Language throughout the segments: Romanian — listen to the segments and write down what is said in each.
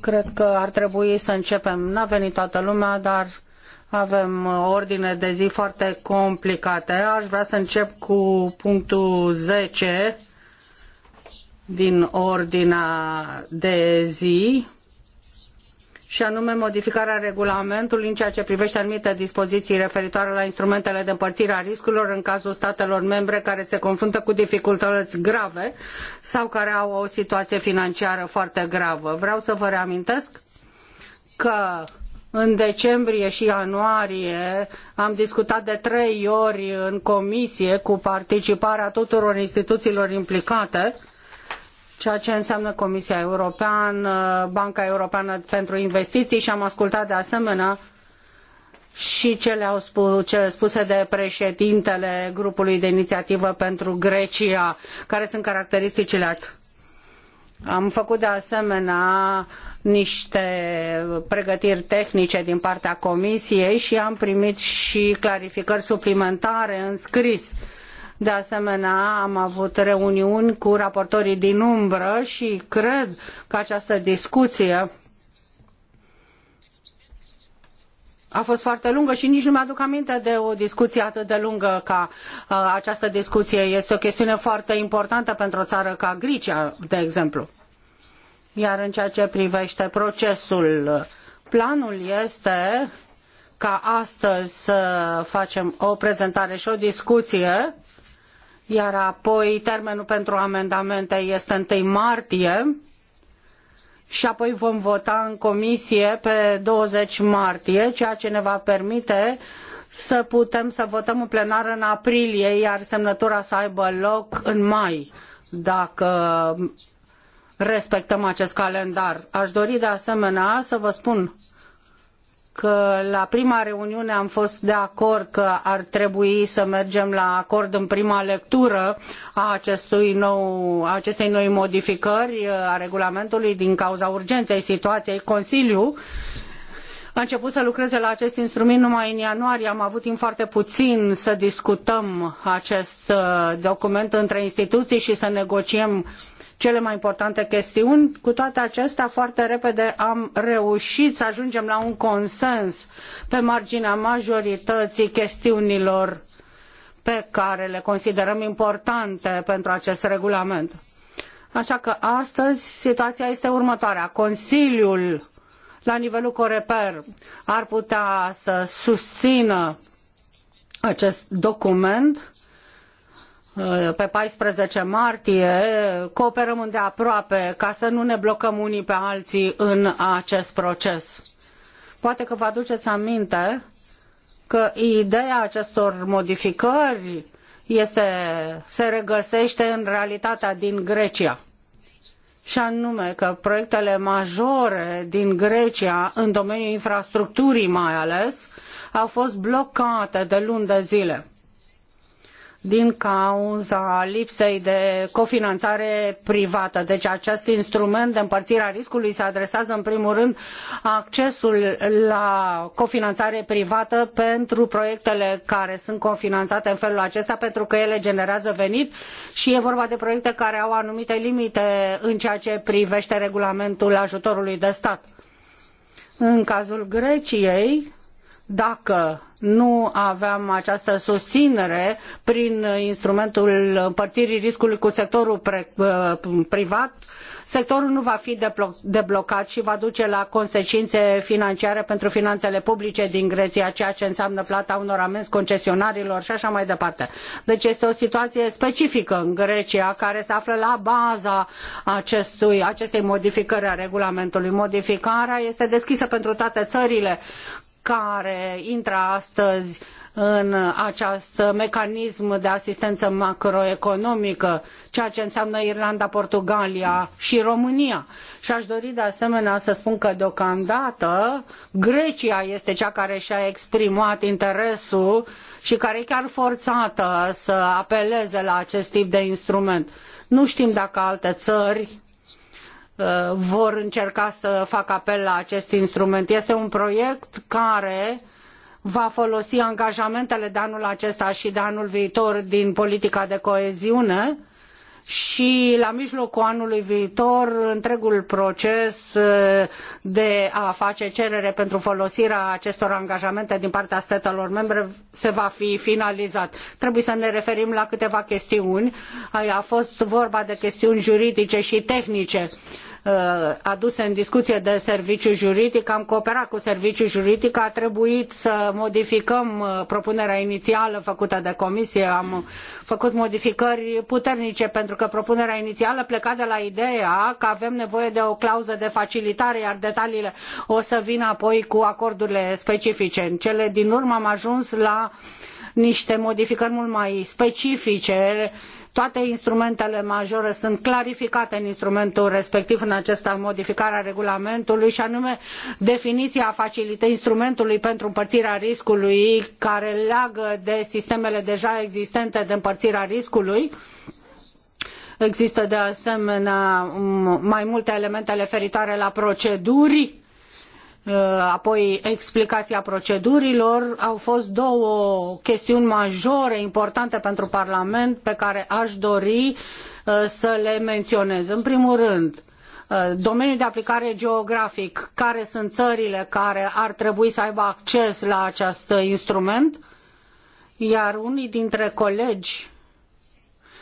Cred că ar trebui să începem. N-a venit toată lumea, dar avem o ordine de zi foarte complicată. Aș vrea să încep cu punctul zece din ordinea de zi și anume modificarea regulamentului în ceea ce privește anumite dispoziții referitoare la instrumentele de împărțire a riscurilor în cazul statelor membre care se confruntă cu dificultăți grave sau care au o situație financiară foarte gravă. Vreau să vă reamintesc că în decembrie și ianuarie am discutat de trei ori în comisie cu participarea tuturor instituțiilor implicate uh, ceea ce înseamnă Comisia Europeană, Banca Europeană pentru Investiții și am ascultat de asemenea și cele au spus, ce spuse de președintele grupului de inițiativă pentru Grecia, care sunt caracteristicile am făcut de asemenea niște pregătiri tehnice din partea comisiei și am primit și clarificări suplimentare în scris. Uh, de asemenea, am avut reuniuni cu raportorii din umbră și cred că această discuție a fost foarte lungă și nici nu mi-aduc aminte de o discuție atât de lungă ca uh, această discuție. Este o chestiune foarte importantă pentru o țară ca Grecia, de exemplu. Iar în ceea ce privește procesul, planul este ca astăzi să facem o prezentare și o discuție iar apoi termenul pentru amendamente este 1 martie și apoi vom vota în comisie pe 20 martie, ceea ce ne va permite să putem să votăm în plenară în aprilie, iar semnătura să aibă loc în mai, dacă respectăm acest calendar. Aș dori de asemenea să vă spun că la prima reuniune am fost de acord că ar trebui să mergem la acord în prima lectură a, acestui nou, acestei noi modificări a regulamentului din cauza urgenței situației Consiliu a început să lucreze la acest instrument numai în ianuarie. Am avut timp foarte puțin să discutăm acest uh, document între instituții și să negociem cele mai importante chestiuni. Cu toate acestea, foarte repede am reușit să ajungem la un consens pe marginea majorității chestiunilor pe care le considerăm importante pentru acest regulament. Așa că astăzi situația este următoarea. Consiliul la nivelul Coreper ar putea să susțină acest document Eh, pe 14 martie, eh, cooperăm îndeaproape ca să nu ne blocăm unii pe alții în acest proces. Poate că vă aduceți aminte că ideea acestor modificări este, se regăsește în realitatea din Grecia. Și anume că proiectele majore din Grecia, în domeniul infrastructurii mai ales, au fost blocate de luni de zile din cauza lipsei de cofinanțare privată. Deci acest instrument de împărțire a riscului se adresează în primul rând accesul la cofinanțare privată pentru proiectele care sunt cofinanțate în felul acesta pentru că ele generează venit și e vorba de proiecte care au anumite limite în ceea ce privește regulamentul ajutorului de stat. În cazul Greciei, dacă nu aveam această susținere prin instrumentul împărțirii riscului cu sectorul uh, privat, sectorul nu va fi deblocat și va duce la consecințe financiare pentru finanțele publice din Grecia, ceea ce înseamnă plata unor amenzi concesionarilor și așa mai departe. Deci este o situație specifică în Grecia care se află la baza acestui, acestei modificări a regulamentului. Modificarea este deschisă pentru toate țările care intră astăzi în acest mecanism de asistență macroeconomică, ceea ce înseamnă Irlanda, Portugalia și România. Și aș dori de asemenea să spun că deocamdată Grecia este cea care și-a exprimat interesul și care e chiar forțată să apeleze la acest tip de instrument. Nu știm dacă alte țări Uh, vor încerca să facă apel la acest instrument. Este un proiect care va folosi angajamentele de anul acesta și de anul viitor din politica de coeziune și la mijlocul anului viitor întregul proces uh, de a face cerere pentru folosirea acestor angajamente din partea statelor membre se va fi finalizat. Trebuie să ne referim la câteva chestiuni. A fost vorba de chestiuni juridice și tehnice. Uh, Uh, aduse în discuție de serviciul juridic, am cooperat cu serviciul juridic, a trebuit să modificăm uh, propunerea inițială făcută de comisie, am făcut modificări puternice pentru că propunerea inițială pleca de la ideea că avem nevoie de o clauză de facilitare, iar detaliile o să vină apoi cu acordurile specifice. În cele din urmă am ajuns la niște modificări mult mai specifice toate instrumentele majore sunt clarificate în instrumentul respectiv, în această modificare a regulamentului, și anume definiția facilității instrumentului pentru împărțirea riscului, care leagă de sistemele deja existente de împărire a riscului. Există de asemenea mai multe elemente referitoare la proceduri Uh, apoi explicația procedurilor. Au fost două chestiuni majore, importante pentru Parlament, pe care aș dori uh, să le menționez. În primul rând, uh, domeniul de aplicare geografic, care sunt țările care ar trebui să aibă acces la acest instrument, iar unii dintre colegi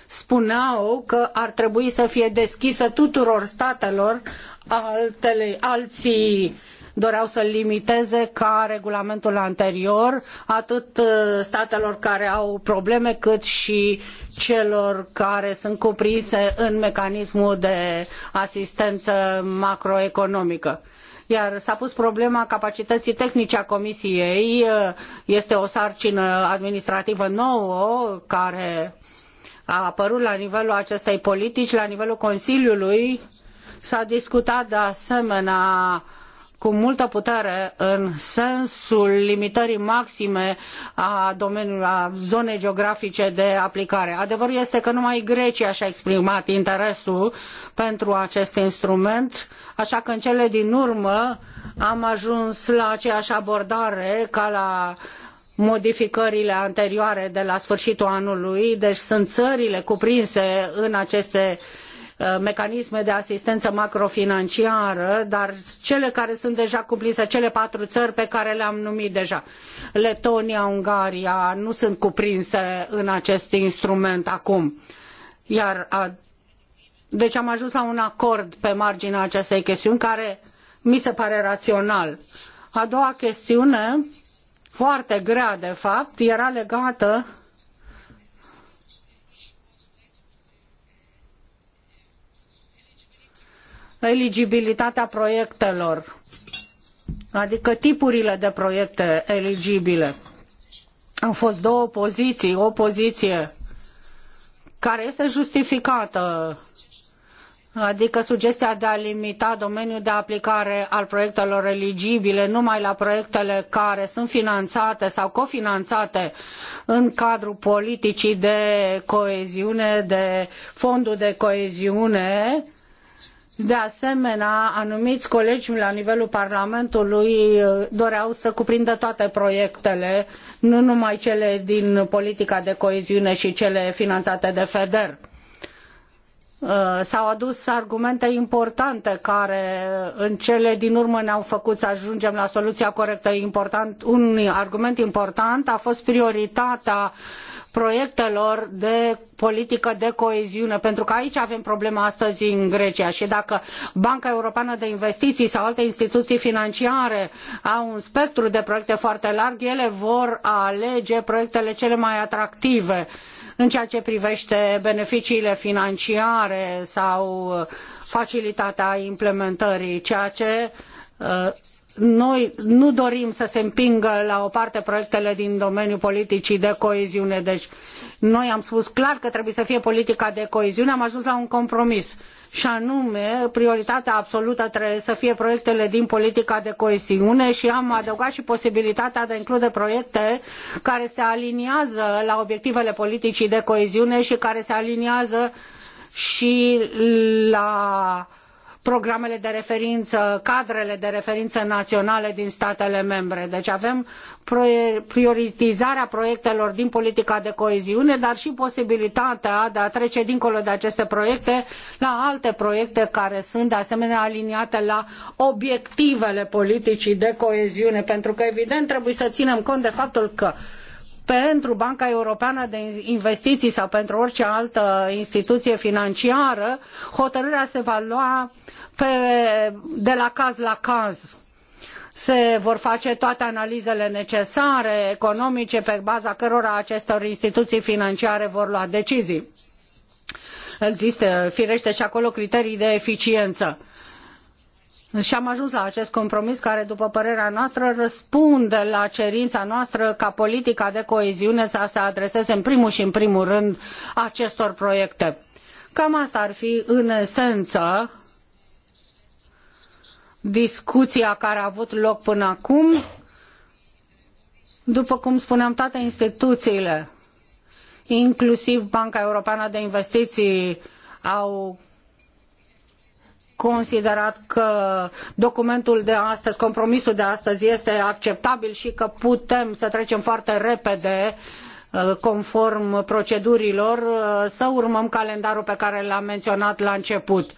spuneau că ar trebui să fie deschisă tuturor statelor, altele, alții doreau să limiteze ca regulamentul anterior atât uh, statelor care au probleme cât și celor care sunt cuprinse în mecanismul de asistență macroeconomică iar s-a pus problema capacității tehnice a Comisiei. Uh, este o sarcină administrativă nouă care a apărut la nivelul acestei politici, la nivelul Consiliului. S-a discutat de asemenea cu multă putere în sensul limitării maxime a domeniului, a zonei geografice de aplicare. Adevărul este că numai Grecia și-a exprimat interesul pentru acest instrument, așa că în cele din urmă am ajuns la aceeași abordare ca la modificările anterioare de la sfârșitul anului, deci sunt țările cuprinse în aceste Uh, mecanisme de asistență macrofinanciară, dar cele care sunt deja cuprinse, cele patru țări pe care le-am numit deja, Letonia, Ungaria, nu sunt cuprinse în acest instrument acum. Iar a... deci am ajuns la un acord pe marginea acestei chestiuni care mi se pare rațional. A doua chestiune, foarte grea de fapt, era legată eligibilitatea proiectelor, adică tipurile de proiecte eligibile. Au fost două poziții, o poziție care este justificată, adică sugestia de a limita domeniul de aplicare al proiectelor eligibile numai la proiectele care sunt finanțate sau cofinanțate în cadrul politicii de coeziune, de fondul de coeziune, de asemenea, anumiți colegi la nivelul Parlamentului uh, doreau să cuprindă toate proiectele, nu numai cele din politica de coeziune și cele finanțate de FEDER. Uh, s-au adus argumente importante care uh, în cele din urmă ne-au făcut să ajungem la soluția corectă. Important, un argument important a fost prioritatea uh, proiectelor de politică de coeziune, pentru că aici avem problema astăzi în Grecia și dacă Banca Europeană de Investiții sau alte instituții financiare au un spectru de proiecte foarte larg, ele vor alege proiectele cele mai atractive în ceea ce privește beneficiile financiare sau facilitatea implementării, ceea ce uh, noi nu dorim să se împingă la o parte proiectele din domeniul politicii de coeziune. Deci noi am spus clar că trebuie să fie politica de coeziune, am ajuns la un compromis. Și anume, prioritatea absolută trebuie să fie proiectele din politica de coeziune și am adăugat și posibilitatea de a include proiecte care se aliniază la obiectivele politicii de coeziune și care se aliniază și la uh, programele de referință, cadrele de referință naționale din statele membre. Deci avem prioritizarea proiectelor din politica de coeziune, dar și posibilitatea de a trece dincolo de aceste proiecte la alte proiecte care sunt de asemenea aliniate la obiectivele politicii de coeziune, pentru că evident trebuie să ținem cont de faptul că pentru Banca Europeană de Investiții sau pentru orice altă instituție financiară, hotărârea se va lua pe, de la caz la caz se vor face toate analizele necesare economice pe baza cărora acestor instituții financiare vor lua decizii. Există, firește, și acolo criterii de eficiență. Uh, și am ajuns la acest compromis care, după părerea noastră, răspunde la cerința noastră ca politica de coeziune să se adreseze în primul și în primul rând acestor proiecte. Cam asta ar fi în esență discuția care a avut loc până acum. După cum spuneam, toate instituțiile, inclusiv Banca Europeană de Investiții, au considerat că documentul de astăzi, compromisul de astăzi este acceptabil și că putem să trecem foarte repede uh, conform procedurilor, uh, să urmăm calendarul pe care l-am menționat la început.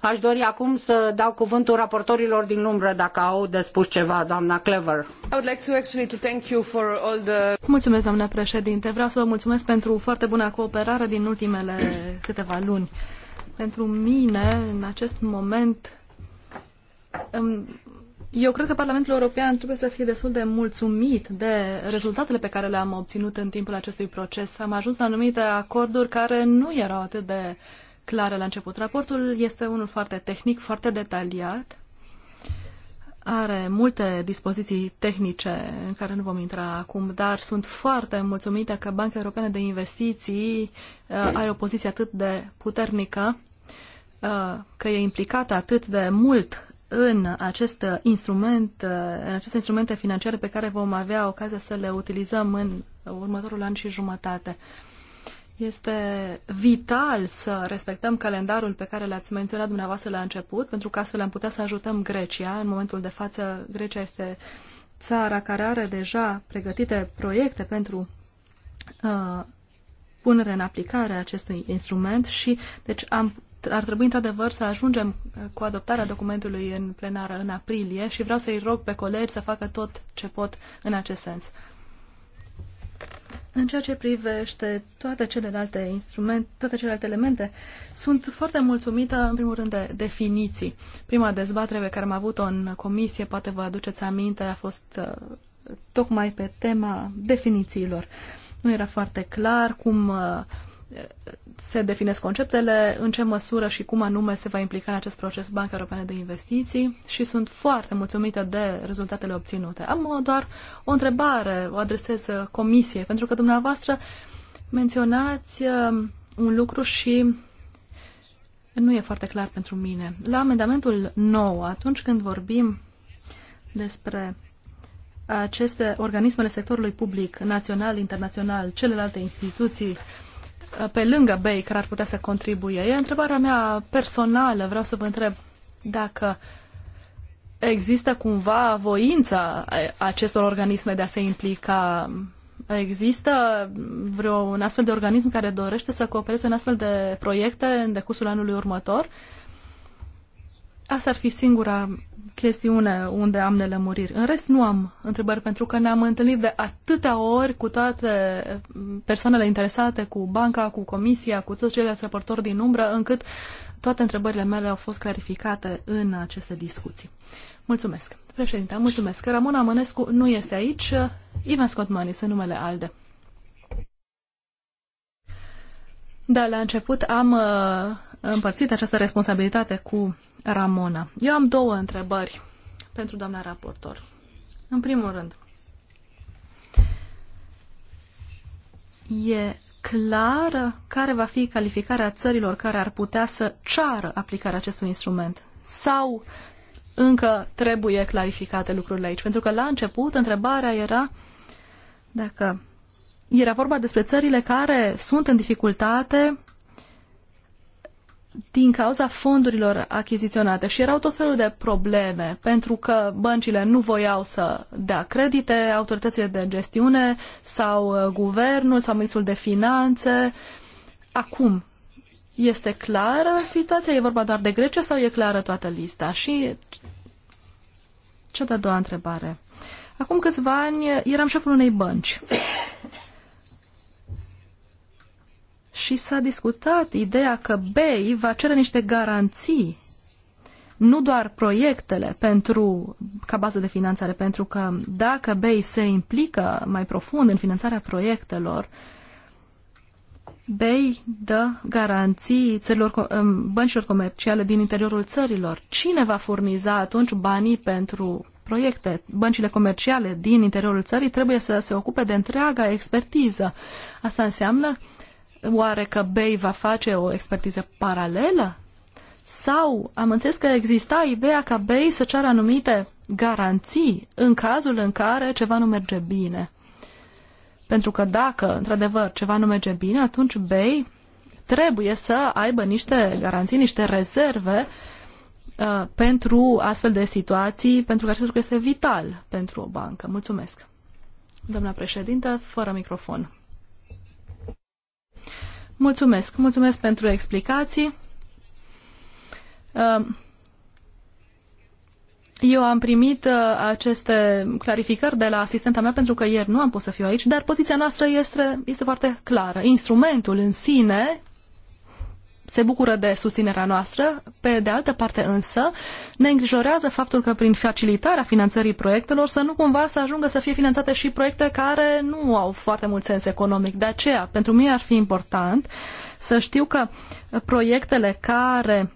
Aș dori acum să dau cuvântul raportorilor din umbră dacă au de spus ceva, doamna Clever. Mulțumesc, doamna președinte. Vreau să vă mulțumesc pentru foarte bună cooperare din ultimele câteva luni. Pentru mine, în acest moment, eu cred că Parlamentul European trebuie să fie destul de mulțumit de rezultatele pe care le-am obținut în timpul acestui proces. Am ajuns la anumite acorduri care nu erau atât de clare la început. Raportul este unul foarte tehnic, foarte detaliat are multe dispoziții tehnice în care nu vom intra acum, dar sunt foarte mulțumită că Banca Europeană de Investiții uh, are o poziție atât de puternică, uh, că e implicată atât de mult în acest instrument, uh, în aceste instrumente financiare pe care vom avea ocazia să le utilizăm în următorul an și jumătate. Uh, este vital să respectăm calendarul pe care l-ați menționat dumneavoastră la început, pentru că astfel am putea să ajutăm Grecia. În momentul de față, Grecia este țara care are deja pregătite proiecte pentru uh, punere în aplicare a acestui instrument și deci am, ar trebui într-adevăr să ajungem uh, cu adoptarea documentului în plenară în aprilie și vreau să-i rog pe colegi să facă tot ce pot în acest sens. În ceea ce privește toate celelalte instrumente, toate celelalte elemente, sunt foarte mulțumită, în primul rând, de definiții. Prima dezbatere pe care am avut-o în comisie, poate vă aduceți aminte, a fost uh, tocmai pe tema definițiilor. Nu era foarte clar cum uh, se definesc conceptele, în ce măsură și cum anume se va implica în acest proces Banca Europeană de Investiții și sunt foarte mulțumită de rezultatele obținute. Am uh, doar o întrebare, o adresez uh, Comisiei, pentru că dumneavoastră menționați uh, un lucru și nu e foarte clar pentru mine. La amendamentul nou, atunci când vorbim despre aceste organismele sectorului public, național, internațional, celelalte instituții, uh, pe lângă BEI care ar putea să contribuie. E întrebarea mea personală, vreau să vă întreb dacă există cumva voința acestor organisme de a se implica Există vreo un astfel de organism care dorește să coopereze în astfel de proiecte în decursul anului următor? Asta ar fi singura chestiune unde am nelămuriri. În rest nu am întrebări pentru că ne-am întâlnit de atâtea ori cu toate persoanele interesate, cu banca, cu comisia, cu toți ceilalți raportori din umbră, încât toate întrebările mele au fost clarificate în aceste discuții. Mulțumesc. Președinte, mulțumesc. Ramona Mănescu nu este aici. Ivan Scott Mani, sunt numele ALDE. Da, la început am uh, împărțit această responsabilitate cu Ramona. Eu am două întrebări pentru doamna raportor. În primul rând, e clară care va fi calificarea țărilor care ar putea să ceară aplicarea acestui instrument? Sau încă trebuie clarificate lucrurile aici? Pentru că la început întrebarea era dacă era vorba despre țările care sunt în dificultate din cauza fondurilor achiziționate și erau tot felul de probleme, pentru că băncile nu voiau să dea credite, autoritățile de gestiune sau uh, guvernul sau ministrul de finanțe. Acum, este clară situația? E vorba doar de Grecia sau e clară toată lista? Și cea de-a doua întrebare. Acum câțiva ani eram șeful unei bănci și s-a discutat ideea că BEI va cere niște garanții, nu doar proiectele pentru, ca bază de finanțare, pentru că dacă BEI se implică mai profund în finanțarea proiectelor, BEI dă garanții țărilor, băncilor comerciale din interiorul țărilor. Cine va furniza atunci banii pentru proiecte. Băncile comerciale din interiorul țării trebuie să se ocupe de întreaga expertiză. Asta înseamnă Oare că BEI va face o expertiză paralelă? Sau am înțeles că exista ideea ca BEI să ceară anumite garanții în cazul în care ceva nu merge bine. Pentru că dacă, într-adevăr, ceva nu merge bine, atunci BEI trebuie să aibă niște garanții, niște rezerve uh, pentru astfel de situații, pentru că acest lucru este vital pentru o bancă. Mulțumesc. Doamna președintă, fără microfon. Mulțumesc. Mulțumesc pentru explicații. Ehm, eu am primit uh, aceste clarificări de la asistenta mea pentru că ieri nu am pus să fiu aici, dar poziția noastră este, este foarte clară. Instrumentul în sine se bucură de susținerea noastră. Pe de altă parte însă, ne îngrijorează faptul că prin facilitarea finanțării proiectelor să nu cumva să ajungă să fie finanțate și proiecte care nu au foarte mult sens economic. De aceea, pentru mine ar fi important să știu că proiectele care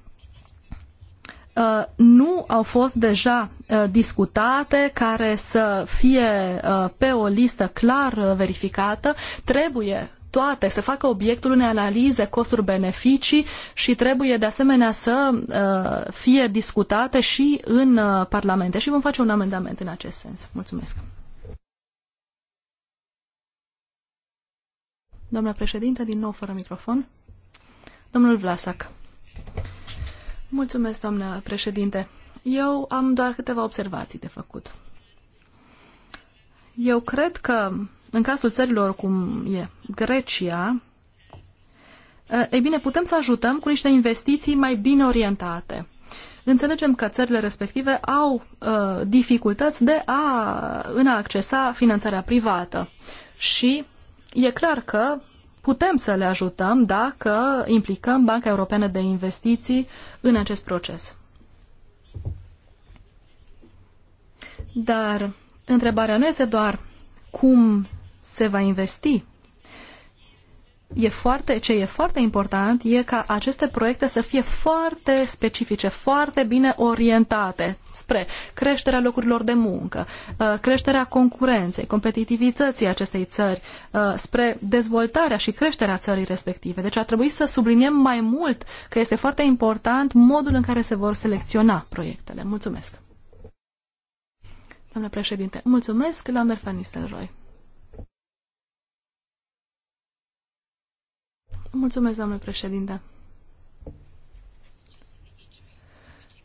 uh, nu au fost deja uh, discutate, care să fie uh, pe o listă clar verificată, trebuie toate, să facă obiectul unei analize costuri-beneficii și trebuie de asemenea să uh, fie discutate și în uh, parlamente. Și vom face un amendament în acest sens. Mulțumesc. Doamna președinte, din nou fără microfon. Domnul Vlasac. Mulțumesc, doamna președinte. Eu am doar câteva observații de făcut. Eu cred că în cazul țărilor cum e Grecia, eh, ei bine, putem să ajutăm cu niște investiții mai bine orientate. Înțelegem că țările respective au uh, dificultăți de a, în a accesa finanțarea privată și e clar că putem să le ajutăm dacă implicăm Banca Europeană de Investiții în acest proces. Dar întrebarea nu este doar cum se va investi. E foarte, ce e foarte important e ca aceste proiecte să fie foarte specifice, foarte bine orientate spre creșterea locurilor de muncă, uh, creșterea concurenței, competitivității acestei țări, uh, spre dezvoltarea și creșterea țării respective. Deci ar trebui să subliniem mai mult că este foarte important modul în care se vor selecționa proiectele. Mulțumesc! Doamna președinte, mulțumesc la Merfanistel Roy. Mulțumesc, domnule președinte.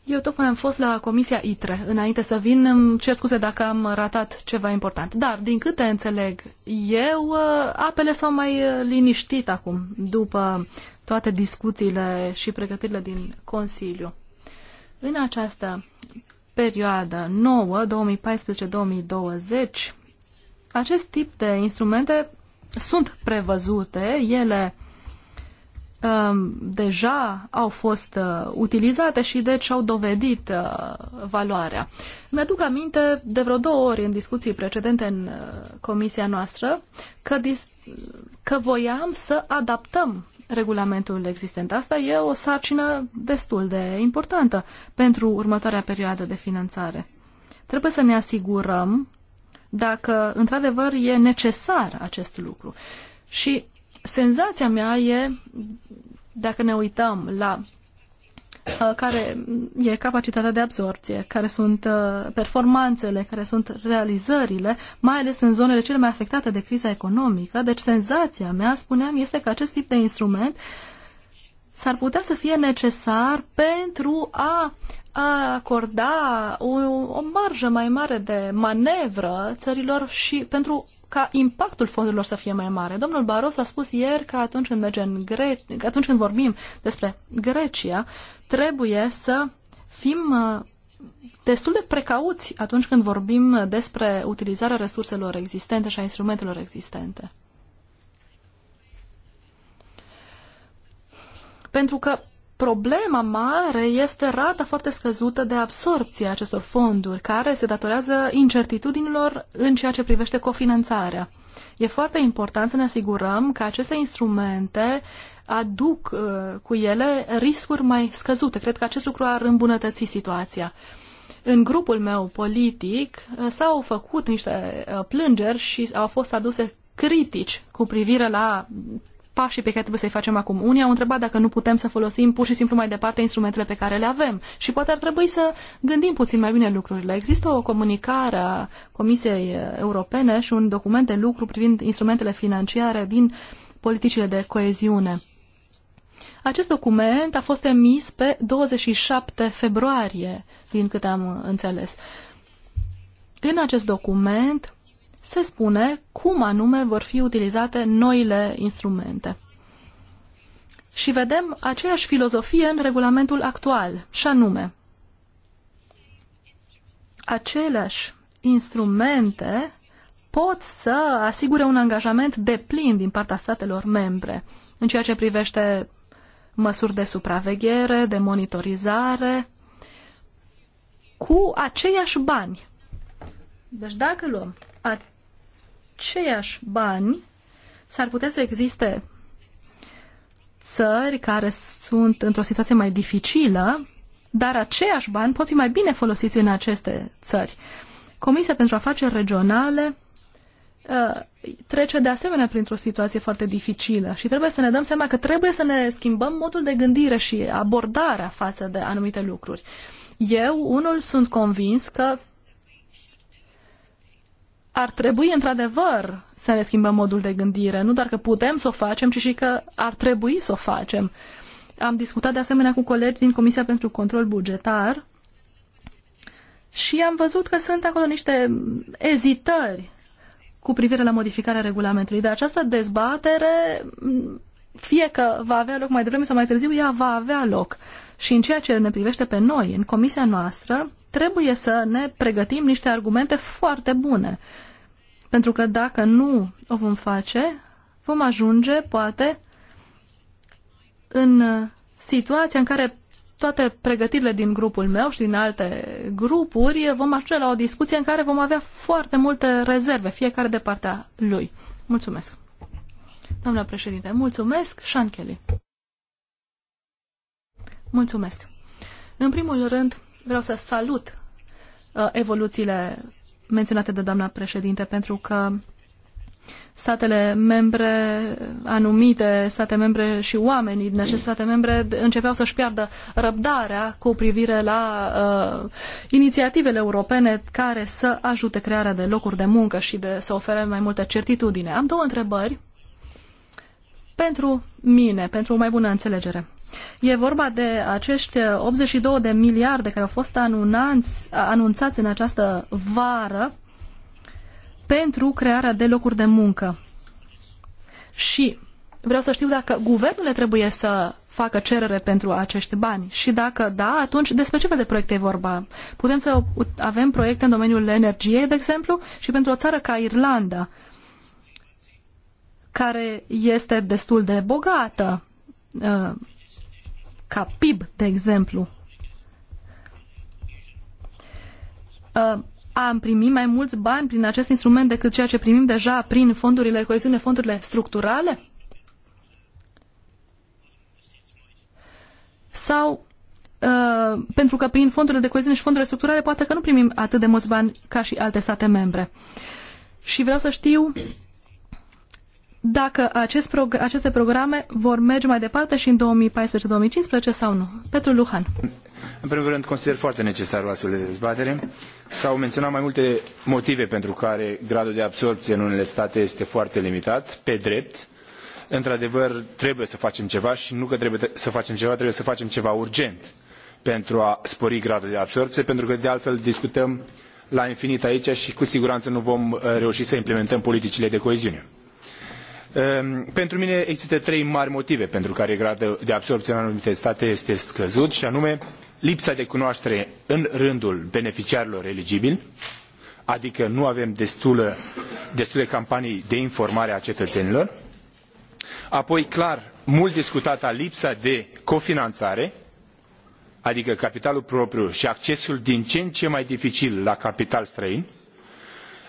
Eu tocmai am fost la Comisia ITRE. Înainte să vin, îmi cer scuze dacă am ratat ceva important. Dar, din câte înțeleg eu, apele s-au mai liniștit acum, după toate discuțiile și pregătirile din Consiliu. În această perioadă nouă, 2014-2020, acest tip de instrumente sunt prevăzute, ele Um, deja au fost uh, utilizate și deci au dovedit uh, valoarea. Mi-aduc aminte de vreo două ori în discuții precedente în uh, comisia noastră că, că voiam să adaptăm regulamentul existent. Asta e o sarcină destul de importantă pentru următoarea perioadă de finanțare. Trebuie să ne asigurăm dacă într-adevăr e necesar acest lucru. Și senzația mea e, dacă ne uităm la uh, care e capacitatea de absorpție, care sunt uh, performanțele, care sunt realizările, mai ales în zonele cele mai afectate de criza economică. Deci senzația mea, spuneam, este că acest tip de instrument s-ar putea să fie necesar pentru a, a acorda o, o marjă mai mare de manevră țărilor și pentru ca impactul fondurilor să fie mai mare. Domnul Baros a spus ieri că atunci când, merge în Gre- că atunci când vorbim despre Grecia, trebuie să fim uh, destul de precauți atunci când vorbim despre utilizarea resurselor existente și a instrumentelor existente. Pentru că Problema mare este rata foarte scăzută de absorpție a acestor fonduri, care se datorează incertitudinilor în ceea ce privește cofinanțarea. E foarte important să ne asigurăm că aceste instrumente aduc uh, cu ele riscuri mai scăzute. Cred că acest lucru ar îmbunătăți situația. În grupul meu politic uh, s-au făcut niște uh, plângeri și au fost aduse critici cu privire la pașii pe care trebuie să-i facem acum. Unii au întrebat dacă nu putem să folosim pur și simplu mai departe instrumentele pe care le avem și poate ar trebui să gândim puțin mai bine lucrurile. Există o comunicare a Comisiei Europene și un document de lucru privind instrumentele financiare din politicile de coeziune. Acest document a fost emis pe 27 februarie, din câte am înțeles. În acest document se spune cum anume vor fi utilizate noile instrumente. Și vedem aceeași filozofie în regulamentul actual, și anume, aceleași instrumente pot să asigure un angajament deplin din partea statelor membre în ceea ce privește măsuri de supraveghere, de monitorizare, cu aceiași bani. Deci dacă luăm aceiași bani s-ar putea să existe țări care sunt într-o situație mai dificilă, dar aceiași bani pot fi mai bine folosiți în aceste țări. Comisia pentru Afaceri Regionale uh, trece de asemenea printr-o situație foarte dificilă și trebuie să ne dăm seama că trebuie să ne schimbăm modul de gândire și abordarea față de anumite lucruri. Eu, unul, sunt convins că ar trebui într-adevăr să ne schimbăm modul de gândire. Nu doar că putem să o facem, ci și că ar trebui să o facem. Am discutat de asemenea cu colegi din Comisia pentru Control Bugetar și am văzut că sunt acolo niște ezitări cu privire la modificarea regulamentului. De această dezbatere, fie că va avea loc mai devreme sau mai târziu, ea va avea loc. Și în ceea ce ne privește pe noi, în comisia noastră, trebuie să ne pregătim niște argumente foarte bune. Pentru că dacă nu o vom face, vom ajunge, poate, în situația în care toate pregătirile din grupul meu și din alte grupuri vom ajunge la o discuție în care vom avea foarte multe rezerve, fiecare de partea lui. Mulțumesc. Doamna președinte, mulțumesc, Sean Kelly. Mulțumesc. În primul rând, vreau să salut uh, evoluțiile menționate de doamna președinte, pentru că statele membre, anumite state membre și oamenii din aceste state membre începeau să-și piardă răbdarea cu privire la uh, inițiativele europene care să ajute crearea de locuri de muncă și de să ofere mai multă certitudine. Am două întrebări pentru mine, pentru o mai bună înțelegere. E vorba de acești 82 de miliarde care au fost anunanți, anunțați în această vară pentru crearea de locuri de muncă. Și vreau să știu dacă guvernele trebuie să facă cerere pentru acești bani și dacă da, atunci despre ce fel de proiecte e vorba? Putem să avem proiecte în domeniul energiei, de exemplu, și pentru o țară ca Irlanda, care este destul de bogată uh, ca PIB, de exemplu, uh, am primit mai mulți bani prin acest instrument decât ceea ce primim deja prin fondurile de coeziune, fondurile structurale? Sau uh, pentru că prin fondurile de coeziune și fondurile structurale poate că nu primim atât de mulți bani ca și alte state membre. Și vreau să știu dacă acest prog aceste programe vor merge mai departe și în 2014-2015 sau nu. Petru Luhan. În primul rând, consider foarte necesar o astfel de dezbatere. S-au menționat mai multe motive pentru care gradul de absorpție în unele state este foarte limitat, pe drept. Într-adevăr, trebuie să facem ceva și nu că trebuie să facem ceva, trebuie să facem ceva urgent pentru a spori gradul de absorpție, pentru că de altfel discutăm la infinit aici și cu siguranță nu vom uh, reuși să implementăm politicile de coeziune Ehm, pentru mine există trei mari motive pentru care gradul de absorpție în anumite state este scăzut și anume lipsa de cunoaștere în rândul beneficiarilor eligibili, adică nu avem destulă, destule campanii de informare a cetățenilor, apoi clar mult discutata lipsa de cofinanțare, adică capitalul propriu și accesul din ce în ce mai dificil la capital străin,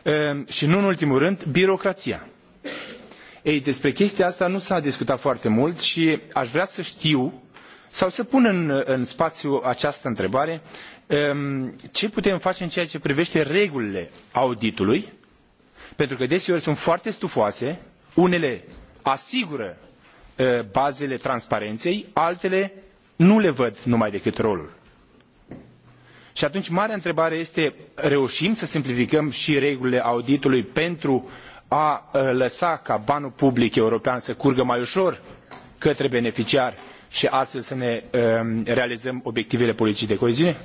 ehm, și nu în ultimul rând, birocrația ei, despre chestia asta nu s-a discutat foarte mult și aș vrea să știu sau să pun în, în spațiu această întrebare ehm, ce putem face în ceea ce privește regulile auditului, pentru că deseori sunt foarte stufoase, unele asigură bazele transparenței, altele nu le văd numai decât rolul. Și atunci marea întrebare este, reușim să simplificăm și regulile auditului pentru a eh, lăsa ca banul public european să curgă mai ușor către beneficiari și astfel să ne eh, realizăm obiectivele politicii de coeziune?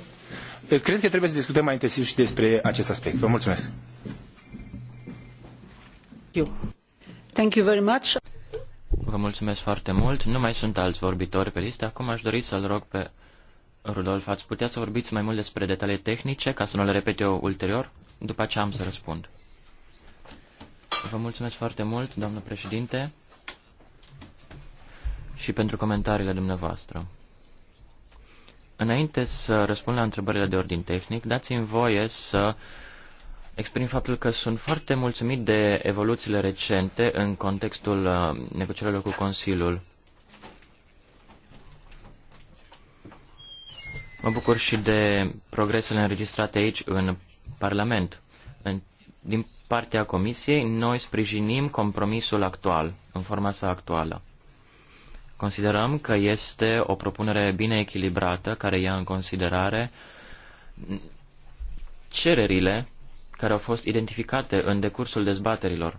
Eh, cred că trebuie să discutăm mai intensiv și despre acest aspect. Vă mulțumesc! Thank you very much. Vă mulțumesc foarte mult. Nu mai sunt alți vorbitori pe listă. Acum aș dori să-l rog pe Rudolf, ați putea să vorbiți mai mult despre detalii tehnice, ca să nu le repet eu ulterior? După ce am să răspund. Vă mulțumesc foarte mult, doamnă președinte, și pentru comentariile dumneavoastră. Înainte să răspund la întrebările de ordin tehnic, dați-mi voie să exprim faptul că sunt foarte mulțumit de evoluțiile recente în contextul uh, negocierilor cu Consiliul. Mă bucur și de progresele înregistrate aici în Parlament. Din partea Comisiei, noi sprijinim compromisul actual, în forma sa actuală. Considerăm că este o propunere bine echilibrată care ia în considerare cererile care au fost identificate în decursul dezbaterilor.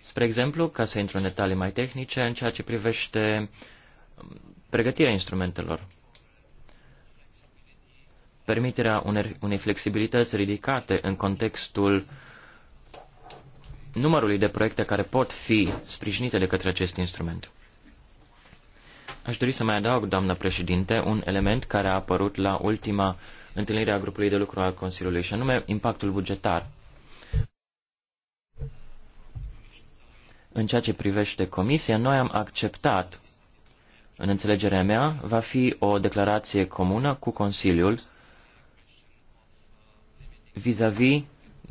Spre exemplu, ca să intru în detalii mai tehnice, în ceea ce privește pregătirea instrumentelor permiterea unei flexibilități ridicate în contextul numărului de proiecte care pot fi sprijinite de către acest instrument. Aș dori să mai adaug, doamnă președinte, un element care a apărut la ultima întâlnire a grupului de lucru al Consiliului, și anume impactul bugetar. În ceea ce privește Comisia, noi am acceptat, în înțelegerea mea, va fi o declarație comună cu Consiliul vis-a-vis -vis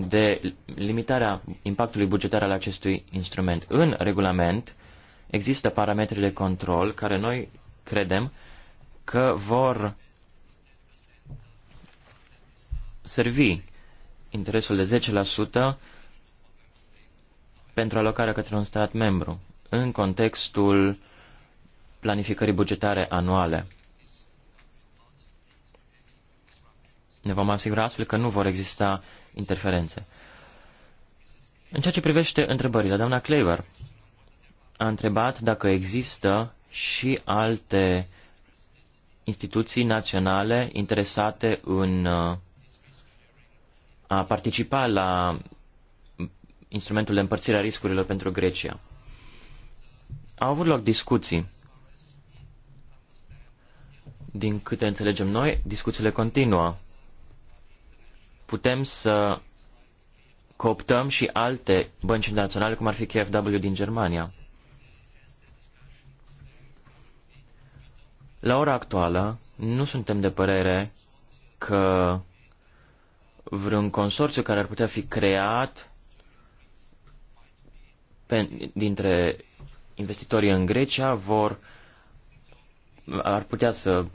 de limitarea impactului bugetar al acestui instrument. În regulament există parametri de control care noi credem că vor servi interesul de 10% pentru alocarea către un stat membru în contextul planificării bugetare anuale. Ne vom asigura astfel că nu vor exista interferențe. În ceea ce privește întrebările, doamna Cleaver a întrebat dacă există și alte instituții naționale interesate în uh, a participa la instrumentul de împărțire a riscurilor pentru Grecia. Au avut loc discuții. Din câte înțelegem noi, discuțiile continuă putem să cooptăm și alte bănci internaționale, cum ar fi KfW din Germania. La ora actuală, nu suntem de părere că vreun consorțiu care ar putea fi creat pe, dintre investitorii în Grecia vor ar putea să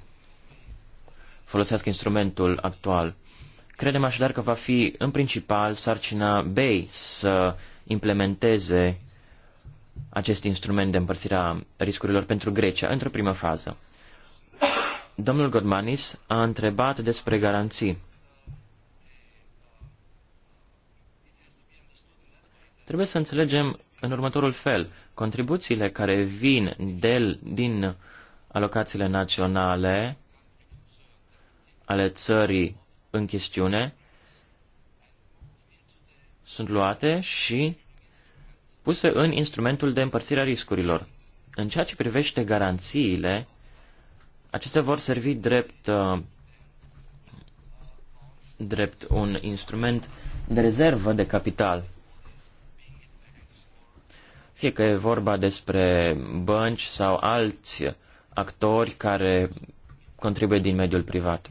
folosească instrumentul actual. Credem așadar că va fi în principal sarcina BEI să implementeze acest instrument de împărțire a riscurilor pentru Grecia într-o primă fază. Domnul Godmanis a întrebat despre garanții. Trebuie să înțelegem în următorul fel. Contribuțiile care vin del, din alocațiile naționale ale țării în chestiune sunt luate și puse în instrumentul de împărțire a riscurilor. În ceea ce privește garanțiile, acestea vor servi drept, uh, drept un instrument de rezervă de capital. Fie că e vorba despre bănci sau alți actori care contribuie din mediul privat.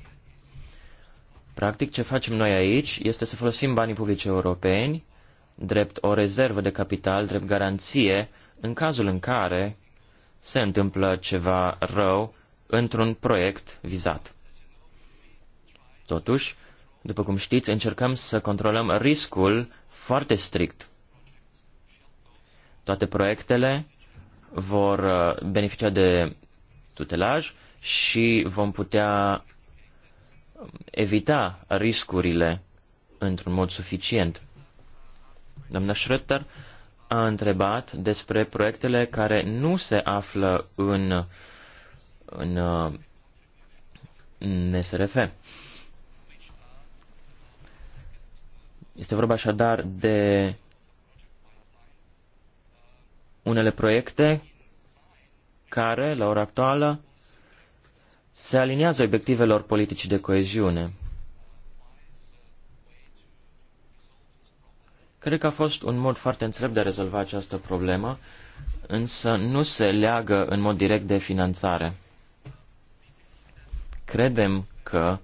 Practic, ce facem noi aici este să folosim banii publici europeni drept o rezervă de capital, drept garanție, în cazul în care se întâmplă ceva rău într-un proiect vizat. Totuși, după cum știți, încercăm să controlăm riscul foarte strict. Toate proiectele vor uh, beneficia de tutelaj și vom putea evita riscurile într-un mod suficient. Doamna Schröter a întrebat despre proiectele care nu se află în, în, în SRF. Este vorba așadar de unele proiecte care, la ora actuală, se aliniază obiectivelor politicii de coeziune. Cred că a fost un mod foarte înțelept de a rezolva această problemă, însă nu se leagă în mod direct de finanțare. Credem că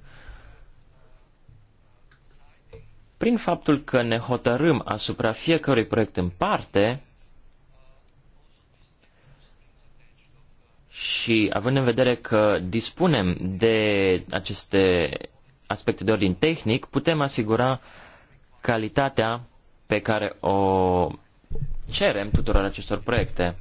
prin faptul că ne hotărâm asupra fiecărui proiect în parte, Și având în vedere că dispunem de aceste aspecte de ordin tehnic, putem asigura calitatea pe care o cerem tuturor acestor proiecte.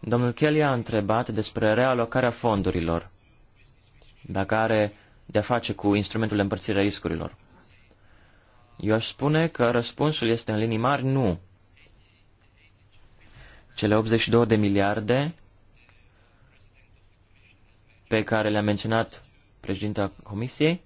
Domnul Kelly a întrebat despre realocarea fondurilor, dacă are de-a face cu instrumentul de împărțire riscurilor. Eu aș spune că răspunsul este în linii mari nu. Cele 82 de miliarde pe care le-a menționat președinta Comisiei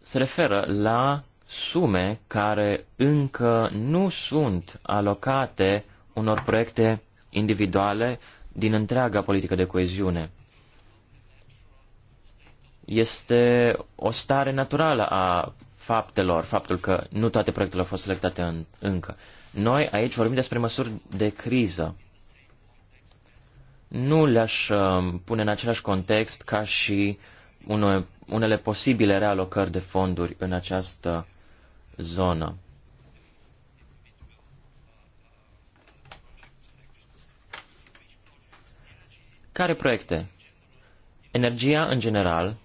se referă la sume care încă nu sunt alocate unor proiecte individuale din întreaga politică de coeziune. Este o stare naturală a faptelor, faptul că nu toate proiectele au fost selectate în, încă. Noi aici vorbim despre măsuri de criză. Nu le-aș uh, pune în același context ca și une, unele posibile realocări de fonduri în această zonă. Care proiecte? Energia în general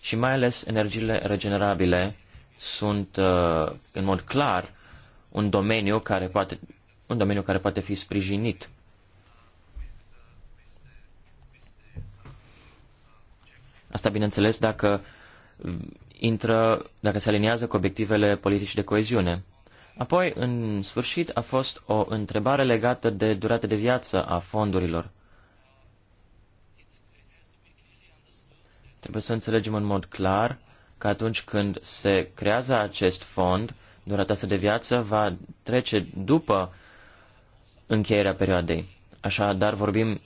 și mai ales energiile regenerabile sunt uh, în mod clar un domeniu care poate, un domeniu care poate fi sprijinit. Asta, bineînțeles, dacă intră, dacă se aliniază cu obiectivele politici de coeziune. Apoi, în sfârșit, a fost o întrebare legată de durată de viață a fondurilor. Trebuie să înțelegem în mod clar că atunci când se creează acest fond, durata sa de viață va trece după încheierea perioadei. Așa, dar vorbim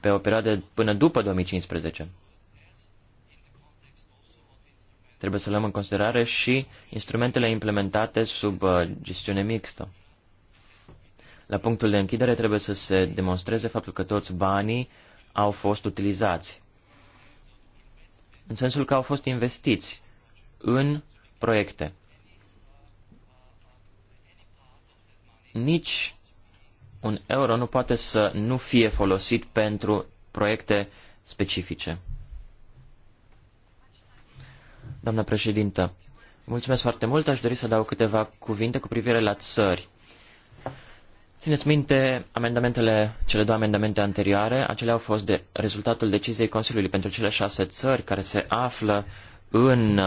pe o perioadă până după 2015. Trebuie să luăm în considerare și instrumentele implementate sub uh, gestiune mixtă. La punctul de închidere trebuie să se demonstreze faptul că toți banii au fost utilizați în sensul că au fost investiți în proiecte. Nici un euro nu poate să nu fie folosit pentru proiecte specifice. Doamnă președintă, mulțumesc foarte mult. Aș dori să dau câteva cuvinte cu privire la țări. Țineți minte amendamentele, cele două amendamente anterioare, acelea au fost de rezultatul deciziei Consiliului pentru cele șase țări care se află în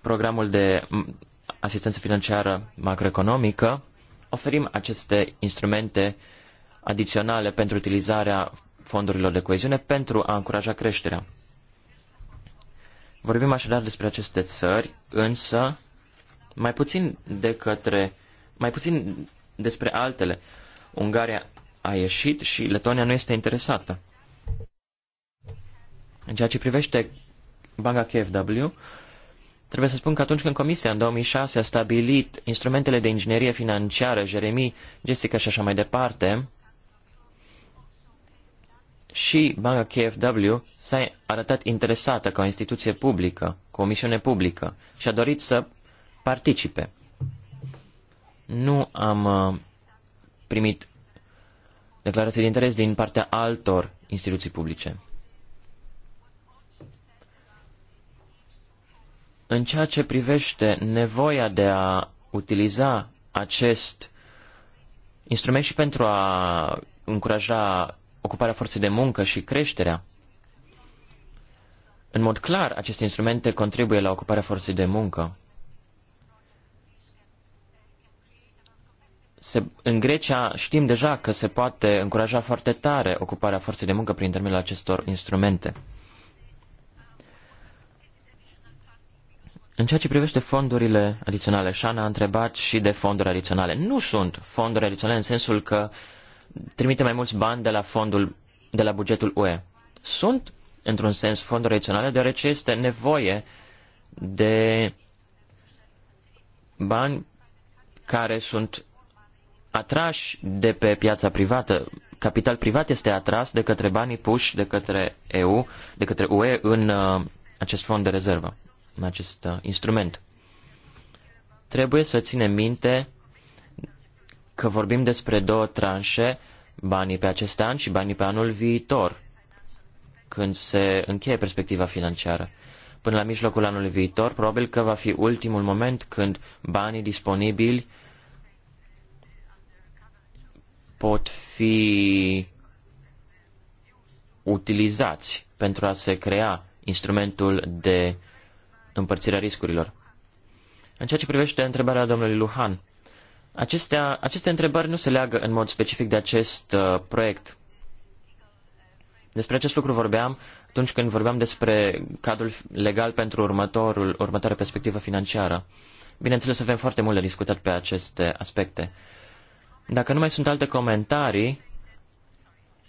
programul de asistență financiară macroeconomică. Oferim aceste instrumente adiționale pentru utilizarea fondurilor de coeziune pentru a încuraja creșterea. Vorbim așadar despre aceste țări, însă mai puțin de către mai puțin despre altele. Ungaria a ieșit și Letonia nu este interesată. În ceea ce privește Banca KFW, trebuie să spun că atunci când Comisia în 2006 a stabilit instrumentele de inginerie financiară, Jeremy, Jessica și așa mai departe, și banca KFW s-a arătat interesată ca o instituție publică, cu o misiune publică și a dorit să participe nu am uh, primit declarații de interes din partea altor instituții publice. În ceea ce privește nevoia de a utiliza acest instrument și pentru a încuraja ocuparea forței de muncă și creșterea, în mod clar, aceste instrumente contribuie la ocuparea forței de muncă. se, în Grecia știm deja că se poate încuraja foarte tare ocuparea forței de muncă prin intermediul acestor instrumente. În ceea ce privește fondurile adiționale, Șana a întrebat și de fonduri adiționale. Nu sunt fonduri adiționale în sensul că trimite mai mulți bani de la fondul, de la bugetul UE. Sunt, într-un sens, fonduri adiționale, deoarece este nevoie de bani care sunt atrași de pe piața privată. Capital privat este atras de către banii puși de către EU, de către UE în uh, acest fond de rezervă, în acest uh, instrument. Trebuie să ținem minte că vorbim despre două tranșe, banii pe acest an și banii pe anul viitor, când se încheie perspectiva financiară. Până la mijlocul anului viitor, probabil că va fi ultimul moment când banii disponibili uh, pot fi utilizați pentru a se crea instrumentul de împărțire a riscurilor. În ceea ce privește întrebarea domnului Luhan, acestea, aceste întrebări nu se leagă în mod specific de acest uh, proiect. Despre acest lucru vorbeam atunci când vorbeam despre cadrul legal pentru următorul, următoarea perspectivă financiară. Bineînțeles, avem foarte mult de discutat pe aceste aspecte. Uh, dacă nu mai sunt alte comentarii,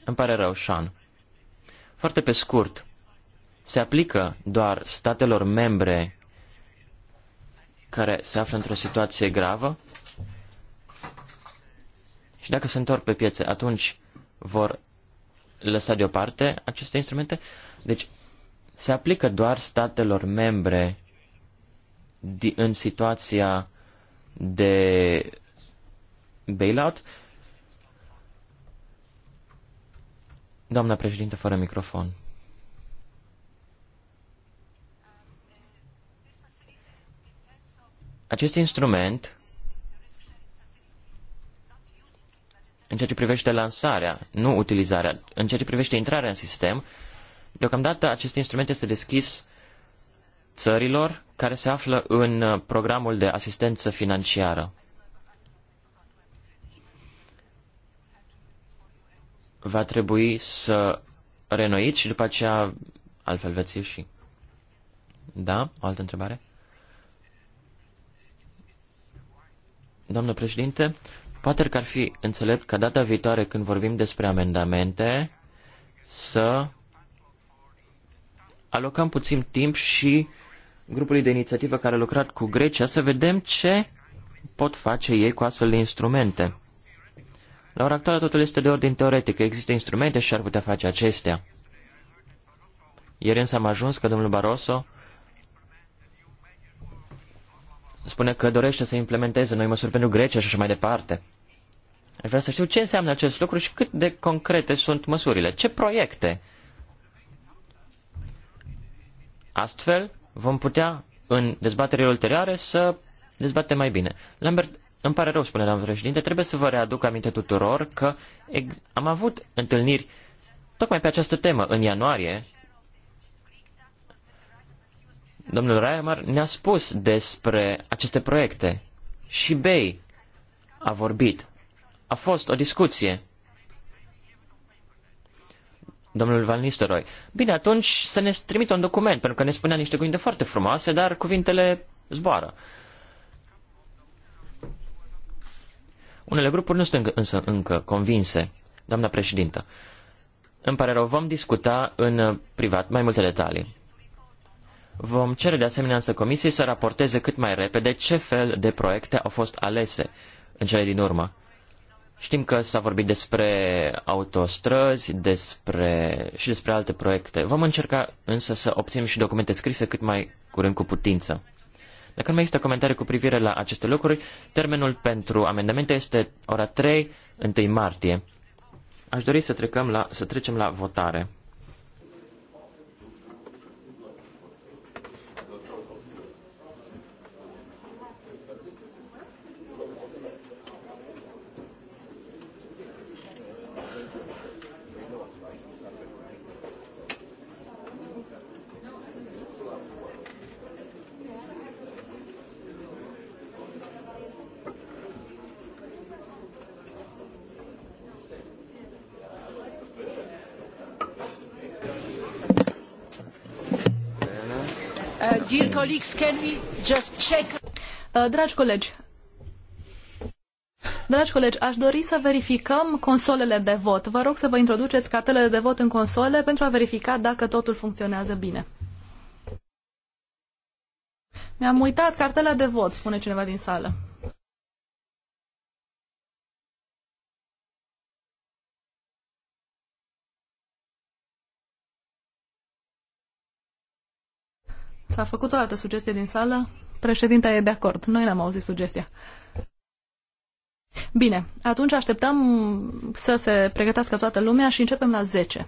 îmi pare rău, Sean. Foarte pe scurt, se aplică doar statelor membre care se află într-o situație gravă și dacă se întorc pe piețe, atunci vor lăsa deoparte aceste instrumente. Deci, se aplică doar statelor membre în situația de bailout. Doamna președinte, fără microfon. Acest instrument, în ceea ce privește lansarea, nu utilizarea, în ceea ce privește intrarea în sistem, deocamdată acest instrument este deschis țărilor care se află în programul de asistență financiară. va trebui să renoiți și după aceea altfel veți ieși. Da? O altă întrebare? Doamnă președinte, poate că ar fi înțelept ca data viitoare când vorbim despre amendamente să alocăm puțin timp și grupului de inițiativă care a lucrat cu Grecia să vedem ce pot face ei cu astfel de instrumente. La ora actuală totul este de ordin teoretic. Există instrumente și ar putea face acestea. Ieri însă am ajuns că domnul Barroso spune că dorește să implementeze noi măsuri pentru Grecia și așa mai departe. Aș vrea să știu ce înseamnă acest lucru și cât de concrete sunt măsurile. Ce proiecte? Astfel vom putea, în dezbaterile ulterioare, să dezbatem mai bine. Lambert îmi pare rău, spune doamna președinte, trebuie să vă readuc aminte tuturor că am avut întâlniri tocmai pe această temă în ianuarie. Domnul Reimer ne-a spus despre aceste proiecte și Bay a vorbit. A fost o discuție. Domnul Van Nistelrooy. Bine, atunci să ne trimită un document, pentru că ne spunea niște cuvinte foarte frumoase, dar cuvintele zboară. Uh, Unele grupuri nu sunt însă încă convinse, doamna președintă. Îmi pare rău, vom discuta în privat mai multe detalii. Vom cere de asemenea însă comisiei să raporteze cât mai repede ce fel de proiecte au fost alese în cele din urmă. Știm că s-a vorbit despre autostrăzi despre, și despre alte proiecte. Vom încerca însă să obținem și documente scrise cât mai curând cu putință. Dacă nu mai există comentarii cu privire la aceste lucruri, termenul pentru amendamente este ora 3, 1 martie. Aș dori să, trecăm la, să trecem la votare. Uh, dragi colegi, Dragi colegi, aș dori să verificăm consolele de vot. Vă rog să vă introduceți cartelele de vot în console pentru a verifica dacă totul funcționează bine. Mi-am uitat cartela de vot, spune cineva din sală. S-a făcut o altă sugestie din sală. Președinta e de acord. Noi n-am auzit sugestia. Bine, atunci așteptăm să se pregătească toată lumea și începem la 10.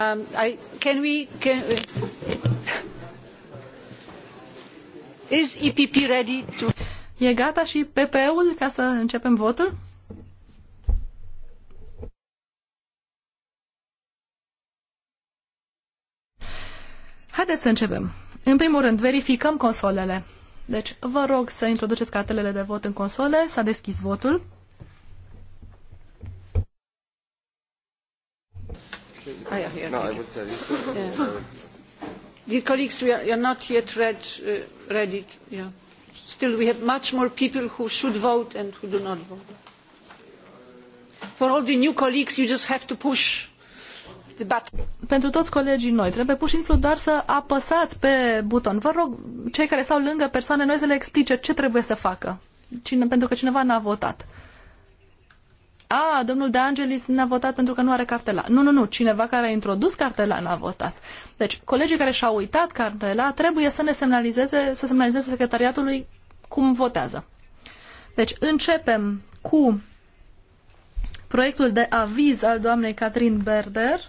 Um, I, can we, can, is EPP ready to... E gata și PP-ul ca să începem votul? Haideți să începem. În primul rând, verificăm consolele. Deci, vă rog să introduceți cartelele de vot în console. S-a deschis votul. no, I will tell you. So. Yeah. Dear colleagues, we are, we are not yet read, uh, ready. Yeah. Still, we have much more people who should vote and who do not vote. For all the new colleagues, you just have to push Pentru toți colegii noi, trebuie pur și simplu doar să apăsați pe buton. Vă rog, cei care stau lângă persoane noi să le explice ce trebuie să facă, Cine, pentru că cineva n-a votat a, domnul De Angelis n-a votat pentru că nu are cartela. Nu, nu, nu, cineva care a introdus cartela n-a votat. Deci, colegii care și-au uitat cartela trebuie să ne semnalizeze, să semnalizeze secretariatului cum votează. Deci, începem cu proiectul de aviz al doamnei Catherine Berder.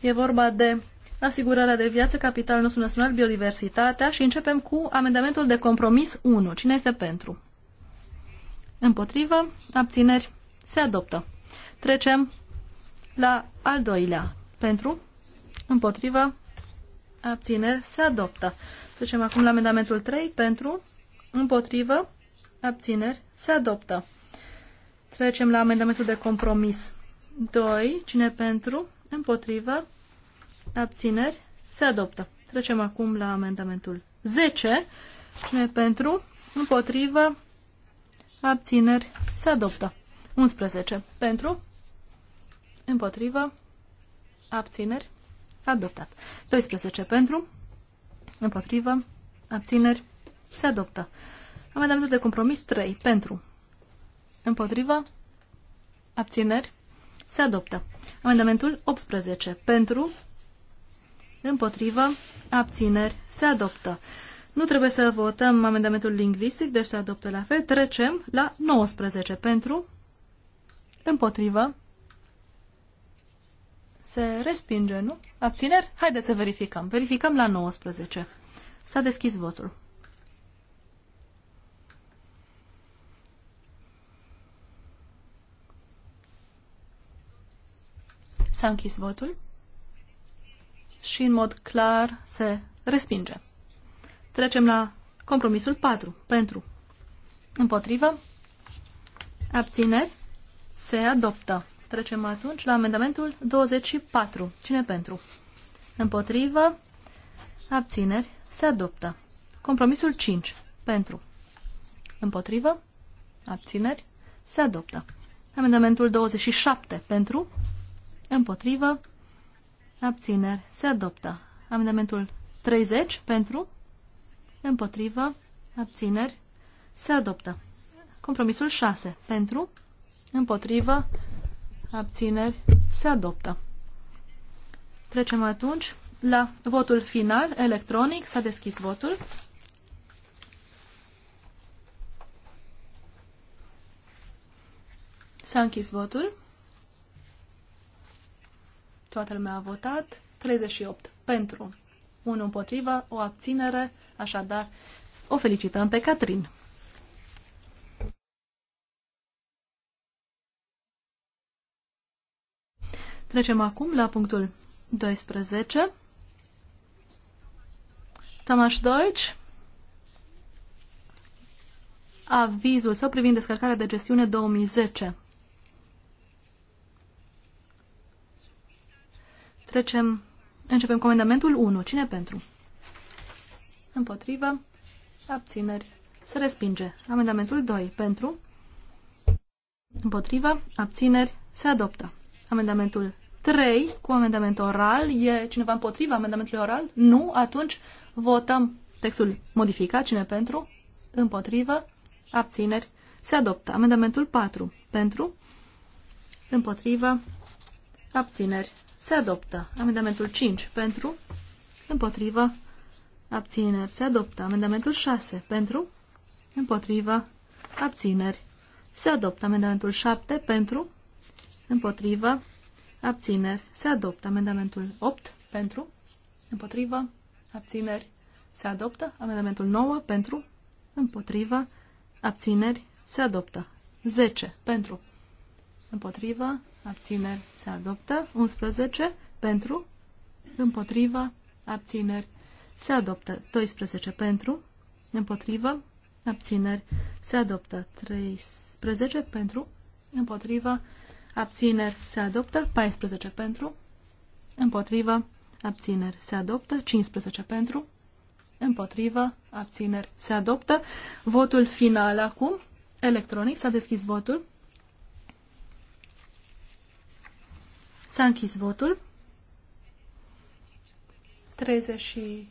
E vorba de asigurarea de viață, capital nostru național, biodiversitatea și începem cu amendamentul de compromis 1. Cine este pentru? Împotrivă? Abțineri? Se adoptă. Trecem la al doilea. Pentru, împotrivă, abțineri, se adoptă. Trecem acum la amendamentul 3. Pentru, împotrivă, abțineri, se adoptă. Trecem la amendamentul de compromis 2. Cine pentru, împotrivă, abțineri, se adoptă. Trecem acum la amendamentul 10. Cine pentru, împotrivă, abțineri, se adoptă. 11. Pentru, împotrivă, abțineri, adoptat. 12. Pentru, împotrivă, abțineri, se adoptă. Amendamentul de compromis 3. Pentru, împotrivă, abțineri, se adoptă. Amendamentul 18. Pentru, împotrivă, abțineri, se adoptă. Nu trebuie să votăm amendamentul lingvistic, deci se adoptă la fel. Trecem la 19 pentru, Împotrivă. Se respinge, nu? Abțineri? Haideți să verificăm. Verificăm la 19. S-a deschis votul. S-a închis votul și în mod clar se respinge. Trecem la compromisul 4. Pentru. Împotrivă. Abțineri. Se adoptă. Trecem atunci la amendamentul 24. Cine pentru? Împotrivă. Abțineri. Se adoptă. Compromisul 5. Pentru. Împotrivă. Abțineri. Se adoptă. Amendamentul 27. Pentru. Împotrivă. Abțineri. Se adoptă. Amendamentul 30. Pentru. Împotrivă. Abțineri. Se adoptă. Compromisul 6. Pentru. Împotrivă. Abțineri. Se adoptă. Trecem atunci la votul final electronic. S-a deschis votul. S-a închis votul. Toată lumea a votat. 38 pentru, 1 împotrivă, o abținere, așadar o felicităm pe Catrin. Trecem acum la punctul 12. Thomas Deutsch, avizul său privind descărcarea de gestiune 2010. Trecem, începem comandamentul 1. Cine pentru? Împotrivă. Abțineri. Se respinge. Amendamentul 2. Pentru. Împotrivă. Abțineri. Se adoptă. Amendamentul 3 cu amendament oral. E cineva împotriva amendamentului oral? Nu. Atunci votăm textul modificat. Cine pentru? Împotrivă. Abțineri. Se adoptă. Amendamentul 4. Pentru? Împotrivă. Abțineri. Se adoptă. Amendamentul 5. Pentru? Împotrivă. Abțineri. Se adoptă. Amendamentul 6. Pentru? Împotrivă. Abțineri. Se adoptă. Amendamentul 7. Pentru? Împotrivă abțineri, se adoptă. Amendamentul 8 pentru, împotrivă, abțineri, se adoptă. Amendamentul 9 pentru, împotrivă, abțineri, se adoptă. 10 pentru, împotrivă, abțineri, se adoptă. 11 pentru, împotrivă, abțineri, se adoptă. 12 pentru, împotrivă, abțineri, se adoptă. 13 pentru, împotrivă, abțineri se adoptă, 14 pentru, împotrivă, abțineri se adoptă, 15 pentru, împotrivă, abțineri se adoptă. Votul final acum, electronic, s-a deschis votul. S-a închis votul. 38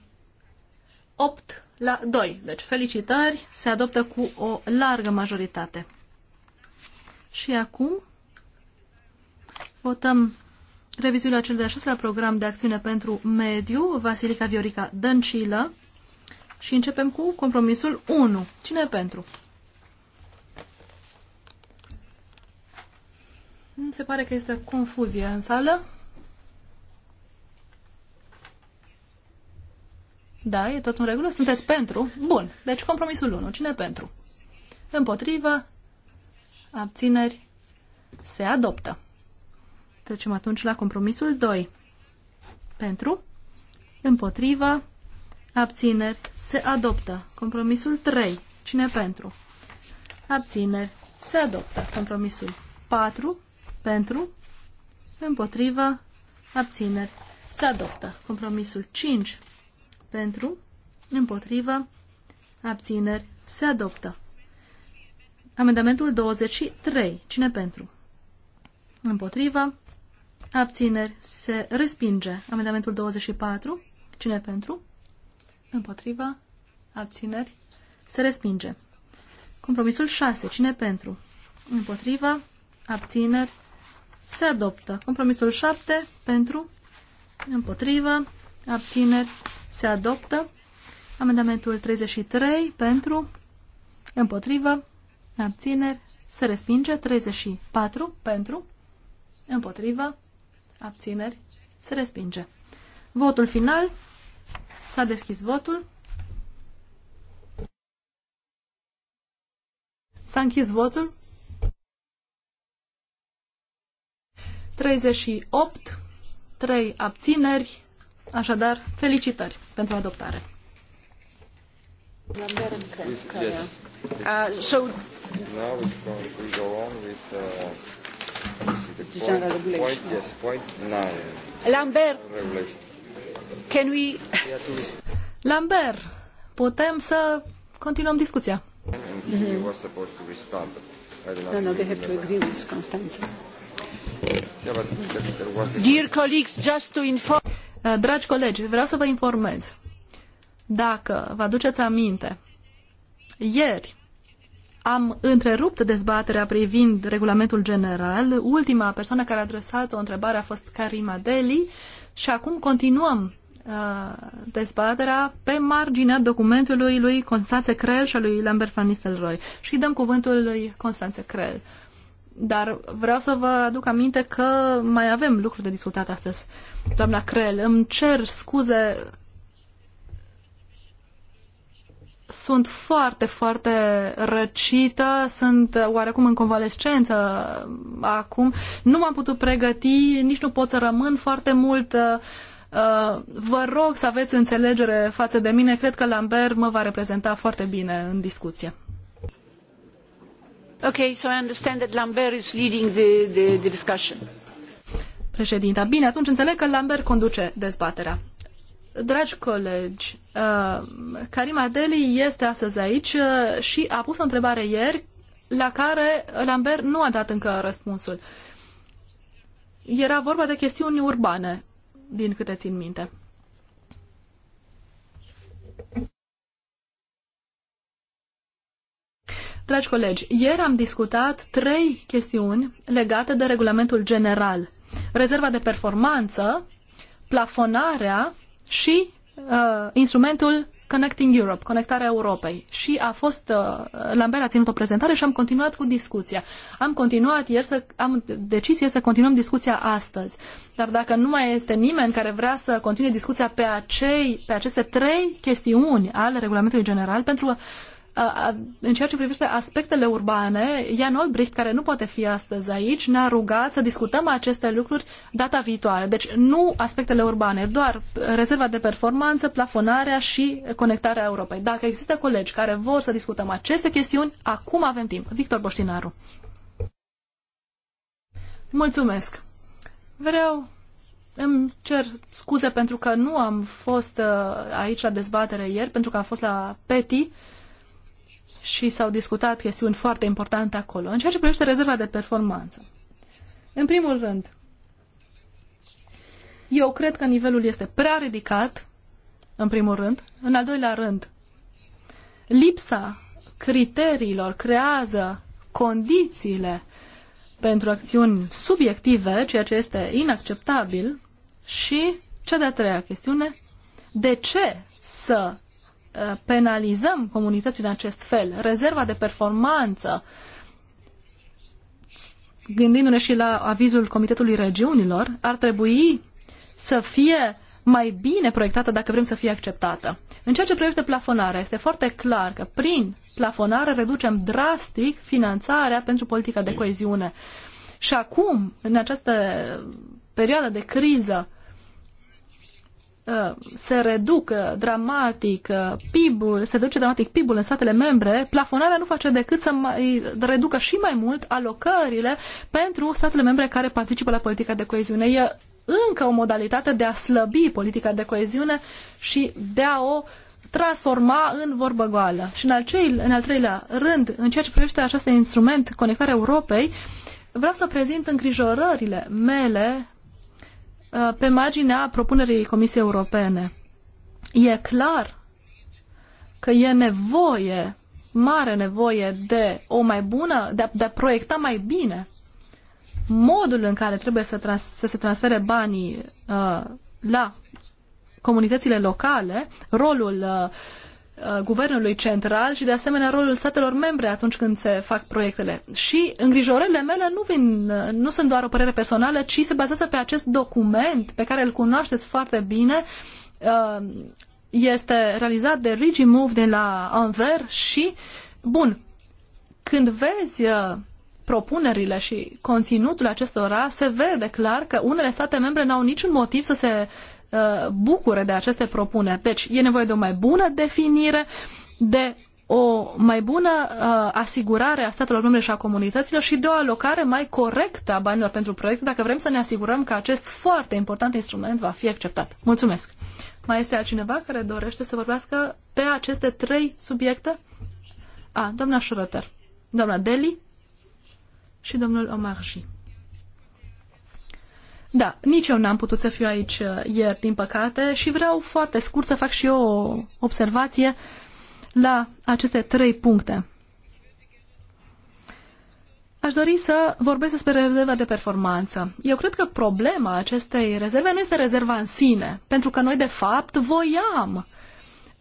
la 2. Deci, felicitări, se adoptă cu o largă majoritate. Și acum Votăm revizuirea cel de-a șaselea program de acțiune pentru mediu, Vasilica Viorica Dăncilă. Și începem cu compromisul 1. Cine e pentru? Se pare că este confuzie în sală. Da, e tot în regulă. Sunteți pentru? Bun. Deci compromisul 1. Cine e pentru? Împotrivă? Abțineri? Se adoptă. Trecem atunci la compromisul 2. Pentru, împotrivă, abțineri, se adoptă. Compromisul 3. Cine pentru? Abțineri, se adoptă. Compromisul 4. Pentru, împotrivă, abțineri, se adoptă. Compromisul 5. Pentru, împotrivă, abțineri, se adoptă. Amendamentul 23. Cine pentru? Împotrivă. Abțineri. Se respinge. Amendamentul 24. Cine pentru? Împotriva. Abțineri. Se respinge. Compromisul 6. Cine pentru? Împotriva. Abțineri. Se adoptă. Compromisul 7. Pentru. Împotriva. Abțineri. Se adoptă. Amendamentul 33. Pentru. Împotriva. Abțineri. Se respinge. 34. Pentru. Împotriva abțineri, se respinge. Votul final, s-a deschis votul, s-a închis votul, 38, 3 abțineri, așadar felicitări pentru adoptare. Yes. Uh, so... Now go on with uh... Point, yes, point nine. Lambert. Regulation. Can we... Lambert, putem să continuăm discuția. Dear colleagues, just to inform... Eh, dragi colegi, vreau să vă informez. Dacă vă aduceți aminte, ieri am întrerupt dezbaterea privind regulamentul general. Ultima persoană care a adresat o întrebare a fost Karima Deli și acum continuăm uh, dezbaterea pe marginea documentului lui Constanțe Crel și a lui Lambert van Nistelrooy. Și dăm cuvântul lui Constanțe Crel. Dar vreau să vă aduc aminte că mai avem lucruri de discutat astăzi. Doamna Crel, îmi cer scuze sunt foarte, foarte răcită, sunt oarecum în convalescență acum. Nu m-am putut pregăti, nici nu pot să rămân foarte mult. Uh, uh, vă rog să aveți înțelegere față de mine. Cred că Lambert mă va reprezenta foarte bine în discuție. Ok, so I understand that Lambert is leading the, the, the discussion. Președinta, bine, atunci înțeleg că Lambert conduce dezbaterea. Dragi colegi, uh, Karim Adeli este astăzi aici uh, și a pus o întrebare ieri la care Lambert nu a dat încă răspunsul. Era vorba de chestiuni urbane, din câte țin minte. Dragi colegi, ieri am discutat trei chestiuni legate de regulamentul general. Rezerva de performanță, plafonarea și uh, instrumentul Connecting Europe, Conectarea Europei. Și a fost, uh, Lambert a ținut o prezentare și am continuat cu discuția. Am continuat ieri să, am decis ieri să continuăm discuția astăzi. Dar dacă nu mai este nimeni care vrea să continue discuția pe, acei, pe aceste trei chestiuni ale regulamentului general, pentru în ceea ce privește aspectele urbane, Ian Olbricht, care nu poate fi astăzi aici, ne-a rugat să discutăm aceste lucruri data viitoare. Deci nu aspectele urbane, doar rezerva de performanță, plafonarea și conectarea Europei. Dacă există colegi care vor să discutăm aceste chestiuni, acum avem timp. Victor Boștinaru. Mulțumesc. Vreau îmi cer scuze pentru că nu am fost uh, aici la dezbatere ieri, pentru că am fost la PETI și s-au discutat chestiuni foarte importante acolo, în ceea ce privește rezerva de performanță. În primul rând, eu cred că nivelul este prea ridicat, în primul rând. În al doilea rând, lipsa criteriilor creează condițiile pentru acțiuni subiective, ceea ce este inacceptabil. Și cea de-a treia chestiune, de ce să Uh, penalizăm comunități în acest fel. Rezerva de performanță, gândindu-ne și la avizul Comitetului Regiunilor, ar trebui să fie mai bine proiectată dacă vrem să fie acceptată. În ceea ce privește plafonarea, este foarte clar că prin plafonare reducem drastic finanțarea pentru politica de coeziune. Și acum, în această perioadă de criză, uh, Uh, se reduc uh, dramatic uh, PIB-ul, se reduce dramatic PIB-ul în statele membre, plafonarea nu face decât să mai reducă și mai mult alocările pentru statele membre care participă la politica de coeziune. E încă o modalitate de a slăbi politica de coeziune și de a o transforma în vorbă goală. Și în al, cei, în al treilea rând, în ceea ce privește acest instrument, Conectarea Europei, vreau să prezint îngrijorările mele Uh, pe marginea propunerii Comisiei Europene. E clar că e nevoie, mare nevoie de o mai bună, de a, de a proiecta mai bine modul în care trebuie să, trans, să se transfere banii uh, la comunitățile locale, rolul uh, Uh, guvernului central și de asemenea rolul statelor membre atunci când se fac proiectele. Și îngrijorările mele nu, vin, uh, nu sunt doar o părere personală, ci se bazează pe acest document pe care îl cunoașteți foarte bine. Uh, este realizat de Move de la Anver și, bun, când vezi propunerile și conținutul acestora, se vede clar că unele state membre n-au niciun motiv să se Uh, bucură de aceste propuneri. Deci e nevoie de o mai bună definire, de o mai bună uh, asigurare a statelor membre și a comunităților și de o alocare mai corectă a banilor pentru proiecte, dacă vrem să ne asigurăm că acest foarte important instrument va fi acceptat. Mulțumesc! Mai este altcineva care dorește să vorbească pe aceste trei subiecte? A, doamna Șurăter, doamna Deli și domnul Omarji. Da, nici eu n-am putut să fiu aici uh, ieri, din păcate, și vreau foarte scurt să fac și eu o observație la aceste trei puncte. Aș dori să vorbesc despre rezerva de performanță. Eu cred că problema acestei rezerve nu este rezerva în sine, pentru că noi, de fapt, voiam uh,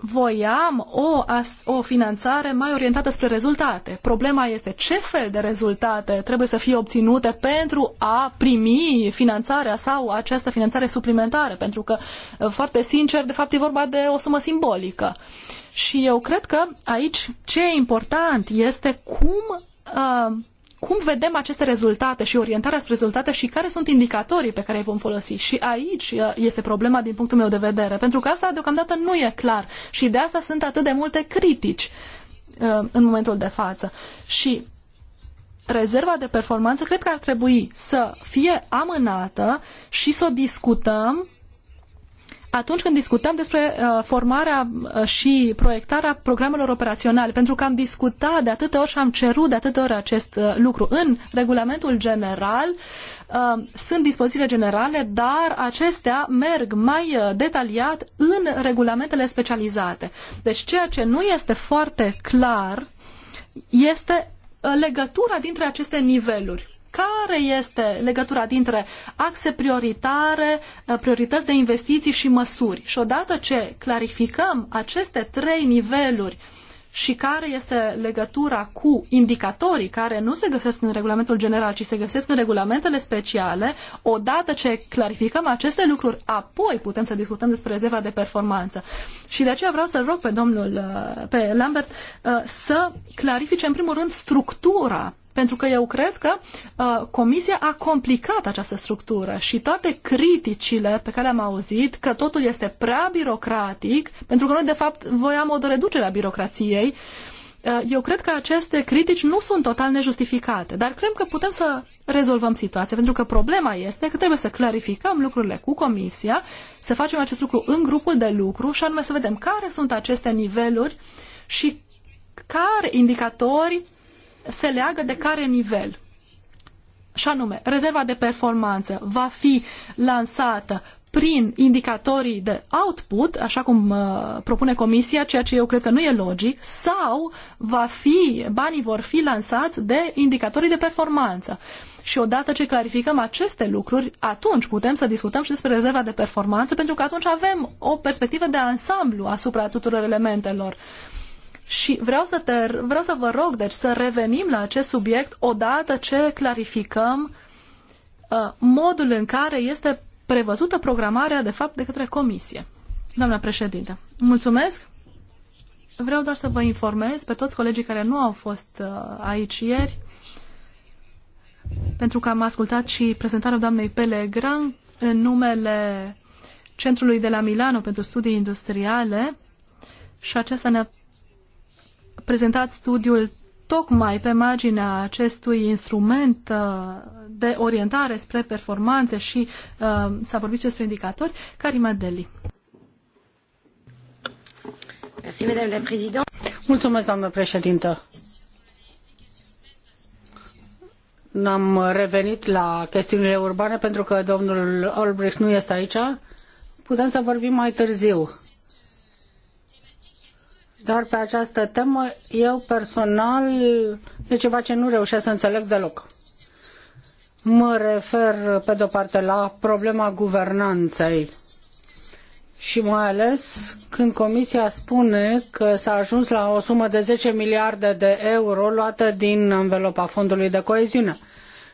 voiam o, as, o finanțare mai orientată spre rezultate. Problema este ce fel de rezultate trebuie să fie obținute pentru a primi finanțarea sau această finanțare suplimentară, pentru că, uh, foarte sincer, de fapt e vorba de o sumă simbolică. Și eu cred că aici ce e important este cum uh, cum vedem aceste rezultate și orientarea spre rezultate și care sunt indicatorii pe care îi vom folosi. Și aici uh, este problema din punctul meu de vedere, pentru că asta deocamdată nu e clar și de asta sunt atât de multe critici uh, în momentul de față. Și rezerva de performanță cred că ar trebui să fie amânată și să o discutăm atunci când discutăm despre uh, formarea uh, și proiectarea programelor operaționale, pentru că am discutat de atâtea ori și am cerut de atâtea ori acest uh, lucru. În regulamentul general sunt dispozițiile generale, dar acestea merg mai detaliat în regulamentele specializate. Deci ceea ce nu este foarte clar este legătura dintre aceste niveluri care este legătura dintre axe prioritare, eh, priorități de investiții și măsuri. Și odată ce clarificăm aceste trei niveluri și care este legătura cu indicatorii care nu se găsesc în regulamentul general, ci se găsesc în regulamentele speciale, odată ce clarificăm aceste lucruri, apoi putem să discutăm despre rezerva de performanță. Și de aceea vreau să rog pe domnul, eh, pe Lambert, eh, să clarifice în primul rând structura pentru că eu cred că uh, Comisia a complicat această structură și toate criticile pe care am auzit că totul este prea birocratic, pentru că noi de fapt voiam o reducere a birocrației, uh, eu cred că aceste critici nu sunt total nejustificate, dar cred că putem să rezolvăm situația, pentru că problema este că trebuie să clarificăm lucrurile cu Comisia, să facem acest lucru în grupul de lucru și anume să vedem care sunt aceste niveluri și care indicatori se leagă de care nivel. Și anume, rezerva de performanță va fi lansată prin indicatorii de output, așa cum uh, propune comisia, ceea ce eu cred că nu e logic, sau va fi, banii vor fi lansați de indicatorii de performanță. Și odată ce clarificăm aceste lucruri, atunci putem să discutăm și despre rezerva de performanță, pentru că atunci avem o perspectivă de ansamblu asupra tuturor elementelor. Uh, și vreau să, te, vreau să vă rog, deci, să revenim la acest subiect odată ce clarificăm uh, modul în care este prevăzută programarea, de fapt, de către Comisie. Doamna președinte, mulțumesc! Vreau doar să vă informez pe toți colegii care nu au fost uh, aici ieri, pentru că am ascultat și prezentarea doamnei Pelegran în numele Centrului de la Milano pentru Studii Industriale și aceasta ne-a prezentat studiul tocmai pe marginea acestui instrument uh, de orientare spre performanțe și uh, s-a vorbit și despre indicatori, Karima Deli. Mulțumesc, doamnă președintă. N-am revenit la chestiunile urbane pentru că domnul Olbrich nu este aici. Putem să vorbim mai târziu dar pe această temă eu personal e ceva ce nu reușesc să înțeleg deloc. Mă refer, pe de-o parte, la problema guvernanței și mai ales când Comisia spune că s-a ajuns la o sumă de zece miliarde de euro luată din învelopa fondului de coeziune.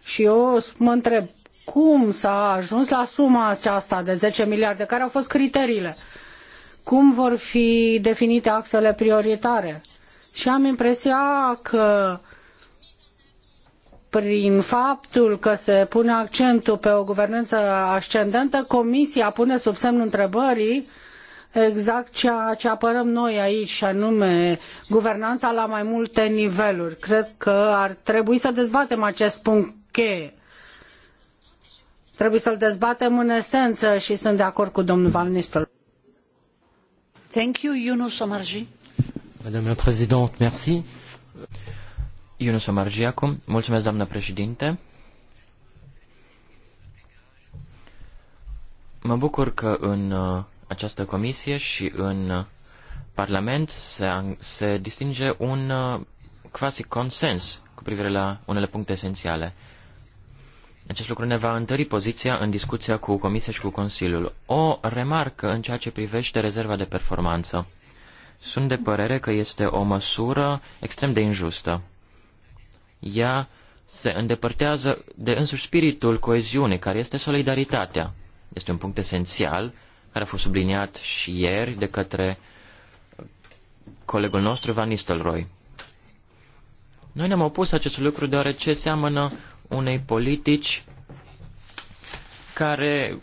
Și eu mă întreb, cum s-a ajuns la suma aceasta de zece miliarde? Care au fost criteriile? cum vor fi definite axele prioritare. Și am impresia că prin faptul că se pune accentul pe o guvernanță ascendentă, Comisia pune sub semnul întrebării exact ceea ce apărăm noi aici, și anume guvernanța la mai multe niveluri. Cred că ar trebui să dezbatem acest punct cheie. Trebuie să-l dezbatem în esență și sunt de acord cu domnul Van Nistelrooy. Madame la Présidente, merci. Yunus Omarji acum. Mulțumesc, doamnă președinte. Mă bucur că în uh, această comisie și în uh, Parlament se, se distinge un uh, quasi consens cu privire la unele puncte esențiale. Acest lucru ne va întări poziția în discuția cu Comisia și cu Consiliul. O remarcă în ceea ce privește rezerva de performanță. Sunt de părere că este o măsură extrem de injustă. Ea se îndepărtează de însuși spiritul coeziunii, care este solidaritatea. Este un punct esențial, care a fost subliniat și ieri de către colegul nostru, Van Nistelrooy. Noi ne-am opus acest lucru deoarece seamănă unei politici care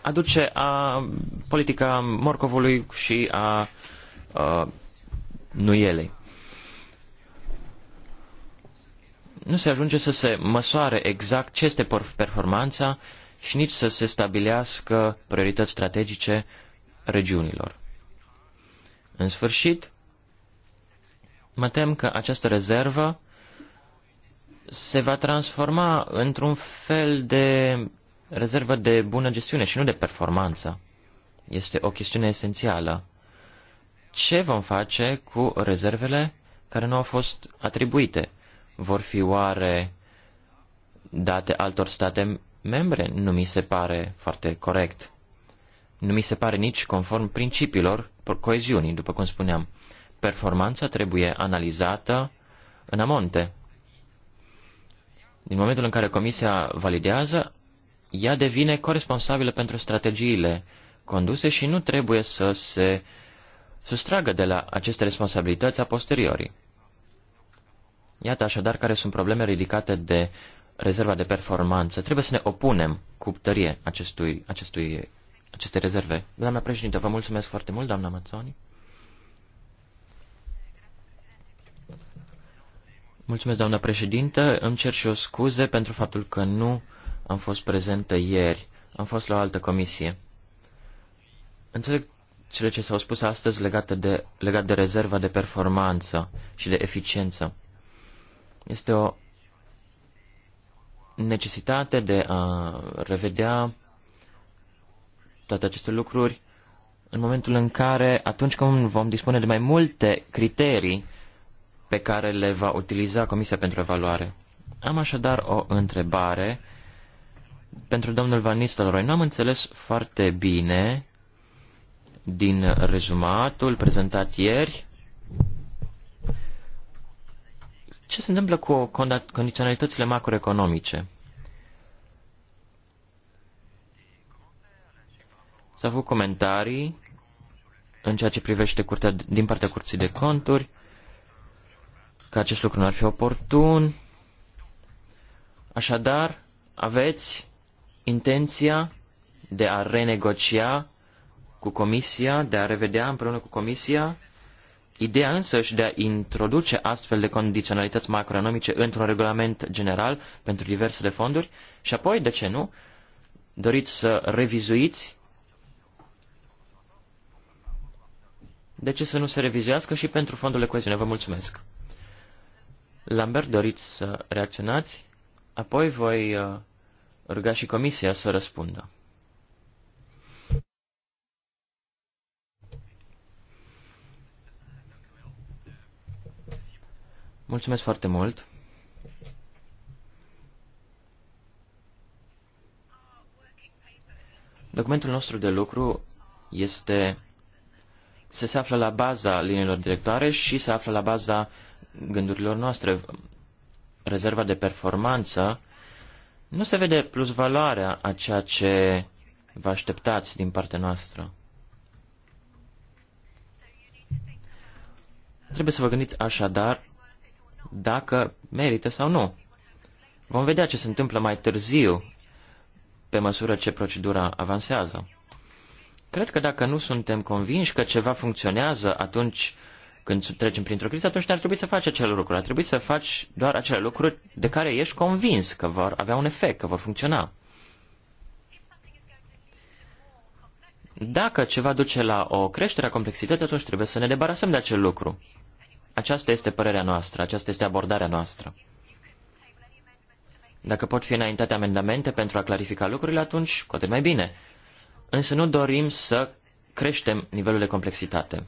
aduce a politica morcovului și a, a nuielei. Nu se ajunge să se măsoare exact ce este performanța și nici să se stabilească priorități strategice regiunilor. În sfârșit, mă tem că această rezervă se va transforma într-un fel de rezervă de bună gestiune și nu de performanță. Este o chestiune esențială. Ce vom face cu rezervele care nu au fost atribuite? Vor fi oare date altor state membre? Nu mi se pare foarte corect. Nu mi se pare nici conform principiilor coeziunii, după cum spuneam. Performanța trebuie analizată în amonte. Din momentul în care comisia validează, ea devine coresponsabilă pentru strategiile conduse și nu trebuie să se sustragă de la aceste responsabilități a posteriori. Iată așadar care sunt probleme ridicate de rezerva de performanță. Trebuie să ne opunem cu tărie acestui, acestui, aceste rezerve. Doamna președinte, vă mulțumesc foarte mult, doamna Mazzoni. Mulțumesc, doamna președintă. Îmi cer și o scuze pentru faptul că nu am fost prezentă ieri. Am fost la o altă comisie. Înțeleg cele ce s-au spus astăzi legate de, legat de rezerva de performanță și de eficiență. Este o necesitate de a revedea toate aceste lucruri în momentul în care, atunci când vom dispune de mai multe criterii pe care le va utiliza Comisia pentru Evaluare. Am așadar o întrebare pentru domnul Van Nistelrooy. Nu am înțeles foarte bine din rezumatul prezentat ieri ce se întâmplă cu condiționalitățile macroeconomice. S-au făcut comentarii în ceea ce privește curtea, din partea curții de conturi că acest lucru nu ar fi oportun. Așadar, aveți intenția de a renegocia cu Comisia, de a revedea împreună cu Comisia, ideea însăși de a introduce astfel de condiționalități macroeconomice într-un regulament general pentru diversele fonduri și apoi, de ce nu, doriți să revizuiți de ce să nu se revizuiască și pentru fondul de coeziune? Vă mulțumesc! Lambert, doriți să reacționați? Apoi voi uh, ruga și comisia să răspundă. Mulțumesc foarte mult. Documentul nostru de lucru este se, se află la baza liniilor directoare și se află la baza uh, gândurilor noastre. Rezerva de performanță nu se vede plus valoarea a ceea ce vă așteptați din partea noastră. Trebuie să vă gândiți așadar dacă merită sau nu. Vom vedea ce se întâmplă mai târziu, pe măsură ce procedura avansează. Cred că dacă nu suntem convinși că ceva funcționează, atunci uh, când trecem printr-o criză, atunci n-ar trebui să faci acele lucruri. Ar trebui să faci doar acele lucruri de care ești convins că vor avea un efect, că vor funcționa. Dacă ceva duce la o creștere a complexității, atunci trebuie să ne debarasăm de acel lucru. Aceasta este părerea noastră, aceasta este abordarea noastră. Dacă pot fi înaintate amendamente pentru a clarifica lucrurile, atunci cu atât mai bine. Însă nu dorim să creștem nivelul de complexitate.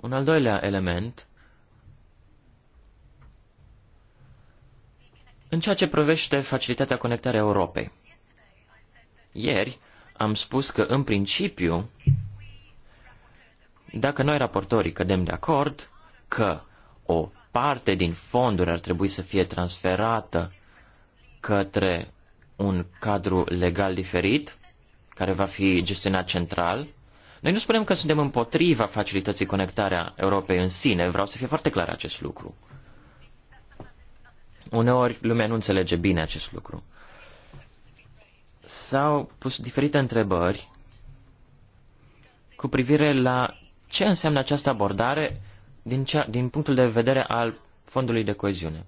Un al doilea element, în ceea ce privește facilitatea conectării Europei. Ieri am spus că, în principiu, dacă noi raportorii cădem de acord că o parte din fonduri ar trebui să fie transferată către un cadru legal diferit, care va fi gestionat central, noi nu spunem că suntem împotriva facilității conectarea Europei în sine, vreau să fie foarte clar acest lucru. Uneori lumea nu înțelege bine acest lucru. S-au pus diferite întrebări cu privire la ce înseamnă această abordare din, cea, din punctul de vedere al fondului de coeziune.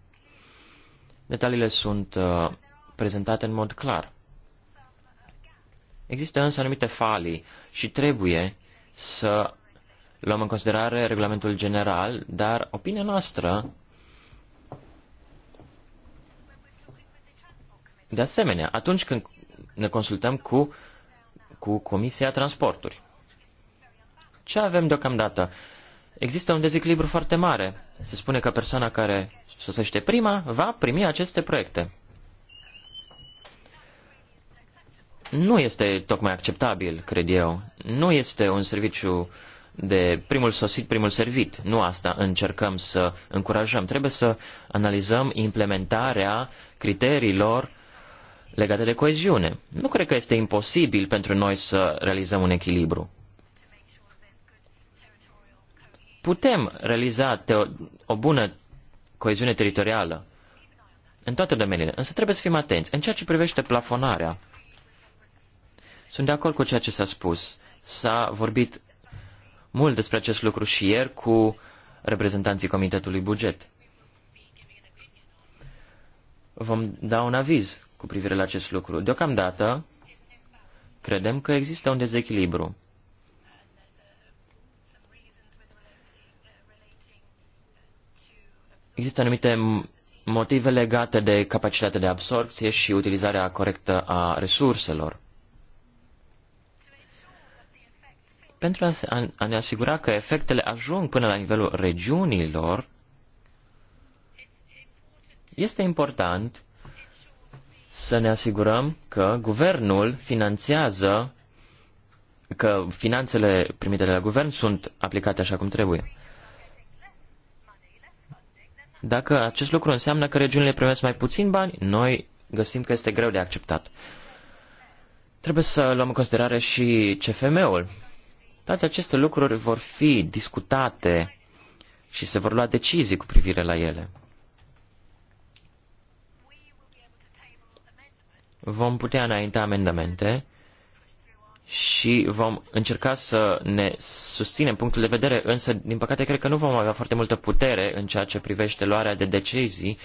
Detaliile sunt uh, prezentate în mod clar. Există însă anumite falii și trebuie să luăm în considerare regulamentul general, dar opinia noastră de asemenea, atunci când ne consultăm cu, cu Comisia Transporturi. Ce avem deocamdată? Există un dezechilibru foarte mare. Se spune că persoana care sosește prima va primi aceste proiecte. nu este tocmai acceptabil, cred eu. Nu este un serviciu de primul sosit, primul servit. Nu asta încercăm să încurajăm. Trebuie să analizăm implementarea criteriilor legate de coeziune. Nu cred că este imposibil pentru noi să realizăm un echilibru. Putem realiza o bună coeziune teritorială în toate domeniile, însă trebuie să fim atenți. În ceea ce privește plafonarea, sunt de acord cu ceea ce s-a spus. S-a vorbit mult despre acest lucru și ieri cu reprezentanții Comitetului Buget. Vom da un aviz cu privire la acest lucru. Deocamdată, credem că există un dezechilibru. Există anumite motive legate de capacitatea de absorpție și utilizarea corectă a resurselor. pentru a, ne asigura că efectele ajung până la nivelul regiunilor, este important să ne asigurăm că guvernul finanțează, că finanțele primite de la guvern sunt aplicate așa cum trebuie. Dacă acest lucru înseamnă că regiunile primesc mai puțin bani, noi găsim că este greu de acceptat. Trebuie să luăm în considerare și CFM-ul. Toate aceste lucruri vor fi discutate și se vor lua decizii cu privire la ele. Vom putea înainta amendamente și vom încerca să ne susținem punctul de vedere, însă, din păcate, cred că nu vom avea foarte multă putere în ceea ce privește luarea de decizii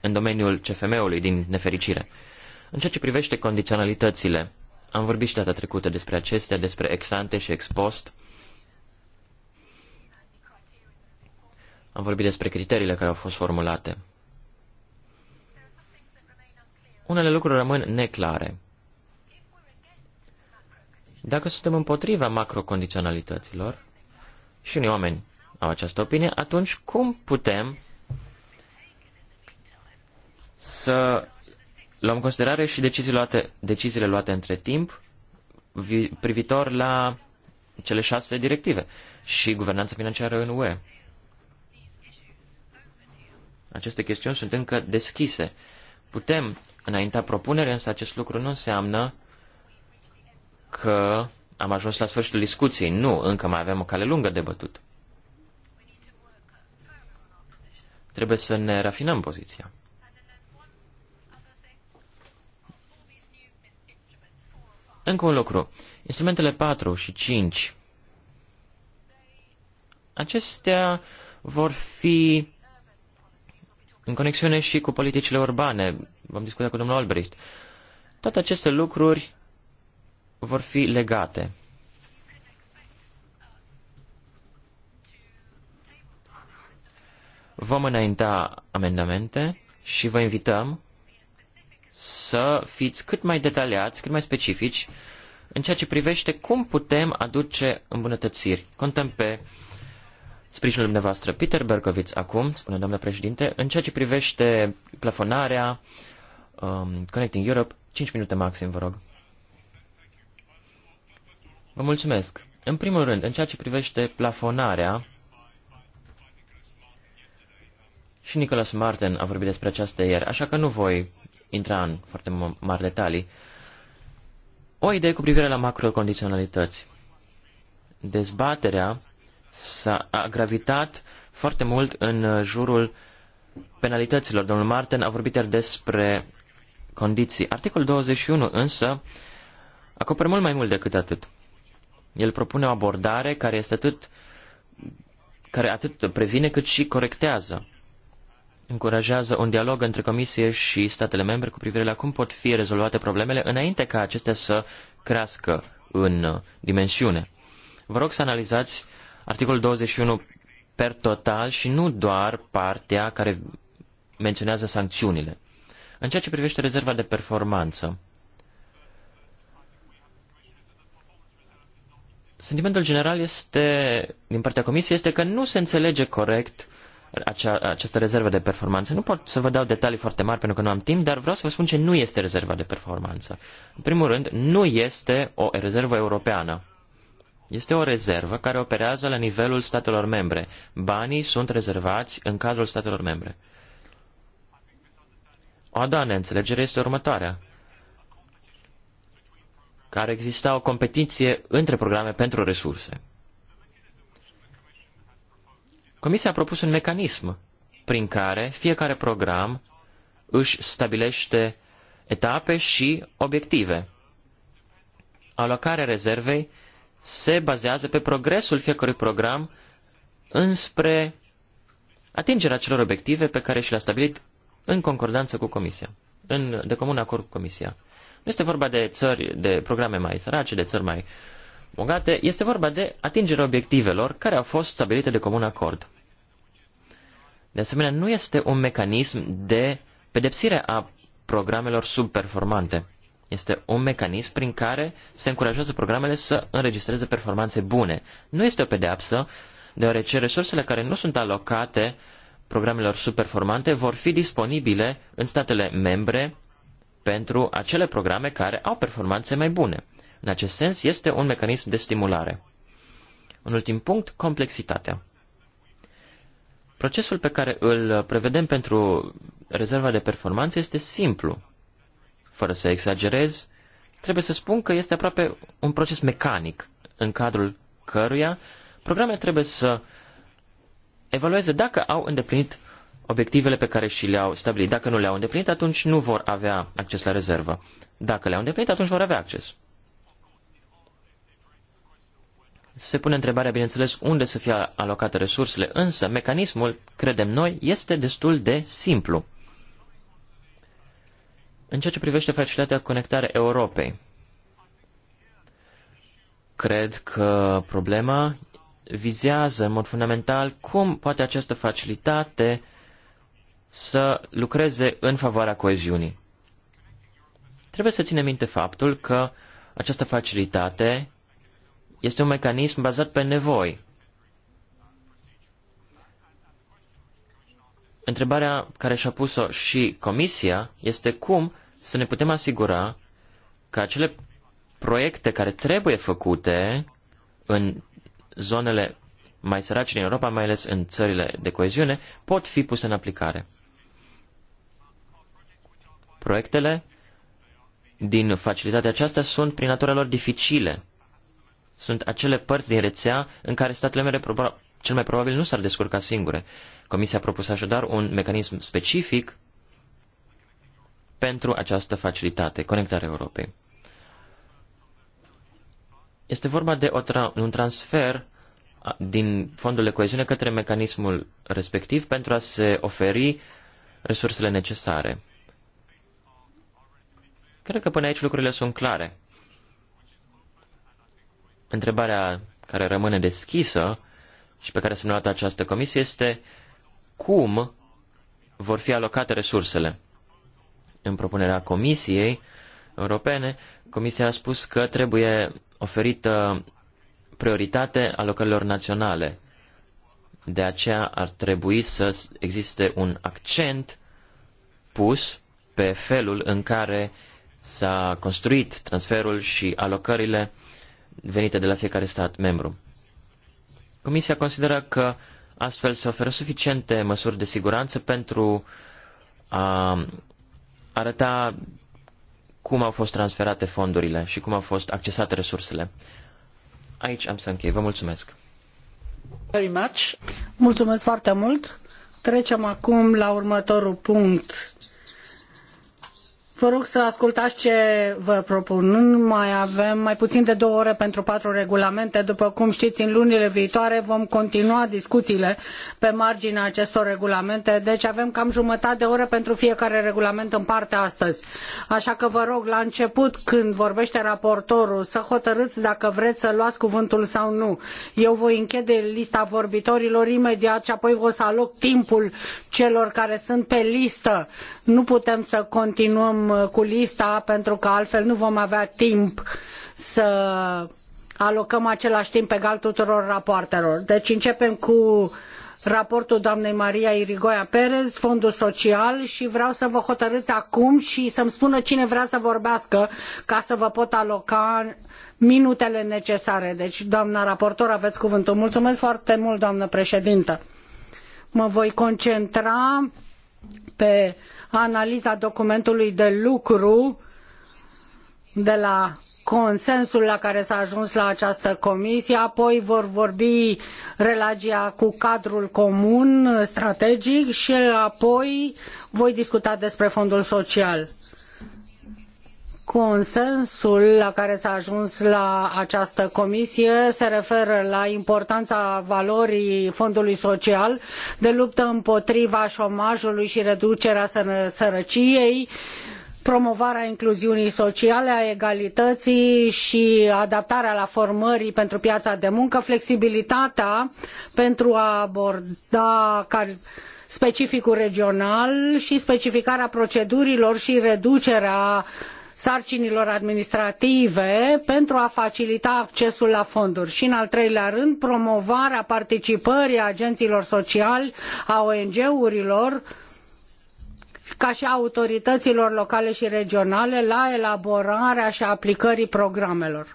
în domeniul CFM-ului, din nefericire. În ceea ce privește condiționalitățile, am vorbit și data trecută despre acestea, despre exante și expost. Am vorbit despre criteriile care au fost formulate. Unele lucruri rămân neclare. Dacă suntem împotriva macrocondiționalităților, și unii oameni au această opinie, atunci cum putem să luăm în considerare și deciziile luate, deciziile luate între timp vi, privitor la cele șase directive și guvernanța financiară în UE. Aceste chestiuni sunt încă deschise. Putem înainta propunere, însă acest lucru nu înseamnă că am ajuns la sfârșitul discuției. Nu, încă mai avem o cale lungă de bătut. Trebuie să ne rafinăm poziția. Încă un lucru. Instrumentele 4 și 5. Acestea vor fi în conexiune și cu politicile urbane. Vom discuta cu domnul Albrecht. Toate aceste lucruri vor fi legate. Vom înainta amendamente și vă invităm să fiți cât mai detaliați, cât mai specifici în ceea ce privește cum putem aduce îmbunătățiri. Contăm pe sprijinul dumneavoastră. Peter Berkovitz acum, spune doamna președinte, în ceea ce privește plafonarea, um, Connecting Europe, 5 minute maxim, vă rog. Vă mulțumesc. În primul rând, în ceea ce privește plafonarea, și Nicholas Martin a vorbit despre aceasta ieri, așa că nu voi intra în foarte mari detalii, o idee cu privire la macrocondiționalități. Dezbaterea s-a gravitat foarte mult în uh, jurul penalităților. Domnul Martin a vorbit iar despre condiții. Articolul 21 însă acoperă mult mai mult decât atât. El propune o abordare care este atât care atât previne cât și corectează încurajează un dialog între Comisie și statele membre cu privire la cum pot fi rezolvate problemele înainte ca acestea să crească în uh, dimensiune. Vă rog să analizați articolul 21 per total și nu doar partea care menționează sancțiunile. În ceea ce privește rezerva de performanță, sentimentul general este, din partea Comisiei este că nu se înțelege corect acea, această rezervă de performanță. Nu pot să vă dau detalii foarte mari pentru că nu am timp, dar vreau să vă spun ce nu este rezerva de performanță. În primul rând, nu este o rezervă europeană. Este o rezervă care operează la nivelul statelor membre. Banii sunt rezervați în cadrul statelor membre. O a doua neînțelegere este următoarea. Care exista o competiție între programe pentru resurse. Comisia a propus un mecanism prin care fiecare program își stabilește etape și obiective. Alocarea rezervei se bazează pe progresul fiecărui program înspre atingerea celor obiective pe care și le-a stabilit în concordanță cu Comisia, în, de comun acord cu Comisia. Nu este vorba de țări, de programe mai sărace, de țări mai uh, bogate, este vorba de atingerea obiectivelor care au fost stabilite de comun acord. De asemenea, nu este un mecanism de pedepsire a programelor subperformante. Este un mecanism prin care se încurajează programele să înregistreze performanțe bune. Nu este o pedeapsă, deoarece resursele care nu sunt alocate programelor subperformante vor fi disponibile în statele membre pentru acele programe care au performanțe mai bune. În acest sens, este un mecanism de stimulare. Un ultim punct, complexitatea. Procesul pe care îl prevedem pentru rezerva de performanță este simplu. Fără să exagerez, trebuie să spun că este aproape un proces mecanic, în cadrul căruia programele trebuie să evalueze dacă au îndeplinit obiectivele pe care și le-au stabilit. Dacă nu le-au îndeplinit, atunci nu vor avea acces la rezervă. Dacă le-au îndeplinit, atunci vor avea acces. se pune întrebarea, bineînțeles, unde să fie alocate resursele, însă mecanismul, credem noi, este destul de simplu. În ceea ce privește facilitatea conectare Europei, cred că problema vizează în mod fundamental cum poate această facilitate să lucreze în favoarea coeziunii. Trebuie să ținem minte faptul că această facilitate este un mecanism bazat pe nevoi. Întrebarea care și-a pus-o și Comisia este cum să ne putem asigura că acele proiecte care trebuie făcute în zonele mai sărace din Europa, mai ales în țările de coeziune, pot fi puse în aplicare. Proiectele din facilitatea aceasta sunt, prin natura lor, dificile sunt acele părți din rețea în care statele membre cel mai probabil nu s-ar descurca singure. Comisia a propus așadar un mecanism specific pentru această facilitate, conectarea Europei. Este vorba de o tra- un transfer din fondul de coeziune către mecanismul respectiv pentru a se oferi resursele necesare. Cred că până aici lucrurile sunt clare. Întrebarea care rămâne deschisă și pe care a semnalat această comisie este cum vor fi alocate resursele. În propunerea Comisiei Europene, Comisia a spus că trebuie oferită prioritate alocărilor naționale. De aceea ar trebui să existe un accent pus pe felul în care s-a construit transferul și alocările venite de la fiecare stat membru. Comisia consideră că astfel se oferă suficiente măsuri de siguranță pentru a arăta cum au fost transferate fondurile și cum au fost accesate resursele. Aici am să închei. Vă mulțumesc. Very much. Mulțumesc foarte mult. Trecem acum la următorul punct Vă rog să ascultați ce vă propun. Nu mai avem mai puțin de două ore pentru patru regulamente. După cum știți, în lunile viitoare vom continua discuțiile pe marginea acestor regulamente, deci avem cam jumătate de oră pentru fiecare regulament în parte astăzi. Așa că vă rog, la început, când vorbește raportorul, să hotărâți dacă vreți să luați cuvântul sau nu. Eu voi închide lista vorbitorilor imediat și apoi o să aloc timpul celor care sunt pe listă. Nu putem să continuăm Uh, cu lista pentru că altfel nu vom avea timp să alocăm același timp egal tuturor rapoartelor. Deci începem cu raportul doamnei Maria Irigoia Perez, Fondul Social și vreau să vă hotărâți acum și să-mi spună cine vrea să vorbească ca să vă pot aloca minutele necesare. Deci, doamna raportor, aveți cuvântul. Mulțumesc foarte mult, doamnă președintă. Mă voi concentra pe analiza documentului de lucru de la consensul la care s-a ajuns la această comisie, apoi vor vorbi relația cu cadrul comun strategic și apoi voi discuta despre fondul social. Consensul la care s-a ajuns la această comisie se referă la importanța valorii fondului social de luptă împotriva șomajului și reducerea sărăciei, promovarea incluziunii sociale, a egalității și adaptarea la formării pentru piața de muncă, flexibilitatea pentru a aborda specificul regional și specificarea procedurilor și reducerea uh, sarcinilor administrative pentru a facilita accesul la fonduri și, în al treilea rând, promovarea participării agenților sociali, a ONG-urilor, ca și a autorităților locale și regionale la elaborarea și aplicării programelor.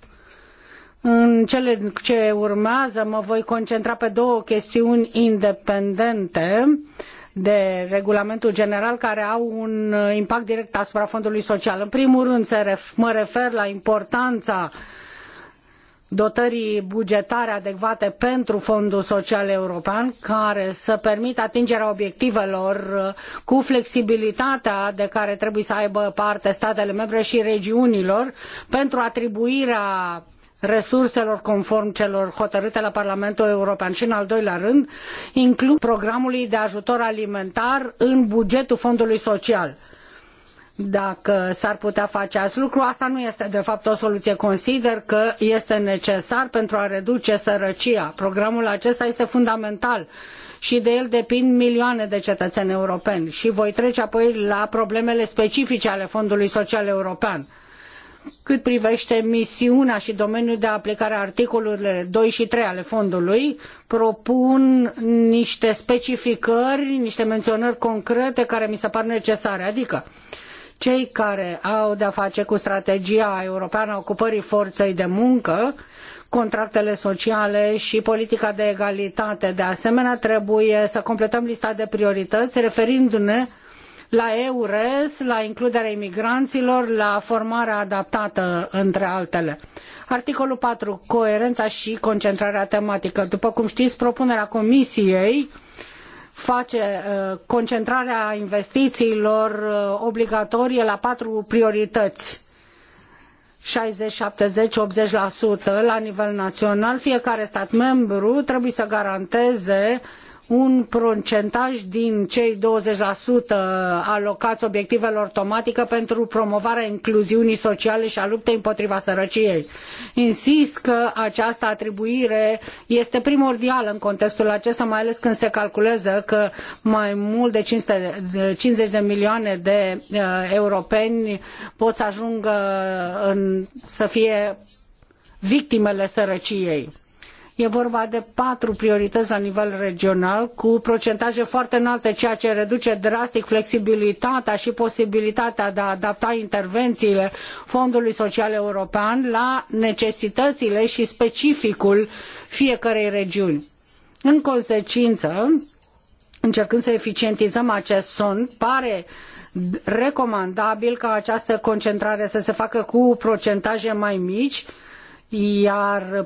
În cele ce urmează mă voi concentra pe două chestiuni independente uh, de regulamentul general care au un uh, impact direct asupra fondului social. În primul rând mă refer la importanța dotării bugetare adecvate pentru Fondul Social European, care să permită atingerea obiectivelor uh, cu flexibilitatea de care trebuie să aibă parte statele membre și regiunilor pentru atribuirea resurselor conform celor hotărâte la Parlamentul European și, în al doilea rând, includ programului de ajutor alimentar în bugetul Fondului Social dacă s-ar putea face acest lucru. Asta nu este, de fapt, o soluție. Consider că este necesar pentru a reduce sărăcia. Programul acesta este fundamental și de el depind milioane de cetățeni europeni. Și voi trece apoi la problemele specifice ale Fondului Social European cât privește misiunea și domeniul de aplicare a articolului 2 și 3 ale fondului, propun niște specificări, niște menționări concrete care mi se par necesare, adică cei care au de-a face cu strategia europeană a ocupării forței de muncă, contractele sociale și politica de egalitate. De asemenea, trebuie să completăm lista de priorități referindu-ne la EURES, la includerea imigranților, la formarea adaptată, între altele. Articolul patru Coerența și concentrarea tematică. După cum știți, propunerea Comisiei face uh, concentrarea investițiilor uh, obligatorie la patru priorități. 60, 70, 80% la nivel național, fiecare stat membru trebuie să garanteze uh, un procentaj din cei 20% alocați obiectivelor tematice pentru promovarea incluziunii sociale și a luptei împotriva sărăciei. Insist că această atribuire este primordială în contextul acesta, mai ales când se calculează că mai mult de de 50 de milioane de uh, europeni pot să ajungă în, să fie victimele sărăciei E vorba de patru priorități la nivel regional cu procentaje foarte înalte, ceea ce reduce drastic flexibilitatea și posibilitatea de a adapta intervențiile Fondului Social European la necesitățile și specificul fiecărei regiuni. În consecință, încercând să eficientizăm acest fond, pare recomandabil ca această concentrare să se facă cu procentaje mai mici, iar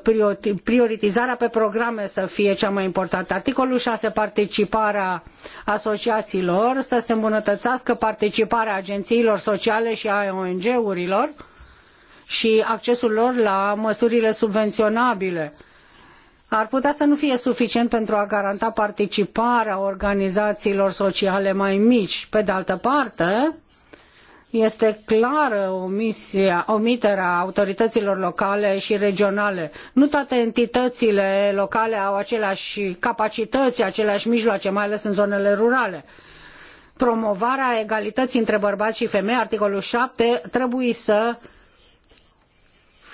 prioritizarea pe programe să fie cea mai importantă. Articolul 6, participarea asociațiilor, să se îmbunătățească participarea agențiilor sociale și a ONG-urilor și accesul lor la măsurile subvenționabile ar putea să nu fie suficient pentru a garanta participarea organizațiilor sociale mai mici. Pe de altă parte, este clară omisia, omiterea autorităților locale și regionale. Nu toate entitățile locale au aceleași capacități, aceleași mijloace, mai ales în zonele rurale. Promovarea egalității între bărbați și femei, articolul 7, trebuie să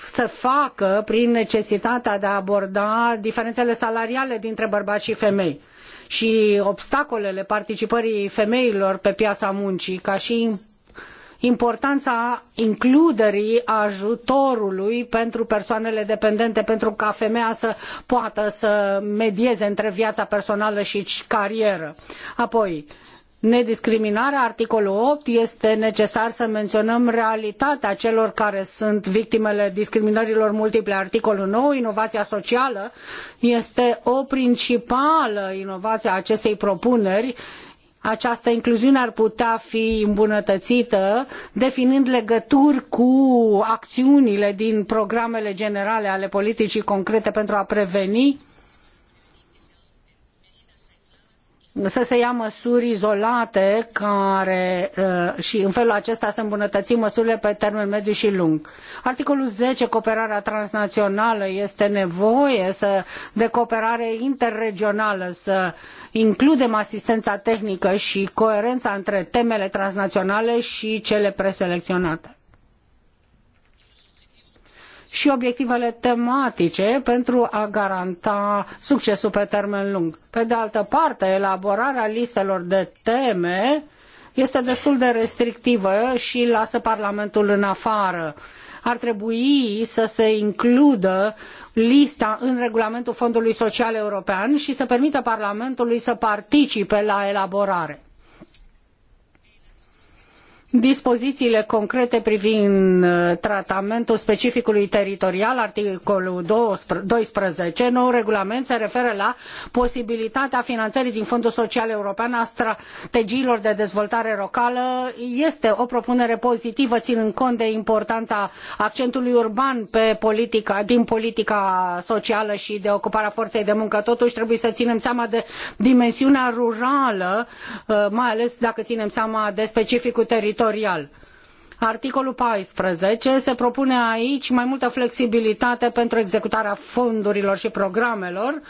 să facă prin necesitatea de a aborda diferențele salariale dintre bărbați și femei și obstacolele participării femeilor pe piața muncii, ca și importanța includerii ajutorului pentru persoanele dependente pentru ca femeia să poată să medieze între viața personală și carieră. Apoi, nediscriminarea, articolul 8, este necesar să menționăm realitatea celor care sunt victimele discriminărilor multiple. Articolul 9, inovația socială, este o principală inovație a acestei propuneri această incluziune ar putea fi îmbunătățită definind legături cu acțiunile din programele generale ale politicii concrete pentru a preveni să se ia măsuri izolate care uh, și în felul acesta să îmbunătățim măsurile pe termen mediu și lung. Articolul 10, cooperarea transnațională, este nevoie să, de cooperare interregională, să includem asistența tehnică și coerența între temele transnaționale și cele preselecționate și obiectivele tematice pentru a garanta succesul pe termen lung. Pe de altă parte, elaborarea listelor de teme este destul de restrictivă și lasă Parlamentul în afară. Ar trebui să se includă lista în regulamentul Fondului Social European și să permită Parlamentului să participe la elaborare dispozițiile concrete privind uh, tratamentul specificului teritorial, articolul 12, nou regulament se referă la posibilitatea finanțării din Fondul Social European a strategiilor de dezvoltare locală. Este o propunere pozitivă, ținând cont de importanța accentului urban pe politica, din politica socială și de ocuparea forței de muncă. Totuși trebuie să ținem seama de dimensiunea rurală, uh, mai ales dacă ținem seama de specificul teritorial sectorial. Articolul 14 se propune aici mai multă flexibilitate pentru executarea fondurilor și programelor.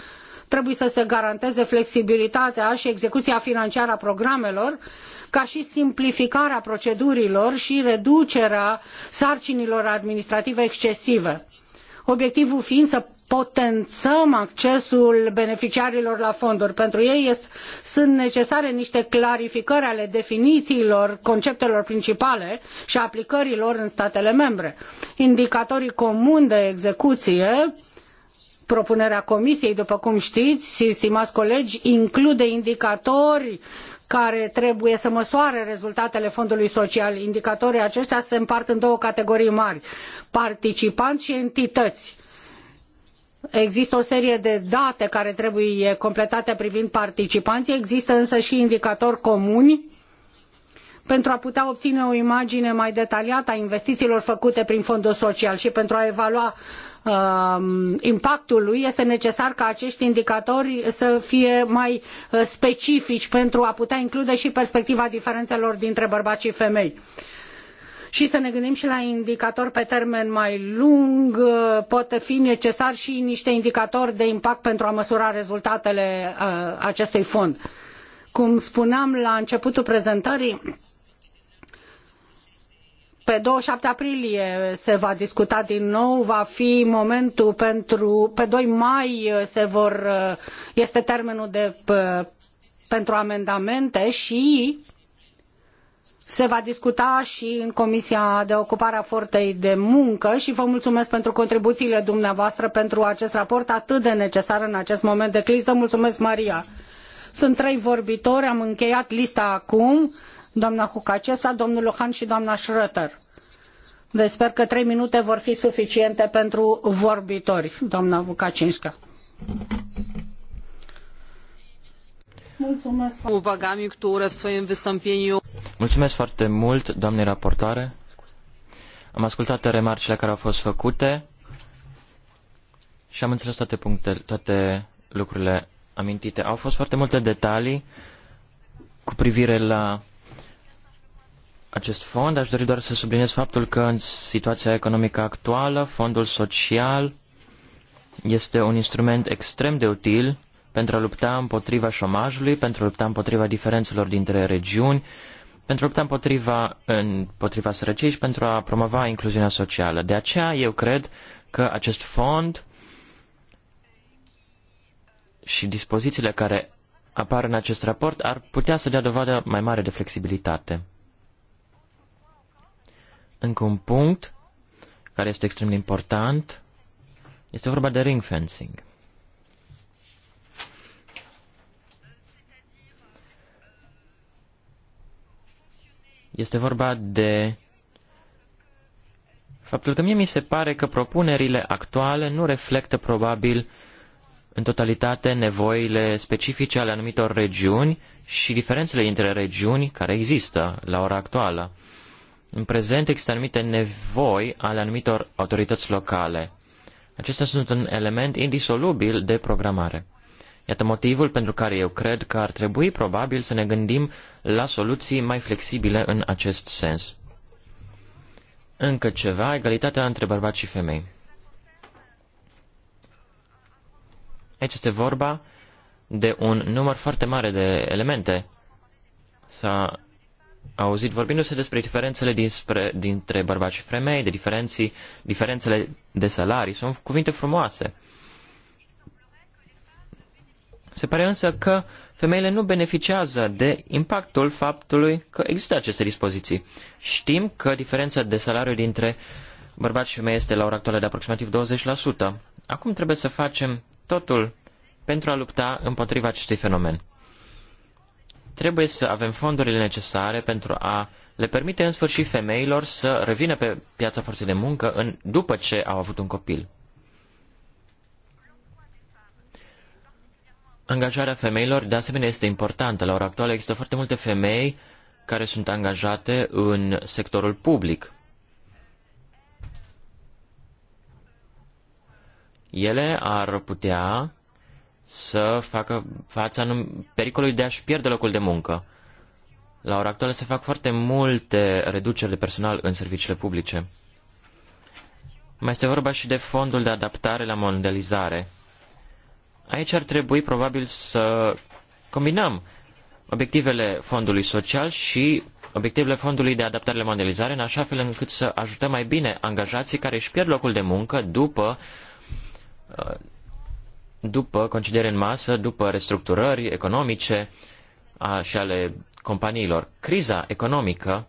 Trebuie să se garanteze flexibilitatea și execuția financiară a programelor, ca și simplificarea procedurilor și reducerea sarcinilor administrative excesive obiectivul fiind să potențăm accesul beneficiarilor la fonduri. Pentru ei este, sunt necesare niște clarificări ale definițiilor conceptelor principale și aplicărilor în statele membre. Indicatorii comuni de execuție propunerea comisiei, după cum știți, și stimați colegi, include indicatori care trebuie să măsoare rezultatele fondului social. Indicatorii aceștia se împart în două categorii mari, participanți și entități Există o serie de date care trebuie completate privind participanții, există însă și indicatori comuni pentru a putea obține o imagine mai detaliată a investițiilor făcute prin fondul social și pentru a evalua um, impactul lui, este necesar ca acești indicatori să fie mai uh, specifici pentru a putea include și perspectiva diferențelor dintre bărbați și femei și să ne gândim și la indicatori pe termen mai lung, uh, pot fi necesari și niște indicatori de impact pentru a măsura rezultatele uh, acestui fond. Cum spuneam la începutul prezentării, pe 27 aprilie se va discuta din nou, va fi momentul pentru, pe 2 mai se vor, uh, este termenul de, pentru amendamente și se va discuta și în Comisia de Ocupare a Fortei de Muncă și vă mulțumesc pentru contribuțiile dumneavoastră pentru acest raport atât de necesar în acest moment de criză. Mulțumesc, Maria! Sunt trei vorbitori, am încheiat lista acum, doamna Hucacesa, domnul Luhan și doamna Schröter. Deci sper că trei minute vor fi suficiente pentru vorbitori, doamna Vucacinscă. Mulțumesc. Uvagam, które w swoim Mulțumesc foarte mult, doamne raportare. Am ascultat remarcile care au fost făcute și am înțeles toate punctele, toate lucrurile amintite. Au fost foarte multe detalii cu privire la acest fond. Aș dori doar să subliniez faptul că în situația economică actuală, fondul social este un instrument extrem de util pentru a lupta împotriva șomajului, pentru a lupta împotriva diferențelor dintre regiuni, pentru a lupta împotriva, împotriva sărăciei și pentru a promova incluziunea socială. De aceea eu cred că acest fond și dispozițiile care apar în acest raport ar putea să dea dovadă mai mare de flexibilitate. Încă un punct care este extrem de important este vorba de ring fencing. Este vorba de faptul că mie mi se pare că propunerile actuale nu reflectă probabil în totalitate nevoile specifice ale anumitor regiuni și diferențele dintre regiuni care există la ora actuală. În prezent există anumite nevoi ale anumitor autorități locale. Acestea sunt un element indisolubil de programare. Iată motivul pentru care eu cred că ar trebui probabil să ne gândim la soluții mai flexibile în acest sens. Încă ceva, egalitatea între bărbați și femei. Aici este vorba de un număr foarte mare de elemente. S-a auzit vorbindu-se despre diferențele dinspre, dintre bărbați și femei, de diferenții, diferențele de salarii. Sunt cuvinte frumoase. Se pare însă că uh, femeile nu beneficiază de impactul faptului că există aceste dispoziții. Știm că diferența de salariu dintre bărbați și femei este la ora actuală de aproximativ 20%. Acum trebuie să facem totul pentru a lupta împotriva acestui fenomen. Trebuie să avem fondurile necesare pentru a le permite în sfârșit femeilor să revină pe piața forței de muncă în, după ce au avut un copil. Angajarea femeilor, de asemenea, este importantă. La ora actuală există foarte multe femei care sunt angajate în sectorul public. Ele ar putea să facă fața pericolului de a-și pierde locul de muncă. La ora actuală se fac foarte multe reduceri de personal în serviciile publice. Mai este vorba și de fondul de adaptare la mondializare. Aici ar trebui probabil să combinăm obiectivele fondului social și obiectivele fondului de adaptare la mondializare în așa fel încât să ajutăm mai bine angajații care își pierd locul de muncă după uh, după concediere în masă, după restructurări economice a, și ale companiilor. Criza economică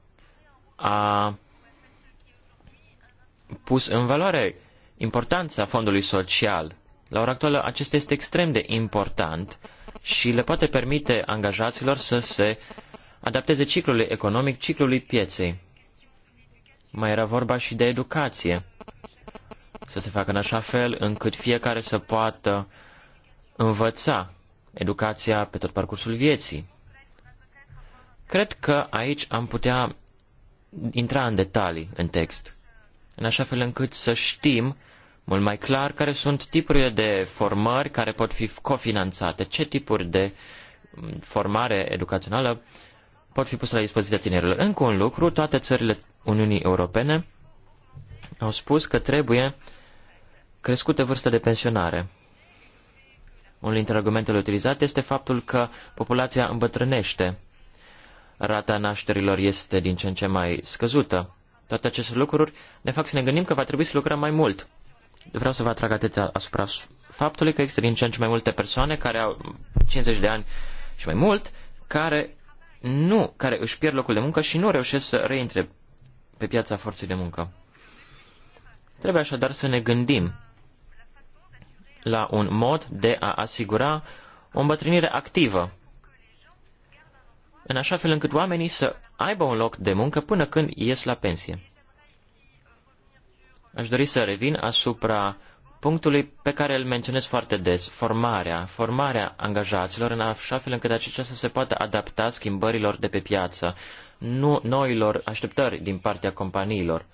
a pus în valoare importanța fondului social la ora actuală, acesta este extrem de important și le poate permite angajaților să se adapteze ciclului economic, ciclului pieței. Mai era vorba și de educație. Să se facă în așa fel încât fiecare să poată învăța educația pe tot parcursul vieții. Cred că aici am putea intra în detalii în text, în așa fel încât să știm mult mai clar care sunt tipurile de formări care pot fi cofinanțate, ce tipuri de mm, formare educațională pot fi puse la dispoziția tinerilor. Încă un lucru, toate țările Uniunii Europene au spus că trebuie crescută vârsta de pensionare. Unul dintre argumentele utilizate este faptul că populația îmbătrânește. Rata nașterilor este din ce în ce mai scăzută. Toate aceste lucruri ne fac să ne gândim că va trebui să lucrăm mai mult vreau să vă atrag atenția asupra faptului că există din ce în ce mai multe persoane care au 50 de ani și mai mult, care nu, care își pierd locul de muncă și nu reușesc să reintre pe piața forței de muncă. Trebuie așadar să ne gândim la un mod de a asigura o îmbătrânire activă, în așa fel încât oamenii să aibă un loc de muncă până când ies la pensie. Aș dori să revin asupra punctului pe care îl menționez foarte des, formarea, formarea angajaților în așa fel încât aceștia să se poată adapta schimbărilor de pe piață, nu noilor așteptări din partea companiilor.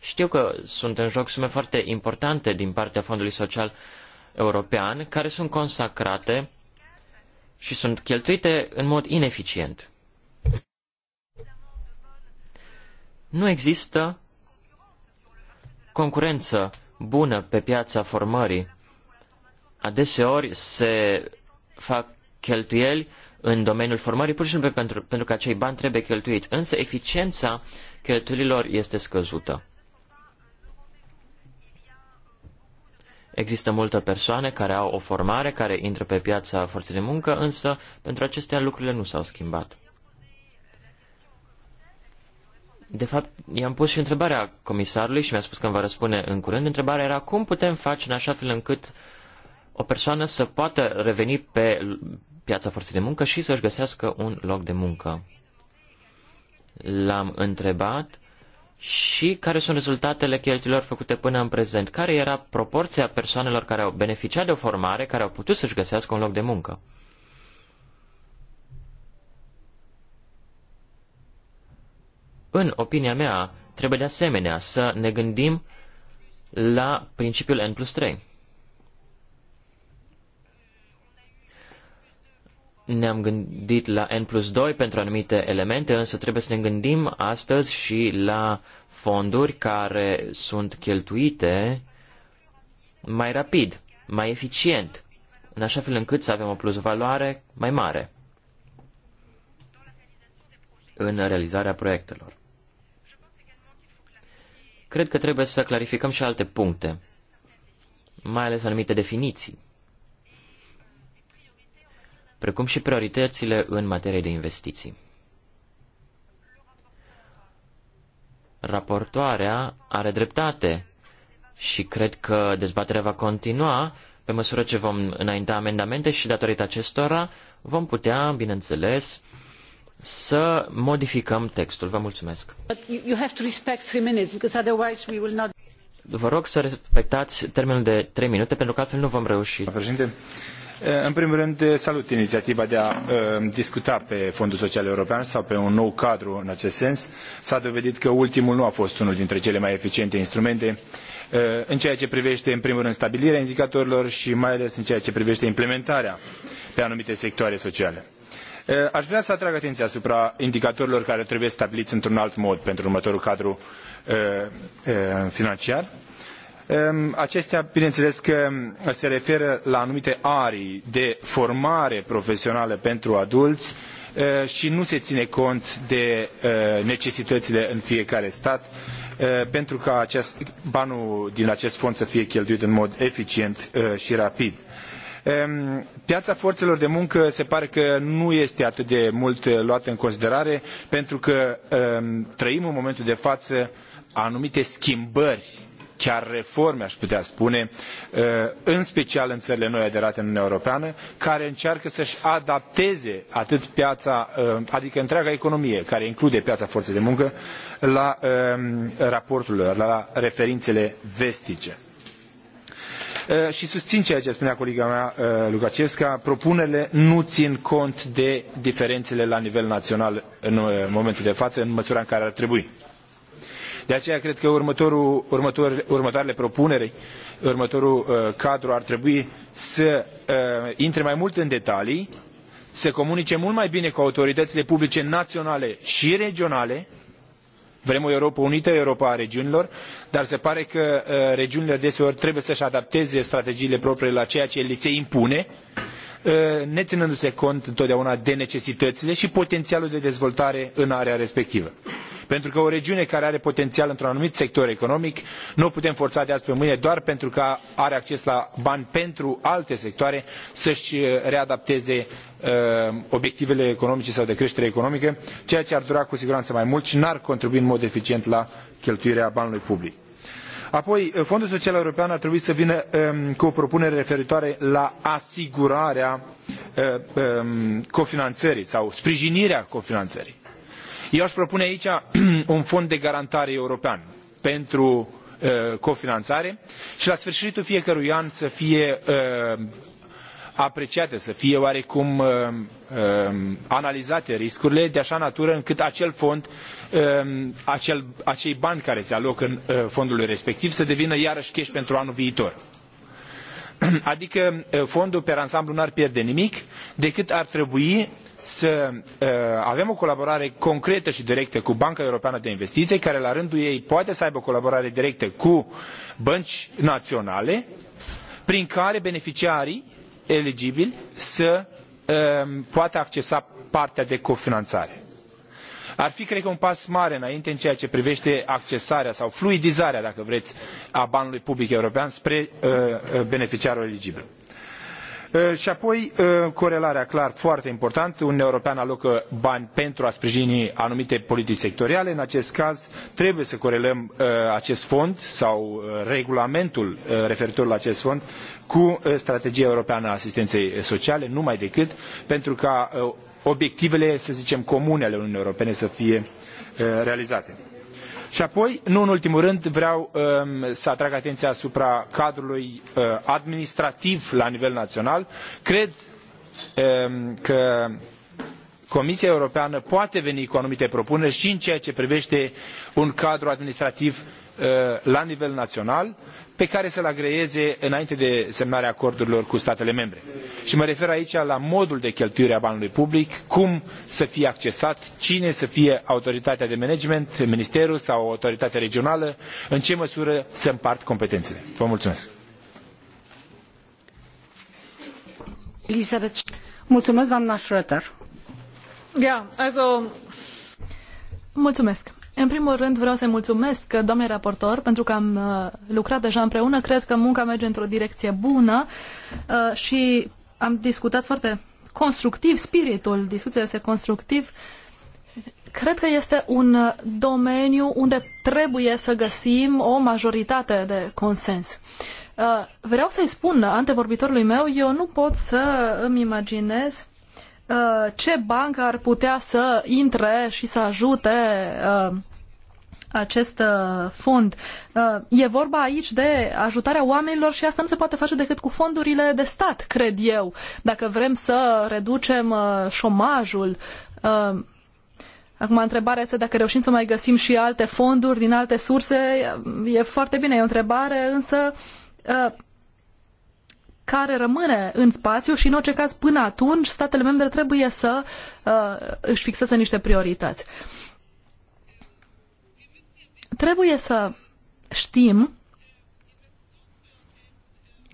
Știu că sunt în joc sume foarte importante din partea Fondului Social European, care sunt consacrate și sunt cheltuite în mod ineficient. Nu există concurență bună pe piața formării. Adeseori se fac cheltuieli în domeniul formării pur și simplu pentru, pentru că acei bani trebuie cheltuiți, însă eficiența cheltuielilor este scăzută. Există multe persoane care au o formare, care intră pe piața forței de muncă, însă pentru acestea lucrurile nu s-au schimbat. De fapt, i-am pus și întrebarea comisarului și mi-a spus că îmi va răspunde în curând. Întrebarea era cum putem face în așa fel încât o persoană să poată reveni pe piața forței de muncă și să-și găsească un loc de muncă. L-am întrebat și care sunt rezultatele cheltuielor făcute până în prezent. Care era proporția persoanelor care au beneficiat de o formare, care au putut să-și găsească un loc de muncă? În opinia mea, trebuie de asemenea să ne gândim la principiul N plus 3. Ne-am gândit la N plus 2 pentru anumite elemente, însă trebuie să ne gândim astăzi și la fonduri care sunt cheltuite mai rapid, mai eficient, în așa fel încât să avem o plusvaloare mai mare în realizarea proiectelor. Cred că trebuie să clarificăm și alte puncte, mai ales anumite definiții, precum și prioritățile în materie de investiții. Raportoarea are dreptate și cred că dezbaterea va continua pe măsură ce vom înainta amendamente și datorită acestora vom putea, bineînțeles, să modificăm textul. Vă mulțumesc. Vă rog să respectați termenul de 3 minute, pentru că altfel nu vom reuși. Președinte, eh, în primul rând, eh, salut inițiativa de a eh, discuta pe Fondul Social European sau pe un nou cadru în acest sens. S-a dovedit că ultimul nu a fost unul dintre cele mai eficiente instrumente în ceea ce privește, în primul rând, stabilirea indicatorilor și mai ales în ceea ce privește implementarea pe anumite sectoare sociale Eh, aș vrea să atrag atenția asupra indicatorilor care trebuie stabilii într-un alt mod pentru următorul cadru eh, eh, financiar. Acestea, bineîneles că se referă la anumite arii de formare profesională pentru adulți și nu se ține cont de necesitățile în fiecare stat pentru ca banul din acest fond să fie cheltuit în mod eficient și rapid. Piața forțelor de muncă se pare că nu este atât de mult eh, luată în considerare pentru că trăim în momentul de față anumite schimbări chiar reforme, aș putea spune, eh, în special în țările noi aderate în Uniunea Europeană, care încearcă să-și adapteze atât piața, eh, adică întreaga economie, care include piața forței de muncă, la raportul lor, la referințele vestice. Uh, și susțin ceea ce spunea colega mea uh, Lukacevska, propunerile nu țin cont de diferențele la nivel național uh, în momentul de față, în măsura în care ar trebui. De aceea cred că următorul, următor, următoarele propuneri, următorul uh, cadru ar trebui să uh, intre mai mult în detalii, să comunice mult mai bine cu autoritățile publice naționale și regionale, uh, Vrem o Europă unită, Europa a regiunilor, dar se pare că uh, regiunile deseori trebuie să-și adapteze strategiile proprii la ceea ce li se impune uh, Eh, neinându se cont întotdeauna de necesitățile și potențialul de dezvoltare în area respectivă. Pentru că o regiune care are potențial într-un anumit sector economic, nu o putem forța de azi pe mâine doar pentru că are acces la bani pentru alte sectoare să-și eh, readapteze eh, obiectivele economice sau de creștere economică, ceea ce ar dura cu siguranță mai mult și n-ar contribui în mod eficient la cheltuirea banului public. Apoi, Fondul Social European ar trebui să vină cu o propunere referitoare la asigurarea cofinanțării sau sprijinirea cofinanțării. Eu aș propune aici un fond de garantare european pentru cofinanțare și la sfârșitul fiecărui an să fie apreciate, să fie oarecum analizate riscurile de așa natură încât acel fond Um, acel, acei bani care se alocă în uh, fondul respectiv să devină iarăși cash pentru anul viitor. Adică uh, fondul per ansamblu n-ar pierde nimic, decât ar trebui să uh, avem o colaborare concretă și directă cu Banca Europeană de Investiții, care la rândul ei poate să aibă o colaborare directă cu bănci naționale, prin care beneficiarii eligibili să um, poată accesa partea de cofinanțare. Ar fi, cred că, un pas mare înainte în ceea ce privește accesarea sau fluidizarea, dacă vreți, a banului public european spre uh, uh, beneficiarul eligibil. Uh, și apoi, corelarea clar foarte important, Uniunea Europeană alocă bani pentru a sprijini anumite politici sectoriale. În acest caz, trebuie să corelăm acest fond sau regulamentul referitor la acest fond cu strategia europeană a asistenței sociale, numai decât pentru ca obiectivele, să zicem, comune ale Uniunii Europene să fie uh, realizate. Și apoi, nu în ultimul rând, vreau um, să atrag atenția asupra cadrului uh, administrativ la nivel național. Cred um, că Comisia Europeană poate veni cu anumite propuneri și în ceea ce privește un cadru administrativ uh, la nivel național pe care să-l agreeze înainte de semnarea acordurilor cu statele membre. Și mă refer aici la modul de cheltuire a banului public, cum să fie accesat, cine să fie autoritatea de management, ministerul sau autoritatea regională, în ce măsură să împart competențele. Vă mulțumesc! Elizabeth. Mulțumesc, doamna Schröter. Yeah, also... Mulțumesc. În primul rând vreau să-i mulțumesc doamnei raportor pentru că am uh, lucrat deja împreună. Cred că munca merge într-o direcție bună uh, și am discutat foarte constructiv, spiritul discuției este constructiv. Cred că este un uh, domeniu unde trebuie să găsim o majoritate de consens. Vreau să-i spun antevorbitorului meu, eu nu pot să îmi imaginez Uh, ce bancă ar putea să intre și să ajute uh, acest uh, fond. E vorba aici de ajutarea oamenilor și asta nu se poate face decât cu fondurile de stat, cred eu. Dacă vrem să reducem șomajul, Acum, întrebarea este dacă reușim să mai găsim și alte fonduri din alte surse. E foarte bine, e o întrebare, însă care rămâne în spațiu și, în orice caz, până atunci, statele membre trebuie să uh, își fixeze niște priorități. Trebuie să știm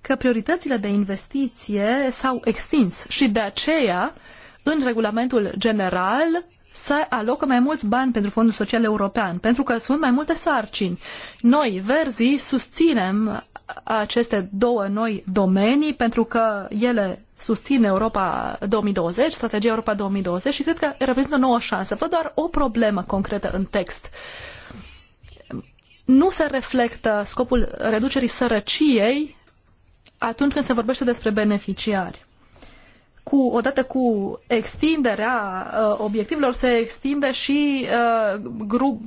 că prioritățile de investiție s-au extins și de aceea, în regulamentul general, să alocă mai mulți bani pentru Fondul Social European, pentru că sunt mai multe sarcini. Noi, verzii, susținem aceste două noi domenii, pentru că ele susțin Europa 2020, strategia Europa 2020 și cred că reprezintă o nouă șansă. Văd doar o problemă concretă în text. Nu se reflectă scopul reducerii sărăciei atunci când se vorbește despre beneficiari. Cu, odată cu extinderea uh, obiectivelor se extinde și uh, grup,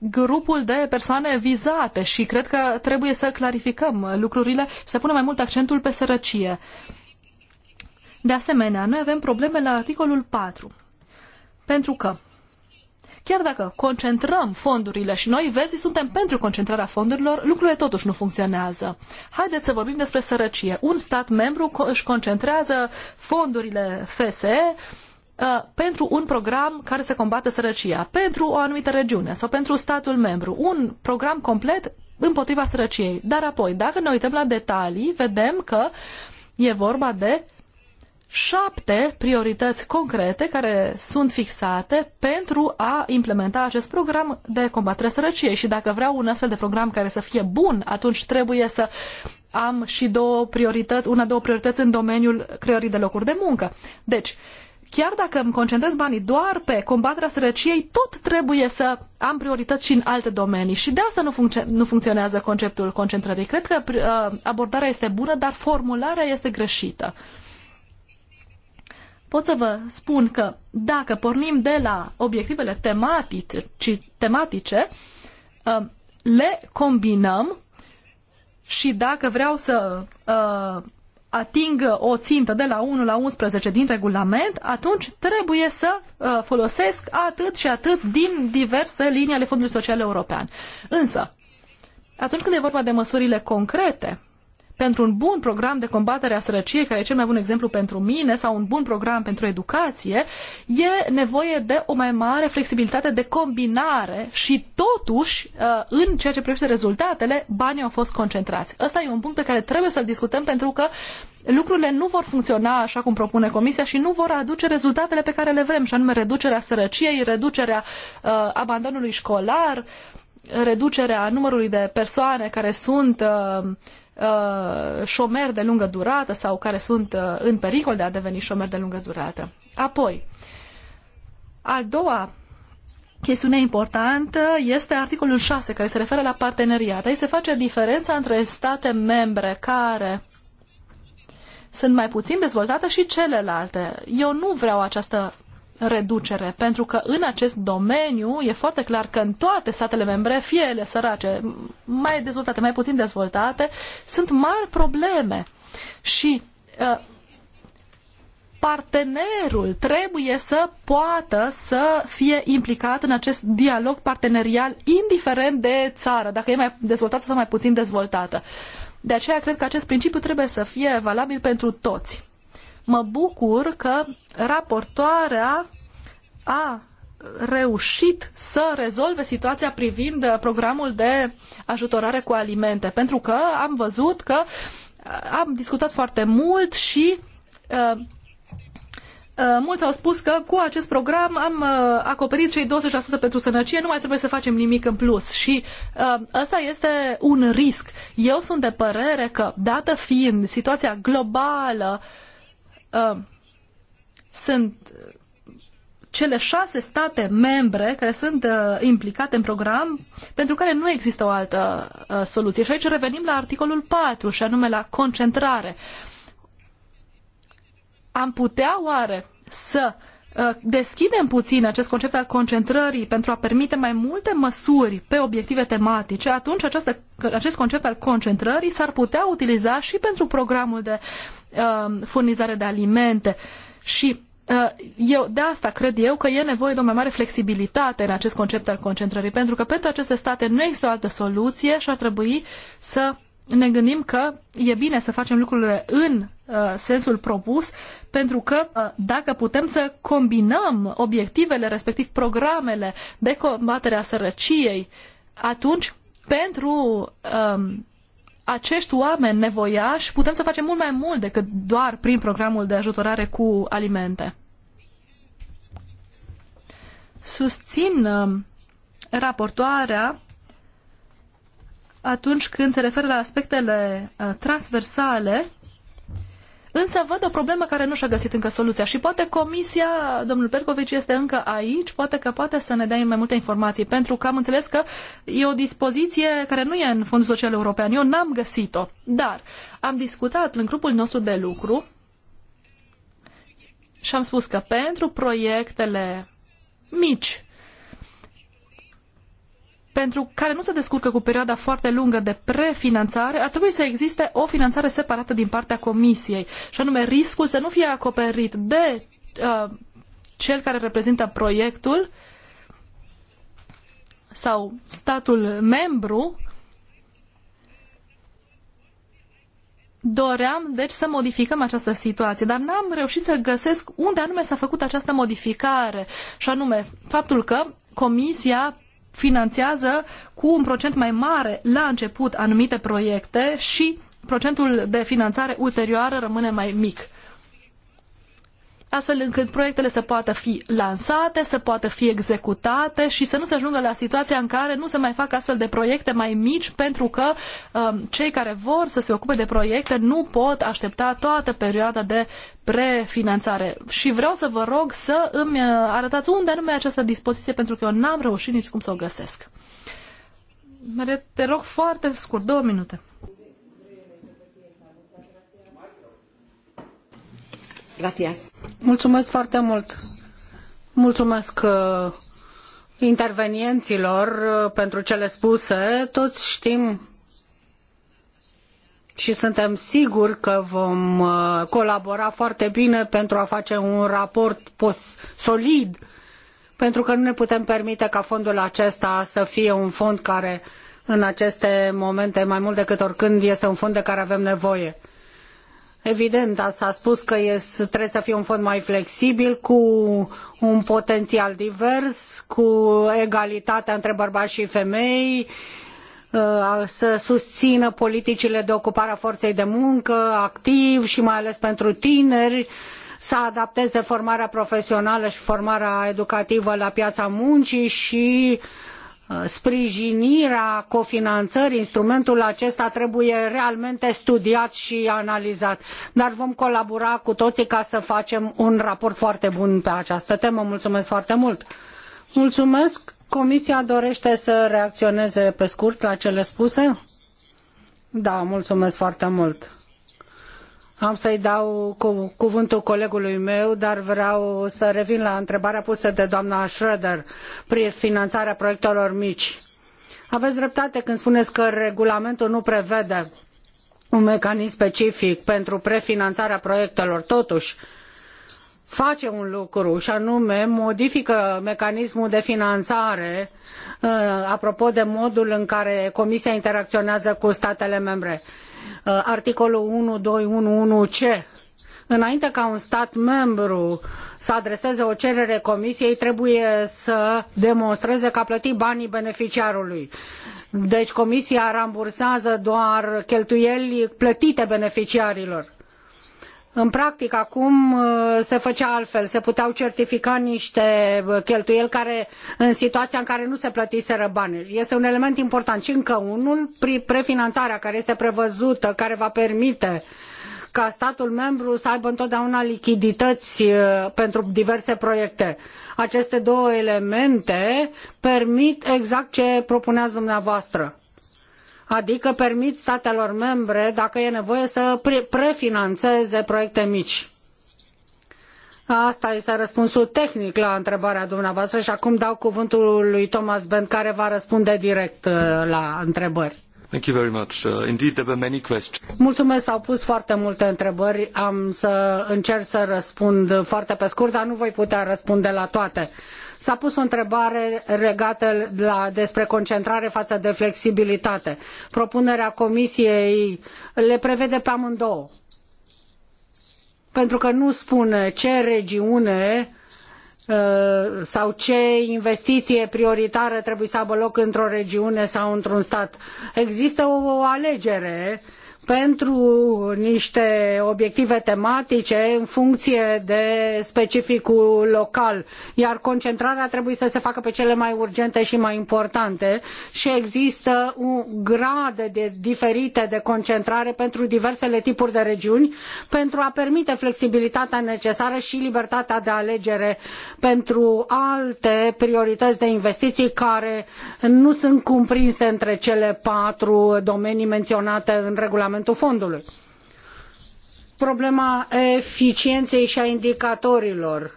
grupul de persoane vizate și cred că trebuie să clarificăm lucrurile și să punem mai mult accentul pe sărăcie. De asemenea, noi avem probleme la articolul 4. Pentru că chiar dacă concentrăm fondurile și noi, vezi, suntem pentru concentrarea fondurilor, lucrurile totuși nu funcționează. Haideți să vorbim despre sărăcie. Un stat membru își concentrează fondurile FSE Uh, pentru un program care să combată sărăcia, pentru o anumită regiune sau pentru statul membru, un program complet împotriva sărăciei. Dar apoi, dacă ne uităm la detalii, vedem că e vorba de șapte priorități concrete care sunt fixate pentru a implementa acest program de combatere sărăciei și dacă vreau un astfel de program care să fie bun, atunci trebuie să am și două priorități, una, două priorități în domeniul creării de locuri de muncă. Deci, chiar dacă îmi concentrez banii doar pe combaterea sărăciei, tot trebuie să am priorități și în alte domenii. Și de asta nu, func- nu funcționează conceptul concentrării. Cred că uh, abordarea este bună, dar formularea este greșită. Pot să vă spun că dacă pornim de la obiectivele tematice, tematice uh, le combinăm și dacă vreau să uh, atingă o țintă de la 1 la 11 din regulament, atunci trebuie să uh, folosesc atât și atât din diverse linii ale Fondului Social European. Însă, atunci când e vorba de măsurile concrete, pentru un bun program de combatere a sărăciei, care e cel mai bun exemplu pentru mine, sau un bun program pentru educație, e nevoie de o mai mare flexibilitate de combinare și totuși, uh, în ceea ce privește rezultatele, banii au fost concentrați. Ăsta e un punct pe care trebuie să-l discutăm pentru că lucrurile nu vor funcționa așa cum propune Comisia și nu vor aduce rezultatele pe care le vrem, și anume reducerea sărăciei, reducerea uh, abandonului școlar, reducerea numărului de persoane care sunt uh, uh, șomeri de lungă durată sau care sunt uh, în pericol de a deveni șomeri de lungă durată. Apoi, al doua chestiune importantă este articolul 6 care se referă la parteneriat. Aici se face diferența între state membre care sunt mai puțin dezvoltate și celelalte. Eu nu vreau această reducere, pentru că în acest domeniu e foarte clar că în toate statele membre, fie ele sărace, mai dezvoltate, mai puțin dezvoltate, sunt mari probleme și ă, partenerul trebuie să poată să fie implicat în acest dialog partenerial, indiferent de țară, dacă e mai dezvoltată sau mai puțin dezvoltată. De aceea cred că acest principiu trebuie să fie valabil pentru toți. Mă bucur că raportoarea a reușit să rezolve situația privind programul de ajutorare cu alimente, pentru că am văzut că uh, am discutat foarte mult și uh, uh, mulți au spus că cu acest program am acoperit cei 20% pentru sănăcie, nu mai trebuie să facem nimic în plus. Și ăsta este un risc. Eu sunt de părere că, dată fiind situația globală Uh, sunt cele șase state membre care sunt uh, implicate în program, pentru care nu există o altă uh, soluție. Și aici revenim la articolul 4, și anume la concentrare. Am putea oare să uh, deschidem puțin acest concept al concentrării pentru a permite mai multe măsuri pe obiective tematice, atunci această, acest concept al concentrării s-ar putea utiliza și pentru programul de Um, furnizare de alimente și uh, eu, de asta cred eu că e nevoie de o mai mare flexibilitate în acest concept al concentrării, pentru că pentru aceste state nu există o altă soluție și ar trebui să ne gândim că e bine să facem lucrurile în uh, sensul propus, pentru că uh, dacă putem să combinăm obiectivele, respectiv programele de combatere a sărăciei, atunci pentru um, acești oameni nevoiași putem să facem mult mai mult decât doar prin programul de ajutorare cu alimente. Susțin um, raportoarea atunci când se referă la aspectele uh, transversale Însă văd o problemă care nu și-a găsit încă soluția și poate comisia, domnul Percovici, este încă aici, poate că poate să ne dea mai multe informații, pentru că am înțeles că e o dispoziție care nu e în Fondul Social European. Eu n-am găsit-o, dar am discutat în grupul nostru de lucru și am spus că pentru proiectele mici pentru care nu se descurcă cu perioada foarte lungă de prefinanțare, ar trebui să existe o finanțare separată din partea comisiei, și anume riscul să nu fie acoperit de uh, cel care reprezintă proiectul sau statul membru. Doream, deci, să modificăm această situație, dar n-am reușit să găsesc unde anume s-a făcut această modificare, și anume faptul că Comisia finanțează cu un procent mai mare la început anumite proiecte și procentul de finanțare ulterioară rămâne mai mic astfel încât proiectele să poată fi lansate, să poată fi executate și să nu se ajungă la situația în care nu se mai fac astfel de proiecte mai mici pentru că um, cei care vor să se ocupe de proiecte nu pot aștepta toată perioada de prefinanțare. Și vreau să vă rog să îmi uh, arătați unde anume această dispoziție pentru că eu n-am reușit nici cum să o găsesc. Te rog foarte scurt, două minute. Gracias. Mulțumesc foarte mult. Mulțumesc uh, intervenienților uh, pentru cele spuse. Toți știm și suntem siguri că vom uh, colabora foarte bine pentru a face un raport solid, pentru că nu ne putem permite ca fondul acesta să fie un fond care în aceste momente, mai mult decât oricând, este un fond de care avem nevoie Evident, da, s-a spus că trebuie să fie un fond mai flexibil, cu un potențial divers, cu egalitatea între bărbați și femei, uh, să susțină politicile de ocupare a forței de muncă, activ și mai ales pentru tineri, să adapteze formarea profesională și formarea educativă la piața muncii și uh, Uh, sprijinirea cofinanțării, instrumentul acesta trebuie realmente studiat și analizat. Dar vom colabora cu toții ca să facem un raport foarte bun pe această temă. Mulțumesc foarte mult! Mulțumesc! Comisia dorește să reacționeze pe scurt la cele spuse? Da, mulțumesc foarte mult! Am să-i dau cu, cuvântul colegului meu, dar vreau să revin la întrebarea pusă de doamna Schroeder, finanțarea proiectelor mici. Aveți dreptate când spuneți că regulamentul nu prevede un mecanism specific pentru prefinanțarea proiectelor. Totuși, face un lucru și anume modifică mecanismul de finanțare uh, apropo de modul în care Comisia interacționează cu statele membre. Uh, articolul 1211C înainte ca un stat membru să adreseze o cerere comisiei, trebuie să demonstreze că a plătit banii beneficiarului. Deci comisia rambursează doar cheltuieli plătite beneficiarilor în practic, acum uh, se făcea altfel, se puteau certifica niște uh, cheltuieli care, în situația în care nu se plătiseră bani. Este un element important. Și încă unul, prefinanțarea care este prevăzută, care va permite ca statul membru să aibă întotdeauna lichidități uh, pentru diverse proiecte. Aceste două elemente permit exact ce propuneați dumneavoastră adică permit statelor membre, dacă e nevoie, să prefinanțeze proiecte mici. Asta este răspunsul tehnic la întrebarea dumneavoastră și acum dau cuvântul lui Thomas Bent care va răspunde direct uh, la întrebări. Thank you very much. Uh, indeed, there were many questions. Mulțumesc, s-au pus foarte multe întrebări. Am să încerc să răspund foarte pe scurt, dar nu voi putea răspunde la toate. S-a pus o întrebare legată la, despre concentrare față de flexibilitate. Propunerea comisiei le prevede pe amândouă. Pentru că nu spune ce regiune uh, sau ce investiție prioritară trebuie să aibă loc într-o regiune sau într-un stat. Există o alegere uh, pentru niște obiective tematice în funcție de specificul local, iar concentrarea trebuie să se facă pe cele mai urgente și mai importante și există un grade de diferite de concentrare pentru diversele tipuri de regiuni pentru a permite flexibilitatea necesară și libertatea de alegere pentru alte priorități de investiții care nu sunt cuprinse între cele patru domenii menționate în regulament managementul fondului. Problema eficienței și a indicatorilor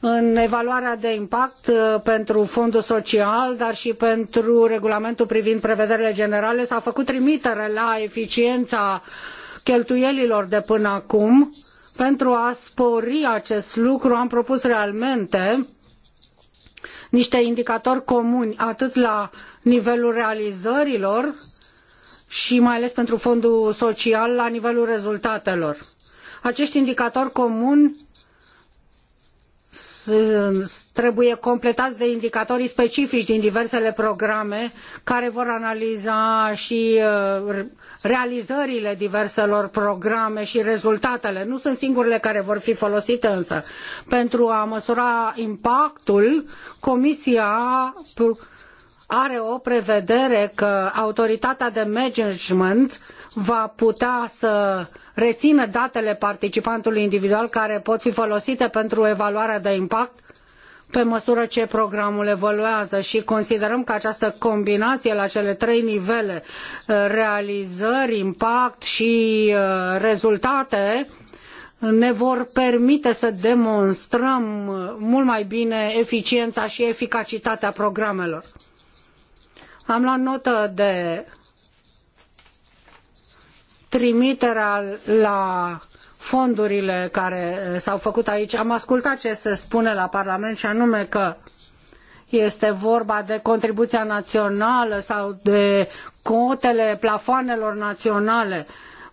în evaluarea de impact uh, pentru fondul social, dar și pentru regulamentul privind prevederile generale s-a făcut trimitere la eficiența cheltuielilor de până acum. Pentru a spori acest lucru am propus realmente niște indicatori comuni atât la nivelul realizărilor și mai ales pentru fondul social la nivelul rezultatelor. Acești indicatori comuni trebuie completați de indicatorii specifici din diversele programe care vor analiza și uh, realizările diverselor programe și rezultatele. Nu sunt singurele care vor fi folosite însă. Pentru a măsura impactul, Comisia are o prevedere că autoritatea de management va putea să rețină datele participantului individual care pot fi folosite pentru evaluarea de impact pe măsură ce programul evoluează și considerăm că această combinație la cele trei nivele, uh, realizări, impact și uh, rezultate, ne vor permite să demonstrăm uh, mult mai bine eficiența și eficacitatea programelor. Am luat notă de trimiterea la fondurile care eh, s-au făcut aici. Am ascultat ce se spune la Parlament și anume că este vorba de contribuția națională sau de cotele plafoanelor naționale.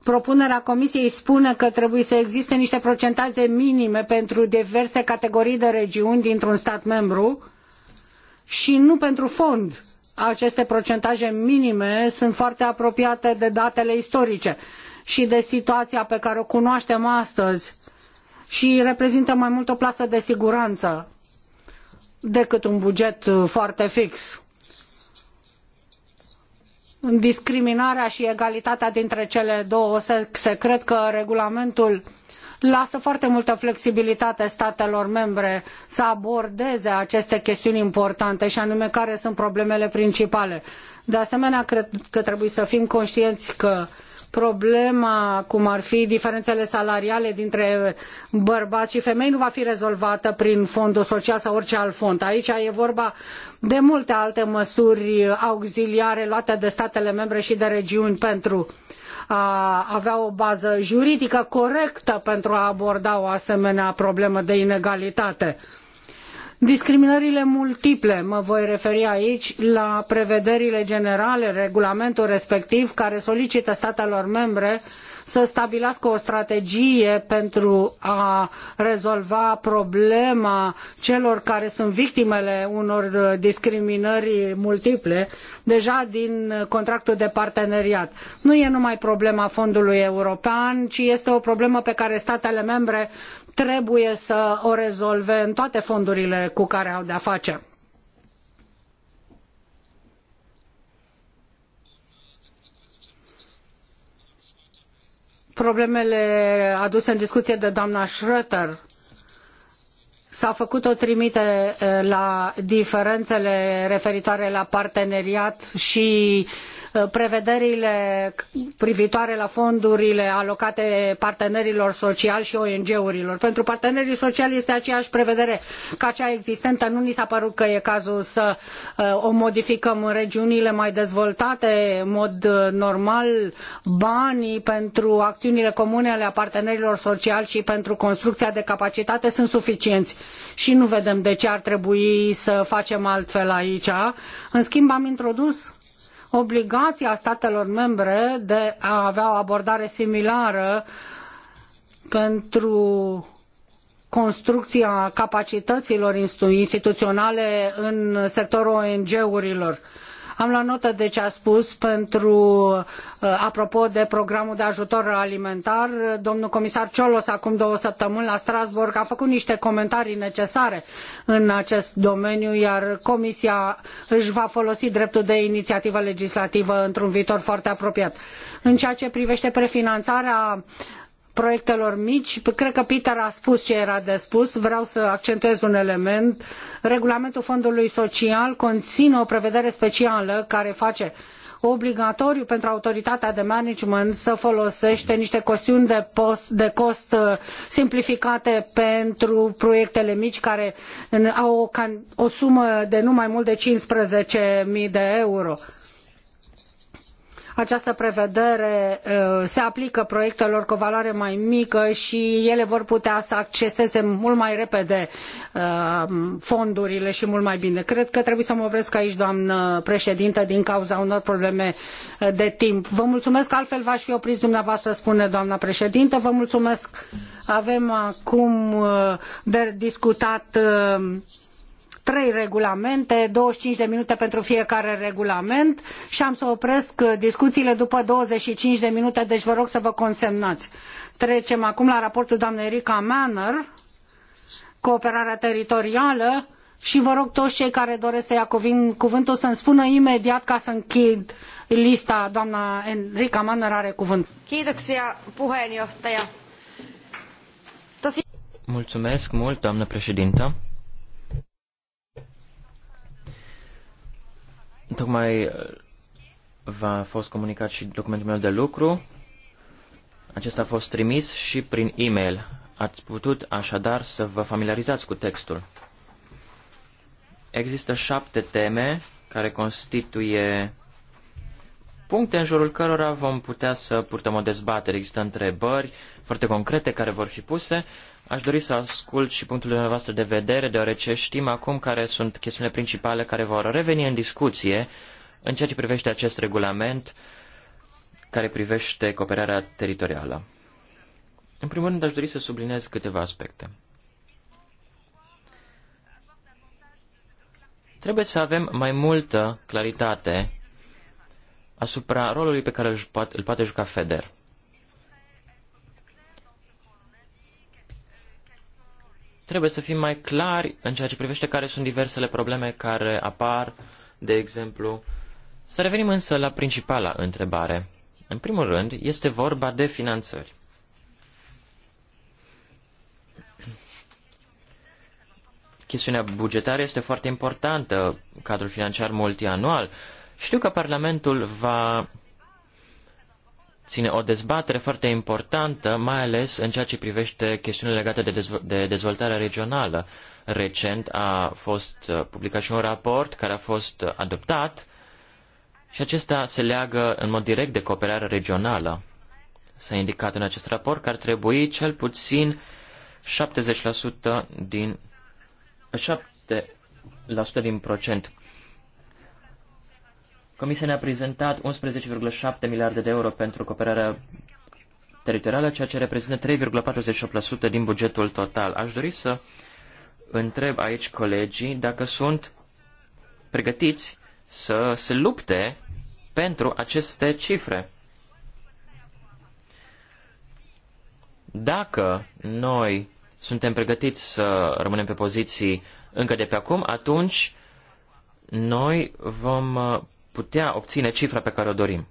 Propunerea Comisiei spune că trebuie să existe niște procentaje minime pentru diverse categorii de regiuni dintr-un stat membru și nu pentru fond aceste procentaje minime sunt foarte apropiate de datele istorice și de situația pe care o cunoaștem astăzi și reprezintă mai mult o plasă de siguranță decât un buget foarte fix discriminarea și egalitatea dintre cele două sexe. Cred că regulamentul lasă foarte multă flexibilitate statelor membre să abordeze aceste chestiuni importante și anume care sunt problemele principale. De asemenea, cred că trebuie să fim conștienți că problema cum ar fi diferențele salariale dintre bărbați și femei nu va fi rezolvată prin fondul social sau orice alt fond. Aici e vorba de multe alte măsuri auxiliare luate de statele membre și de regiuni pentru a avea o bază juridică corectă pentru a aborda o asemenea problemă de inegalitate. Discriminările multiple, mă voi referi aici la prevederile generale, regulamentul respectiv, care solicită statelor membre să stabilească o strategie pentru a rezolva problema celor care sunt victimele unor uh, discriminări multiple deja din contractul de parteneriat. Nu e numai problema fondului european, ci este o problemă pe care statele membre trebuie să o rezolve în toate fondurile cu care au de-a face problemele aduse în discuție de doamna Schröter. S-a făcut o trimitere eh, la diferențele referitoare la parteneriat și Uh, prevederile privitoare la fondurile alocate partenerilor sociali și ONG-urilor. Pentru partenerii sociali este aceeași prevedere ca cea existentă. Nu ni s-a părut că e cazul să uh, o modificăm în regiunile mai dezvoltate, în mod uh, normal, banii pentru acțiunile comune ale partenerilor sociali și pentru construcția de capacitate sunt suficienți și nu vedem de ce ar trebui să facem altfel aici. În schimb, am introdus obligația statelor membre de a avea o abordare similară pentru construcția capacităților instituționale în sectorul ONG-urilor. Am luat notă de ce a spus pentru, uh, apropo de programul de ajutor alimentar. Domnul comisar Ciolos, acum două săptămâni la Strasbourg, a făcut niște comentarii necesare în acest domeniu, iar Comisia își va folosi dreptul de inițiativă legislativă într-un viitor foarte apropiat. În ceea ce privește prefinanțarea proiectelor mici. Păi cred că Peter a spus ce era de spus. Vreau să accentuez un element. Regulamentul Fondului Social conține o prevedere specială care face obligatoriu pentru autoritatea de management să folosește niște costiuni de, post, de cost uh, simplificate pentru proiectele mici care au o, o sumă de nu mai mult de 15.000 de euro. Această prevedere uh, se aplică proiectelor cu o valoare mai mică și ele vor putea să acceseze mult mai repede uh, fondurile și mult mai bine. Cred că trebuie să mă opresc aici, doamnă președintă, din cauza unor probleme de timp. Vă mulțumesc, altfel v-aș fi oprit dumneavoastră, spune doamna președintă. Vă mulțumesc. Avem acum uh, de discutat trei regulamente, 25 de minute pentru fiecare regulament și am să opresc uh, discuțiile după 25 de minute, deci vă rog să vă consemnați. Trecem acum la raportul doamnei Rica Manner, cooperarea teritorială și vă rog toți cei care doresc să ia cuvântul să-mi spună imediat ca să închid lista. Doamna Enrica Manner are cuvânt. Kiitoksia, puheenjohtaja. Mulțumesc mult, doamnă președintă. Tocmai uh, v-a fost comunicat și documentul meu de lucru. Acesta a fost trimis și prin e-mail. Ați putut așadar să vă familiarizați cu textul. Există șapte teme care constituie puncte în jurul cărora vom putea să purtăm o dezbatere. Există întrebări foarte concrete care vor fi puse Aș dori să ascult și punctul dumneavoastră de vedere, deoarece știm acum care sunt chestiunile principale care vor reveni în discuție în ceea ce privește acest regulament care privește cooperarea teritorială. În primul rând, aș dori să subliniez câteva aspecte. Trebuie să avem mai multă claritate asupra rolului pe care îl poate juca FEDER. Trebuie să fim mai clari în ceea ce privește care sunt diversele probleme care apar, de exemplu. Să revenim însă la principala întrebare. În primul rând, este vorba de finanțări. Chestiunea bugetară este foarte importantă, cadrul financiar multianual. Știu că Parlamentul va ține o dezbatere foarte importantă, mai ales în ceea ce privește chestiunile legate de, dezvo- de dezvoltarea regională. Recent a fost uh, publicat și un raport care a fost uh, adoptat și acesta se leagă în mod direct de cooperarea regională. S-a indicat în acest raport că ar trebui cel puțin 70% din 7% din procent Comisia ne-a prezentat 11,7 miliarde de euro pentru cooperarea teritorială, ceea ce reprezintă 3,48% din bugetul total. Aș dori să întreb aici colegii dacă sunt pregătiți să se lupte pentru aceste cifre. Dacă noi suntem pregătiți să rămânem pe poziții încă de pe acum, atunci noi vom putea obține cifra pe care o dorim.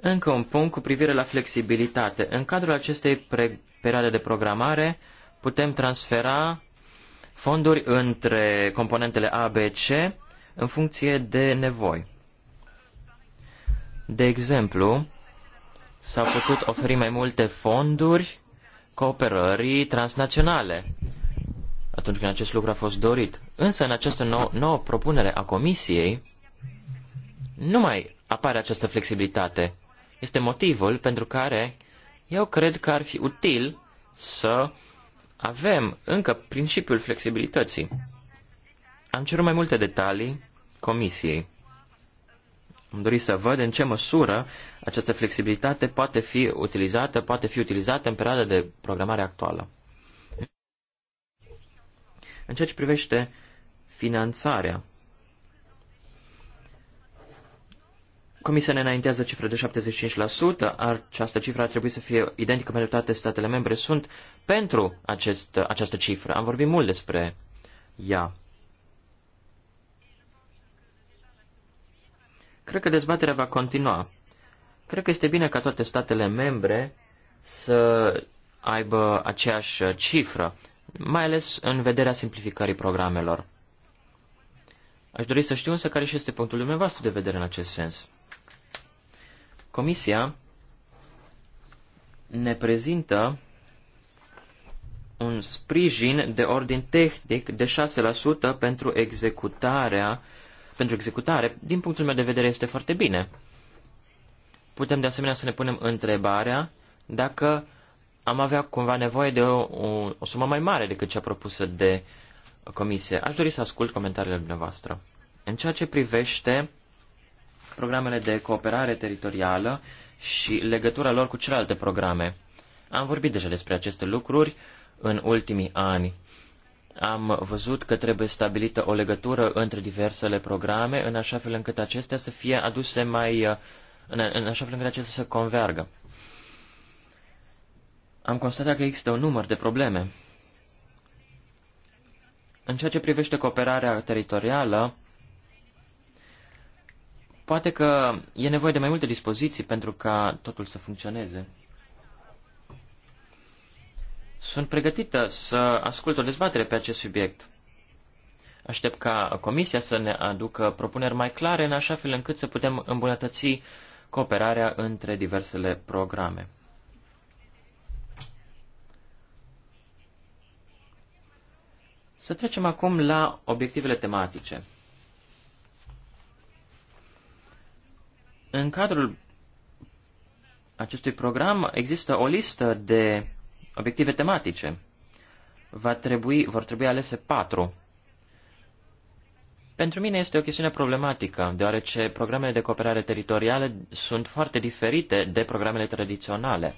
Încă un punct cu privire la flexibilitate. În cadrul acestei perioade de programare putem transfera fonduri între componentele A, B, C în funcție de nevoi. De exemplu, s-au putut oferi mai multe fonduri cooperării transnaționale atunci când acest lucru a fost dorit. Însă în această nou, nouă propunere a Comisiei nu mai apare această flexibilitate. Este motivul pentru care eu cred că ar fi util să avem încă principiul flexibilității. Am cerut mai multe detalii Comisiei. Am dorit să văd în ce măsură această flexibilitate poate fi utilizată, poate fi utilizată în perioada de programare actuală. În ceea ce privește finanțarea, Comisia ne înaintează cifre de 75%, această cifră ar trebui să fie identică pentru toate statele membre. Sunt pentru acest, această cifră. Am vorbit mult despre ea. Cred că dezbaterea va continua. Cred că este bine ca toate statele membre să aibă aceeași cifră mai ales în vederea simplificării programelor. Aș dori să știu însă care și este punctul dumneavoastră de vedere în acest sens. Comisia ne prezintă un sprijin de ordin tehnic de 6% pentru executarea pentru executare, din punctul meu de vedere, este foarte bine. Putem de asemenea să ne punem întrebarea dacă am avea cumva nevoie de o, o, o sumă mai mare decât cea propusă de comisie. Aș dori să ascult comentariile dumneavoastră. În ceea ce privește programele de cooperare teritorială și legătura lor cu celelalte programe, am vorbit deja despre aceste lucruri în ultimii ani. Am văzut că trebuie stabilită o legătură între diversele programe, în așa fel încât acestea să fie aduse mai. în, în așa fel încât acestea să convergă am constatat că există un număr de probleme. În ceea ce privește cooperarea teritorială, poate că e nevoie de mai multe dispoziții pentru ca totul să funcționeze. Sunt pregătită să ascult o dezbatere pe acest subiect. Aștept ca Comisia să ne aducă propuneri mai clare în așa fel încât să putem îmbunătăți cooperarea între diversele programe. Să trecem acum la obiectivele tematice. În cadrul acestui program există o listă de obiective tematice. Va trebui, vor trebui alese patru. Pentru mine este o chestiune problematică, deoarece programele de cooperare teritoriale sunt foarte diferite de programele tradiționale.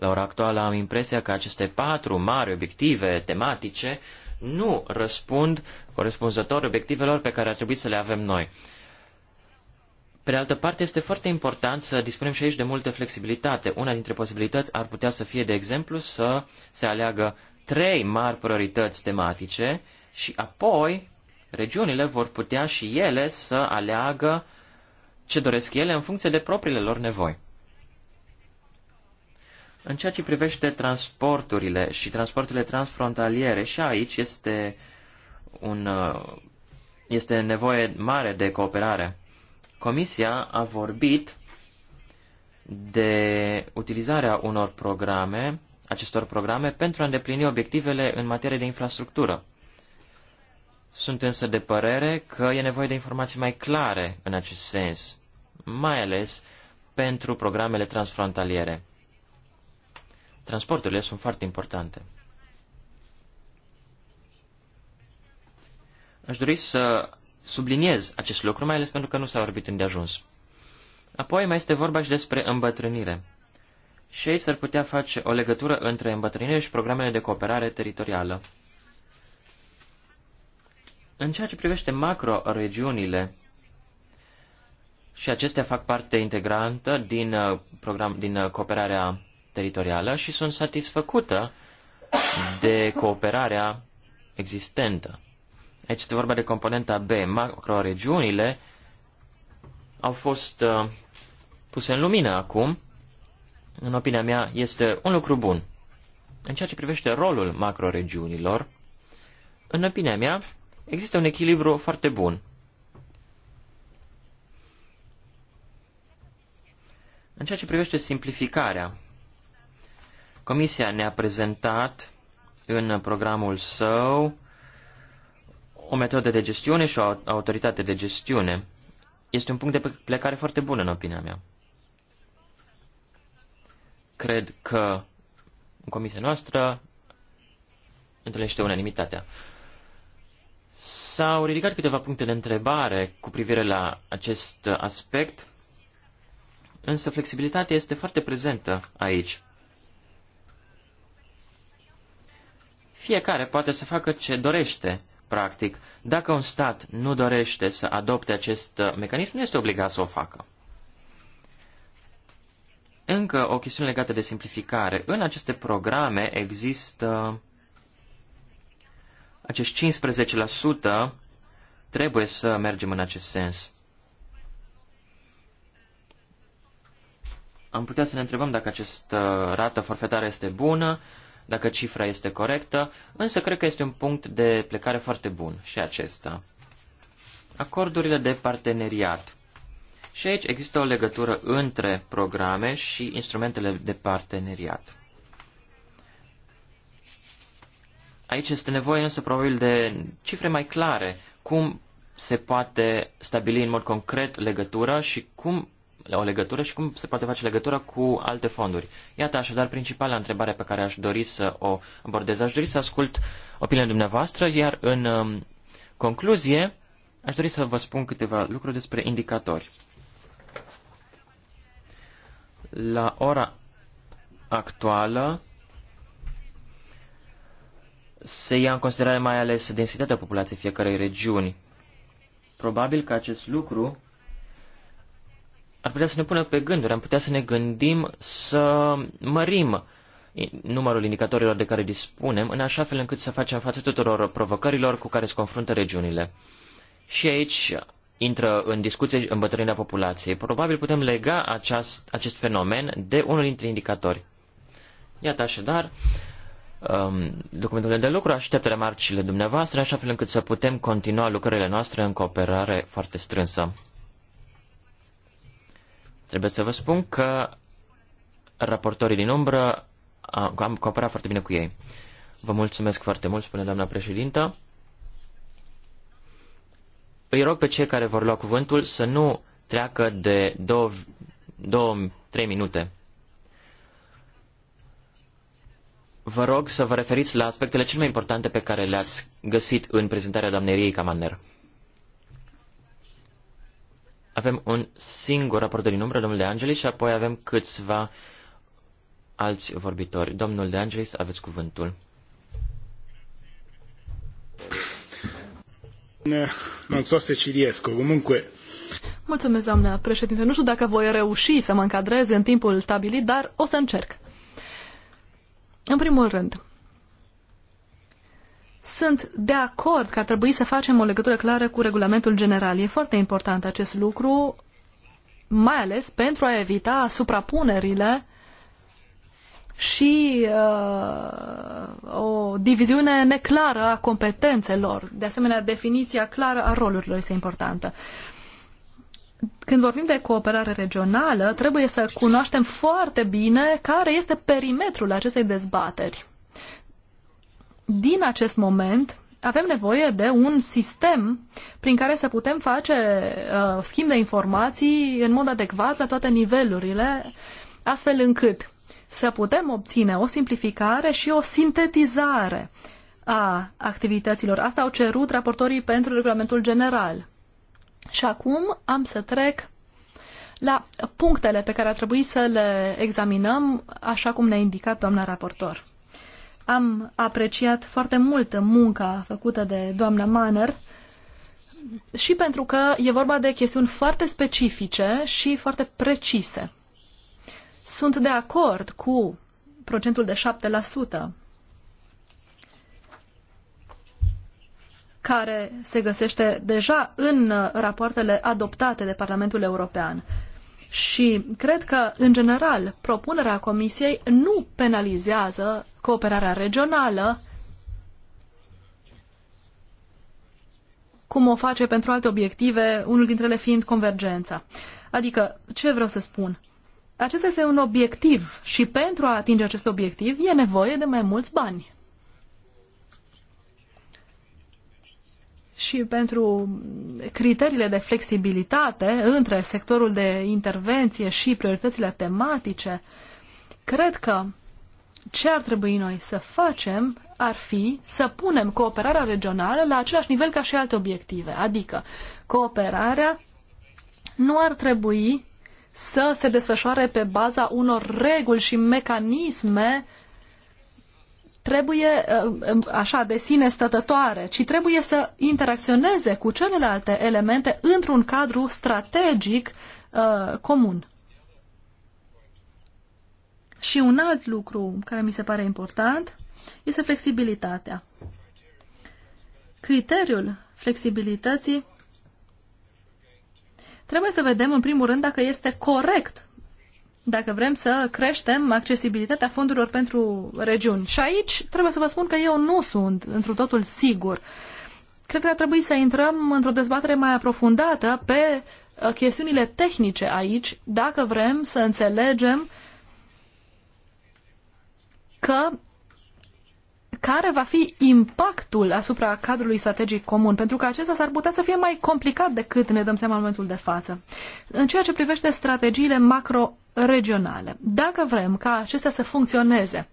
La ora actuală am impresia că aceste patru mari obiective tematice nu răspund corespunzător obiectivelor pe care ar trebui să le avem noi. Pe de altă parte, este foarte important să dispunem și aici de multă flexibilitate. Una dintre posibilități ar putea să fie, de exemplu, să se aleagă trei mari priorități tematice și apoi regiunile vor putea și ele să aleagă ce doresc ele în funcție de propriile lor nevoi. În ceea ce privește transporturile și transporturile transfrontaliere, și aici este, un, uh, este nevoie mare de cooperare. Comisia a vorbit de utilizarea unor programe, acestor programe, pentru a îndeplini obiectivele în materie de infrastructură. Sunt însă de părere că e nevoie de informații mai clare în acest sens, mai ales pentru programele transfrontaliere. Transporturile sunt foarte importante. Aș dori să subliniez acest lucru, mai ales pentru că nu s-a vorbit îndeajuns. Apoi mai este vorba și despre îmbătrânire. Și aici s-ar putea face o legătură între îmbătrânire și programele de cooperare teritorială. În ceea ce privește macro-regiunile, și acestea fac parte integrantă din, uh, program, din uh, cooperarea teritorială și sunt satisfăcută de cooperarea existentă. Aici este vorba de componenta B. Macroregiunile au fost uh, puse în lumină acum. În opinia mea, este un lucru bun. În ceea ce privește rolul macroregiunilor, în opinia mea, există un echilibru foarte bun. În ceea ce privește simplificarea, Comisia ne-a prezentat în programul său o metodă de gestiune și o autoritate de gestiune. Este un punct de plecare foarte bun, în opinia mea. Cred că în comisia noastră întâlnește unanimitatea. S-au ridicat câteva puncte de întrebare cu privire la acest aspect, însă flexibilitatea este foarte prezentă aici. Fiecare poate să facă ce dorește, practic. Dacă un stat nu dorește să adopte acest uh, mecanism, nu este obligat să o facă. Încă o chestiune legată de simplificare. În aceste programe există acești 15% trebuie să mergem în acest sens. Am putea să ne întrebăm dacă această rată forfetară este bună dacă cifra este corectă, însă cred că este un punct de plecare foarte bun și acesta. Acordurile de parteneriat. Și aici există o legătură între programe și instrumentele de parteneriat. Aici este nevoie însă probabil de cifre mai clare, cum se poate stabili în mod concret legătura și cum o legătură și cum se poate face legătura cu alte fonduri. Iată așadar principala întrebare pe care aș dori să o abordez. Aș dori să ascult opinia dumneavoastră, iar în um, concluzie aș dori să vă spun câteva lucruri despre indicatori. La ora actuală se ia în considerare mai ales densitatea populației fiecarei regiuni. Probabil că acest lucru ar putea să ne pună pe gânduri, am putea să ne gândim să mărim numărul indicatorilor de care dispunem, în așa fel încât să facem față tuturor provocărilor cu care se confruntă regiunile. Și aici intră în discuție îmbătrânirea populației. Probabil putem lega aceast, acest fenomen de unul dintre indicatori. Iată așadar, um, documentul de lucru așteaptă remarcile dumneavoastră, așa fel încât să putem continua lucrările noastre în cooperare foarte strânsă. Trebuie să vă spun că raportorii din umbră am cooperat foarte bine cu ei. Vă mulțumesc foarte mult, spune doamna președintă. Îi rog pe cei care vor lua cuvântul să nu treacă de 2-3 minute. Vă rog să vă referiți la aspectele cele mai importante pe care le-ați găsit în prezentarea doamnei Riei Camander. Avem un singur raportor din umbră, domnul De Angelis, și apoi avem câțiva alți vorbitori. Domnul De Angelis, aveți cuvântul. se comunque Mulțumesc, doamnă președinte. Nu știu dacă voi reuși să mă încadrez în timpul stabilit, dar o să încerc. În primul rând, sunt de acord că ar trebui să facem o legătură clară cu regulamentul general. E foarte important acest lucru, mai ales pentru a evita suprapunerile și uh, o diviziune neclară a competențelor. De asemenea, definiția clară a rolurilor este importantă. Când vorbim de cooperare regională, trebuie să cunoaștem foarte bine care este perimetrul acestei dezbateri din acest moment avem nevoie de un sistem prin care să putem face uh, schimb de informații în mod adecvat la toate nivelurile, astfel încât să putem obține o simplificare și o sintetizare a activităților. Asta au cerut raportorii pentru regulamentul general. Și acum am să trec la punctele pe care ar trebui să le examinăm, așa cum ne-a indicat doamna raportor. Am apreciat foarte mult munca făcută de doamna Manner și pentru că e vorba de chestiuni foarte specifice și foarte precise. Sunt de acord cu procentul de 7% care se găsește deja în rapoartele adoptate de Parlamentul European. Și cred că, în general, propunerea Comisiei nu penalizează cooperarea regională, cum o face pentru alte obiective, unul dintre ele fiind convergența. Adică, ce vreau să spun? Acesta este un obiectiv și pentru a atinge acest obiectiv e nevoie de mai mulți bani. și pentru criteriile de flexibilitate între sectorul de intervenție și prioritățile tematice, cred că ce ar trebui noi să facem ar fi să punem cooperarea regională la același nivel ca și alte obiective. Adică cooperarea nu ar trebui să se desfășoare pe baza unor reguli și mecanisme trebuie uh, așa de sine stătătoare, ci trebuie să interacționeze cu celelalte elemente într-un cadru strategic uh, comun. Și un alt lucru care mi se pare important este flexibilitatea. Criteriul flexibilității trebuie să vedem, în primul rând, dacă este corect dacă vrem să creștem accesibilitatea fondurilor pentru regiuni. Și aici trebuie să vă spun că eu nu sunt într un totul sigur. Cred că ar trebui să intrăm într-o dezbatere mai aprofundată pe uh, chestiunile tehnice aici, dacă vrem să înțelegem uh, că care va fi impactul asupra cadrului strategic comun, pentru că acesta s-ar putea să fie mai complicat decât ne dăm seama în momentul de față. În ceea ce privește strategiile macro-regionale, dacă vrem ca acestea să funcționeze,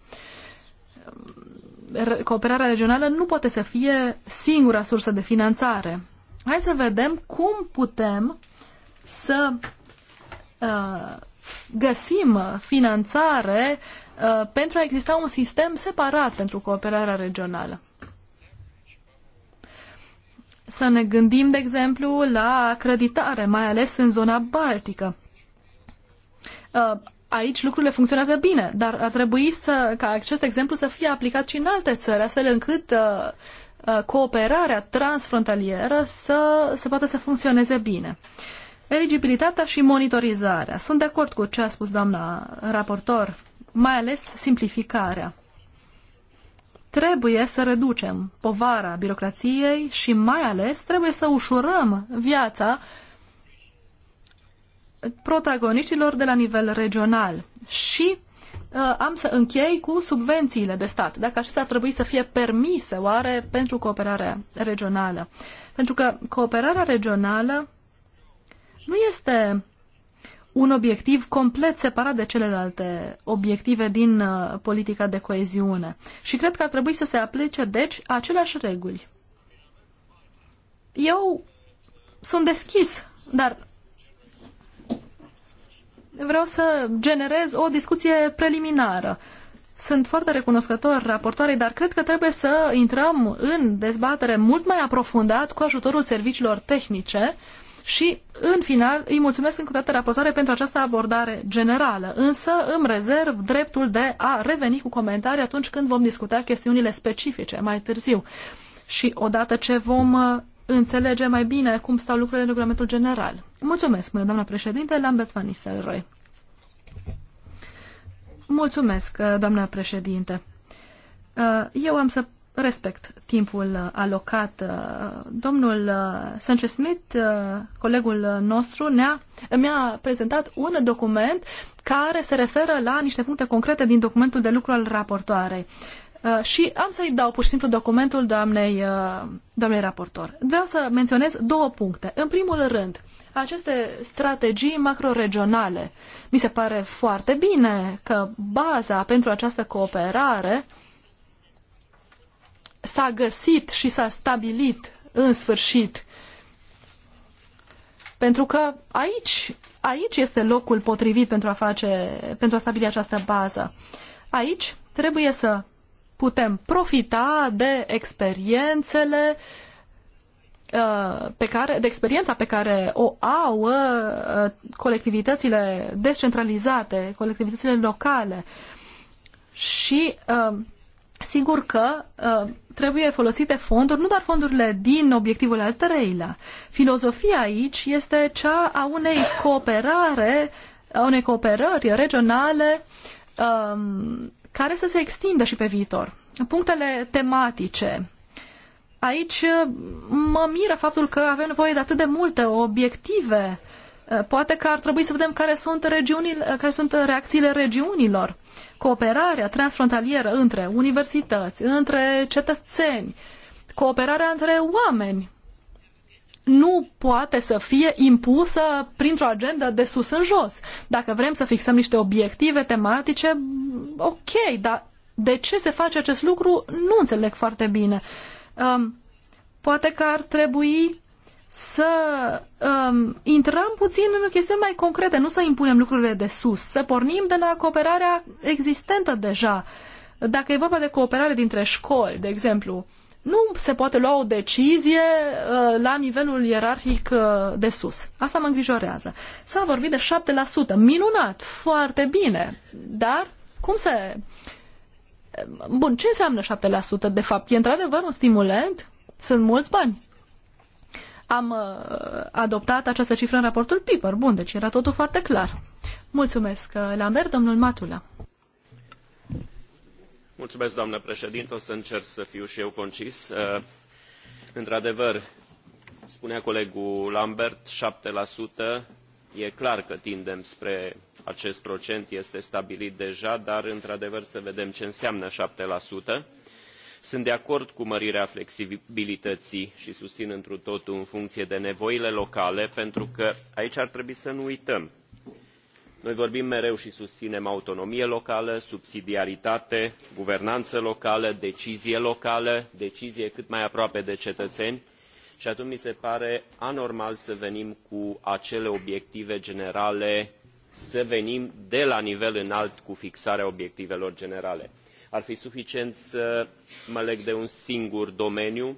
cooperarea regională nu poate să fie singura sursă de finanțare. Hai să vedem cum putem să uh, găsim finanțare uh, Uh, pentru a exista un sistem separat pentru cooperarea regională. Să ne gândim, de exemplu, la acreditare, mai ales în zona baltică. Uh, aici lucrurile funcționează bine, dar ar trebui să, ca acest exemplu să fie aplicat și în alte țări, astfel încât uh, cooperarea transfrontalieră să, să poată să funcționeze bine. Eligibilitatea și monitorizarea. Sunt de acord cu ce a spus doamna raportor mai ales simplificarea. Trebuie să reducem povara birocrației și mai ales trebuie să ușurăm viața protagoniștilor de la nivel regional și uh, am să închei cu subvențiile de stat, dacă acestea ar trebui să fie permise oare pentru cooperarea regională. Pentru că cooperarea regională nu este un obiectiv complet separat de celelalte obiective din uh, politica de coeziune. Și cred că ar trebui să se aplice, deci, aceleași reguli. Eu sunt deschis, dar vreau să generez o discuție preliminară. Sunt foarte recunoscător raportoarei, dar cred că trebuie să intrăm în dezbatere mult mai aprofundat cu ajutorul serviciilor tehnice uh, și, în final, îi mulțumesc încă o dată raportoare pentru această abordare generală, însă îmi rezerv dreptul de a reveni cu comentarii atunci când vom discuta chestiunile specifice mai târziu. Și odată ce vom uh, înțelege mai bine cum stau lucrurile în regulamentul general. Mulțumesc, mână, doamna președinte, Lambert Van Nistelrooy. Mulțumesc, uh, doamna președinte. Uh, eu am să respect timpul uh, alocat. Uh, domnul uh, Sanchez Smith, colegul nostru, ne-a, mi-a prezentat un document care se referă la niște puncte concrete din documentul de lucru al raportoarei. Și am să-i dau pur și simplu documentul doamnei, doamnei raportor. Vreau să menționez două puncte. În primul rând, aceste strategii macroregionale. Mi se pare foarte bine că baza pentru această cooperare s-a găsit și s-a stabilit în sfârșit. Pentru că aici, aici este locul potrivit pentru a, face, pentru a stabili această bază. Aici trebuie să putem profita de experiențele uh, pe care, de experiența pe care o au uh, colectivitățile descentralizate, colectivitățile locale. Și uh, sigur că trebuie folosite fonduri, nu doar fondurile din obiectivul al treilea. Filozofia aici este cea a unei cooperare, a unei cooperări regionale um, care să se extindă și pe viitor. Punctele tematice. Aici uh, mă miră faptul că avem nevoie de atât de multe obiective. Uh, poate că ar trebui să vedem care sunt, regiunile, care sunt reacțiile regiunilor cooperarea transfrontalieră între universități, între cetățeni, cooperarea între oameni nu poate să fie impusă printr-o agendă de sus în jos. Dacă vrem să fixăm niște obiective tematice, ok, dar de ce se face acest lucru, nu înțeleg foarte bine. Um, poate că ar trebui să um, intrăm puțin în chestiuni mai concrete, nu să impunem lucrurile de sus, să pornim de la cooperarea existentă deja. Dacă e vorba de cooperare dintre școli, de exemplu, nu se poate lua o decizie uh, la nivelul ierarhic uh, de sus. Asta mă îngrijorează. S-a vorbit de 7%. Minunat, foarte bine. Dar cum se... Bun, ce înseamnă 7% de fapt? E într-adevăr un stimulant? Sunt mulți bani am uh, adoptat această cifră în raportul Piper. Bun, deci era totul foarte clar. Mulțumesc. Uh, Lambert, domnul Matula. Mulțumesc, doamnă președinte. O să încerc să fiu și eu concis. Uh, într-adevăr, spunea colegul Lambert, 7% e clar că tindem spre acest procent, este stabilit deja, dar într-adevăr să vedem ce înseamnă sunt de acord cu mărirea flexibilității și susțin întru totul în funcție de nevoile locale pentru că aici ar trebui să nu uităm noi vorbim mereu și susținem autonomie locală subsidiaritate guvernanță locală decizie locală decizie cât mai aproape de cetățeni și atunci mi se pare anormal să venim cu acele obiective generale să venim de la nivel înalt cu fixarea obiectivelor generale ar fi suficient să mă leg de un singur domeniu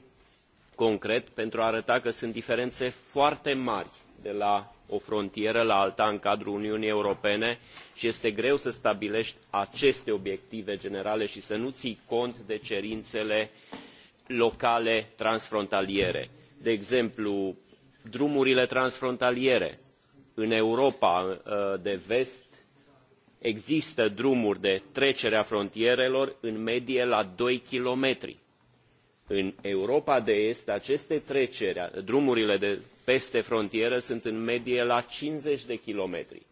concret pentru a arăta că sunt diferene foarte mari de la o frontieră la alta în cadrul uniunii europene i este greu să stabilești aceste obiective generale i să nu ii cont de cerinele locale transfrontaliere de exemplu drumurile transfrontaliere în europa uh, de vest există drumuri de trecere a frontierelor în medie la doi kilometri. În Europa de Est, aceste treceri, drumurile de peste frontieră sunt în medie la 50 de kilometri.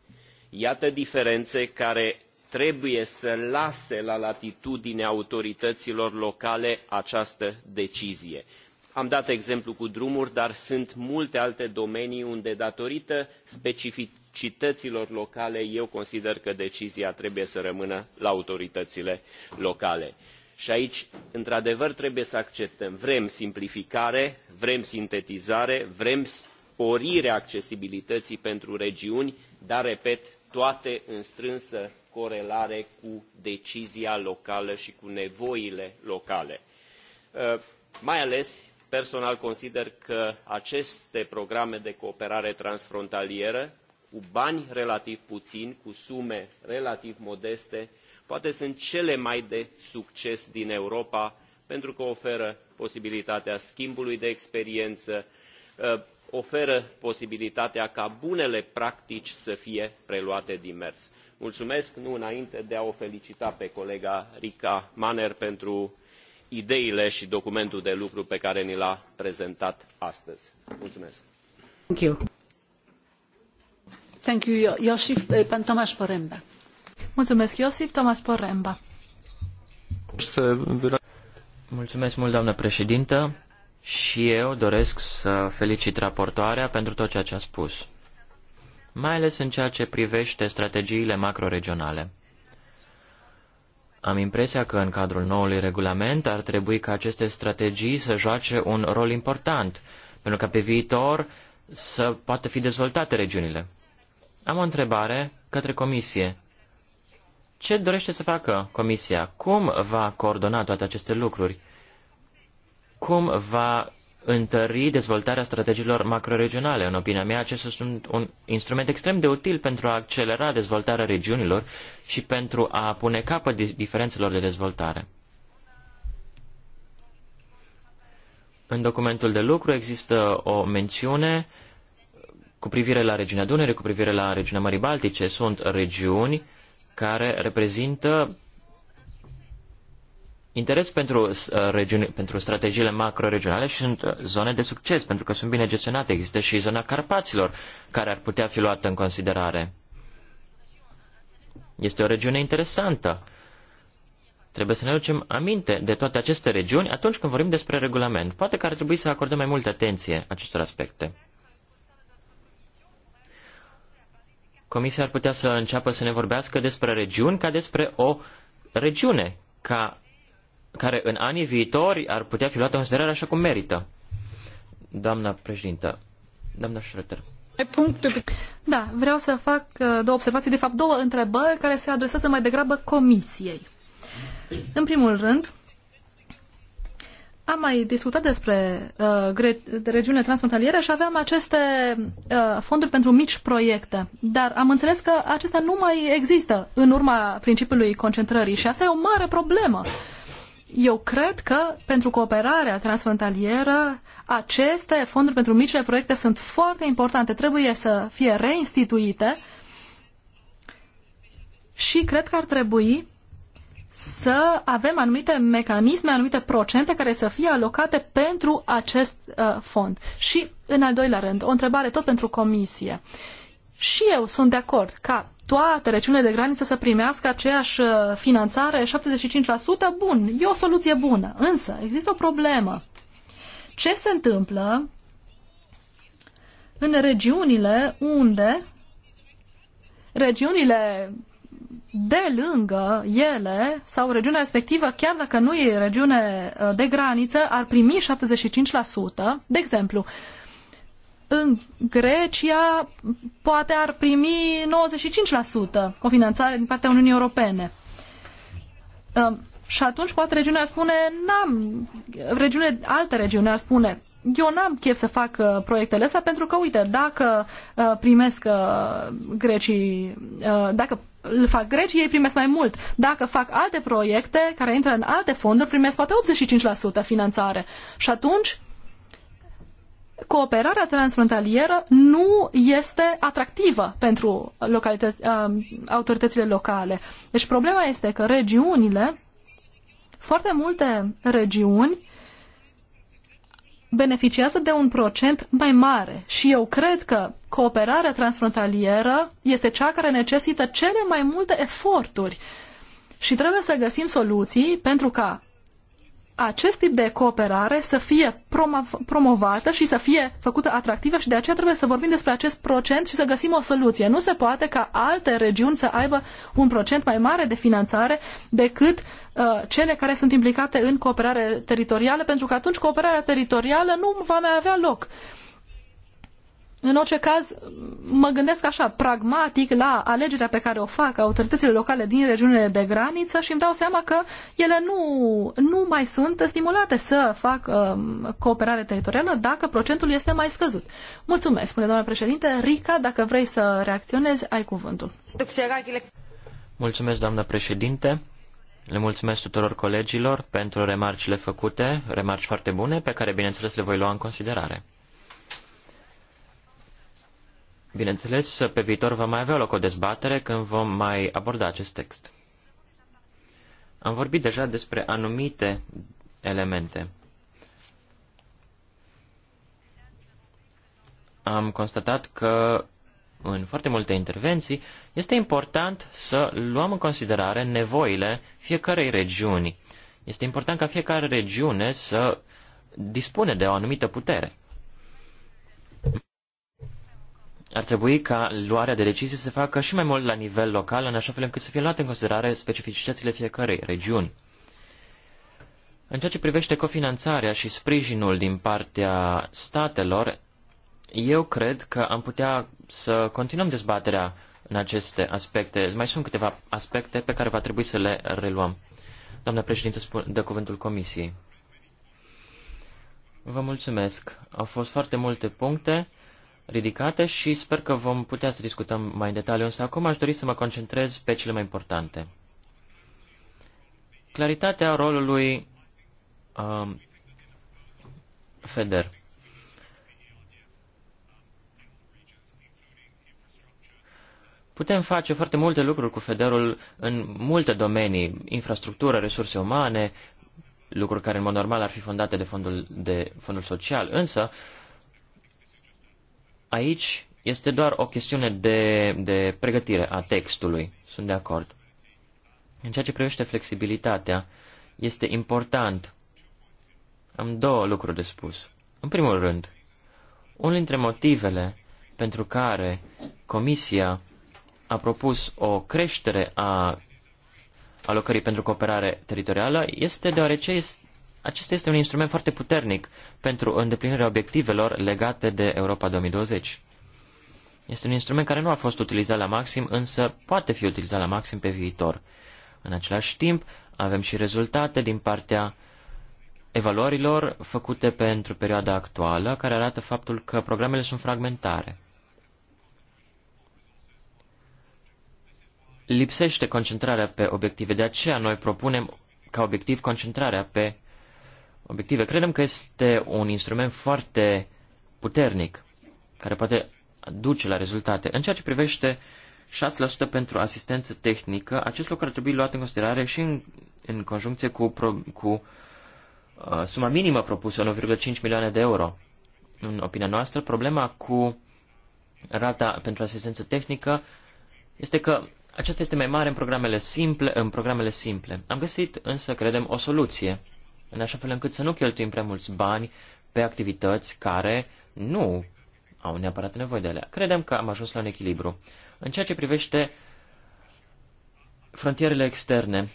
Iată diferențe care trebuie să lase la latitudinea autorităților locale această decizie. Am dat exemplu cu drumuri, dar sunt multe alte domenii unde, datorită specific cităților locale, eu consider că decizia trebuie să rămână la autoritățile locale. Și aici, într-adevăr, trebuie să acceptăm. Vrem simplificare, vrem sintetizare, vrem sporirea accesibilității pentru regiuni, dar, repet, toate în strânsă corelare cu decizia locală și cu nevoile locale. Uh, mai ales, personal consider că aceste programe de cooperare transfrontalieră cu bani relativ puțini, cu sume relativ modeste, poate sunt cele mai de succes din Europa, pentru că oferă posibilitatea schimbului de experiență, ă, oferă posibilitatea ca bunele practici să fie preluate din mers. Mulțumesc, nu înainte de a o felicita pe colega Rica Maner pentru ideile și documentul de lucru pe care ni l-a prezentat astăzi. Mulțumesc! Thank you. Eh, Mulțumesc, Mulțumesc președintă. Și eu doresc să felicit raportoarea pentru tot ceea ce a spus, mai ales în ceea ce privește strategiile macroregionale. Am impresia că în cadrul noului regulament ar trebui ca aceste strategii să joace un rol important, pentru ca pe viitor să poată fi dezvoltate regiunile. Am o întrebare către comisie. Ce dorește să facă comisia? Cum va coordona toate aceste lucruri? Cum va întări dezvoltarea strategiilor macroregionale? În opinia mea, acestea sunt un instrument extrem de util pentru a accelera dezvoltarea regiunilor și pentru a pune capăt diferențelor de dezvoltare. În documentul de lucru există o mențiune uh, cu privire la regiunea Dunăre, cu privire la regiunea Mării Baltice, sunt regiuni care reprezintă interes pentru, uh, regiuni, pentru strategiile macro-regionale și sunt uh, zone de succes, pentru că sunt bine gestionate. Există și zona Carpaților, care ar putea fi luată în considerare. Este o regiune interesantă. Trebuie să ne aducem aminte de toate aceste regiuni atunci când vorbim despre regulament. Poate că ar trebui să acordăm mai multă atenție acestor aspecte. Comisia ar putea să înceapă să ne vorbească despre regiuni ca despre o regiune ca, care în anii viitori ar putea fi luată în considerare așa cum merită. Doamna președintă, doamna Schröter. Da, vreau să fac uh, două observații, de fapt două întrebări care se adresează mai degrabă comisiei. În primul rând, am mai discutat despre uh, regiune transfrontaliere și aveam aceste uh, fonduri pentru mici proiecte, dar am înțeles că acestea nu mai există în urma principiului concentrării și asta e o mare problemă. Eu cred că pentru cooperarea transfrontalieră aceste fonduri pentru micile proiecte sunt foarte importante, trebuie să fie reinstituite și cred că ar trebui să avem anumite mecanisme, anumite procente care să fie alocate pentru acest uh, fond. Și, în al doilea rând, o întrebare tot pentru comisie. Și eu sunt de acord ca toate regiunile de graniță să primească aceeași uh, finanțare, 75%, bun, e o soluție bună. Însă, există o problemă. Ce se întâmplă în regiunile unde regiunile de lângă ele sau regiunea respectivă, chiar dacă nu e regiune uh, de graniță, ar primi 75%. De exemplu, în Grecia poate ar primi 95% cofinanțare din partea Uniunii Europene. Um, și atunci poate regiunea ar spune, n-am, regiune, altă regiune ar spune, eu n-am chef să fac uh, proiectele astea pentru că, uite, dacă uh, primesc uh, grecii, uh, dacă îl fac greci, ei primesc mai mult. Dacă fac alte proiecte care intră în alte fonduri, primesc poate 85% finanțare. Și atunci cooperarea transfrontalieră nu este atractivă pentru autoritățile locale. Deci problema este că regiunile, foarte multe regiuni, beneficiază de un procent mai mare și eu cred că cooperarea transfrontalieră este cea care necesită cele mai multe eforturi și trebuie să găsim soluții pentru ca acest tip de cooperare să fie promovată și să fie făcută atractivă și de aceea trebuie să vorbim despre acest procent și să găsim o soluție. Nu se poate ca alte regiuni să aibă un procent mai mare de finanțare decât uh, cele care sunt implicate în cooperare teritorială, pentru că atunci cooperarea teritorială nu va mai avea loc. Uh, în orice caz, mă gândesc așa, pragmatic, la alegerea pe care o fac autoritățile locale din regiunile de graniță și îmi dau seama că ele nu, nu mai sunt stimulate să fac um, cooperare teritorială dacă procentul este mai scăzut. Mulțumesc, spune doamna președinte. Rica, dacă vrei să reacționezi, ai cuvântul. Mulțumesc, doamna președinte. Le mulțumesc tuturor colegilor pentru remarcile făcute, remarci foarte bune, pe care, bineînțeles, le voi lua în considerare. Bineînțeles, pe viitor vom mai avea loc o dezbatere când vom mai aborda acest text. Am vorbit deja despre anumite elemente. Am constatat că în foarte multe intervenții este important să luăm în considerare nevoile fiecărei regiuni. Este important ca fiecare regiune să dispune de o anumită putere. ar trebui ca luarea de decizii să se facă și mai mult la nivel local, în așa fel încât să fie luate în considerare specificitățile fiecărei regiuni. În ceea ce privește cofinanțarea și sprijinul din partea statelor, eu cred că am putea să continuăm dezbaterea în aceste aspecte. Mai sunt câteva aspecte pe care va trebui să le reluăm. Doamna președinte, de cuvântul comisiei. Vă mulțumesc. Au fost foarte multe puncte ridicate și sper că vom putea să discutăm mai în detaliu, însă acum aș dori să mă concentrez pe cele mai importante. Claritatea rolului um, FEDER. Putem face foarte multe lucruri cu federul în multe domenii, infrastructură, resurse umane, lucruri care în mod normal ar fi fondate de fondul, de fondul social, însă uh, Aici este doar o chestiune de, de pregătire a textului. Sunt de acord. În ceea ce privește flexibilitatea, este important. Am două lucruri de spus. În primul rând, unul dintre motivele pentru care Comisia a propus o creștere a alocării pentru cooperare teritorială este deoarece este acesta este un instrument foarte puternic pentru îndeplinirea obiectivelor legate de Europa 2020. Este un instrument care nu a fost utilizat la maxim, însă poate fi utilizat la maxim pe viitor. În același timp, avem și rezultate din partea evaluărilor făcute pentru perioada actuală, care arată faptul că programele sunt fragmentare. Lipsește concentrarea pe obiective, de aceea noi propunem ca obiectiv concentrarea pe obiective. Credem că este un instrument foarte puternic care poate duce la rezultate. În ceea ce privește 6% pentru asistență tehnică, acest lucru ar trebui luat în considerare și în, în conjuncție cu, pro, cu uh, suma minimă propusă, 1,5 milioane de euro. În opinia noastră, problema cu rata pentru asistență tehnică este că aceasta este mai mare în programele simple, în programele simple. Am găsit însă, credem, o soluție în așa fel încât să nu cheltuim prea mulți bani pe activități care nu au neapărat nevoie de ele. Credem că am ajuns la un echilibru. În ceea ce privește frontierele externe,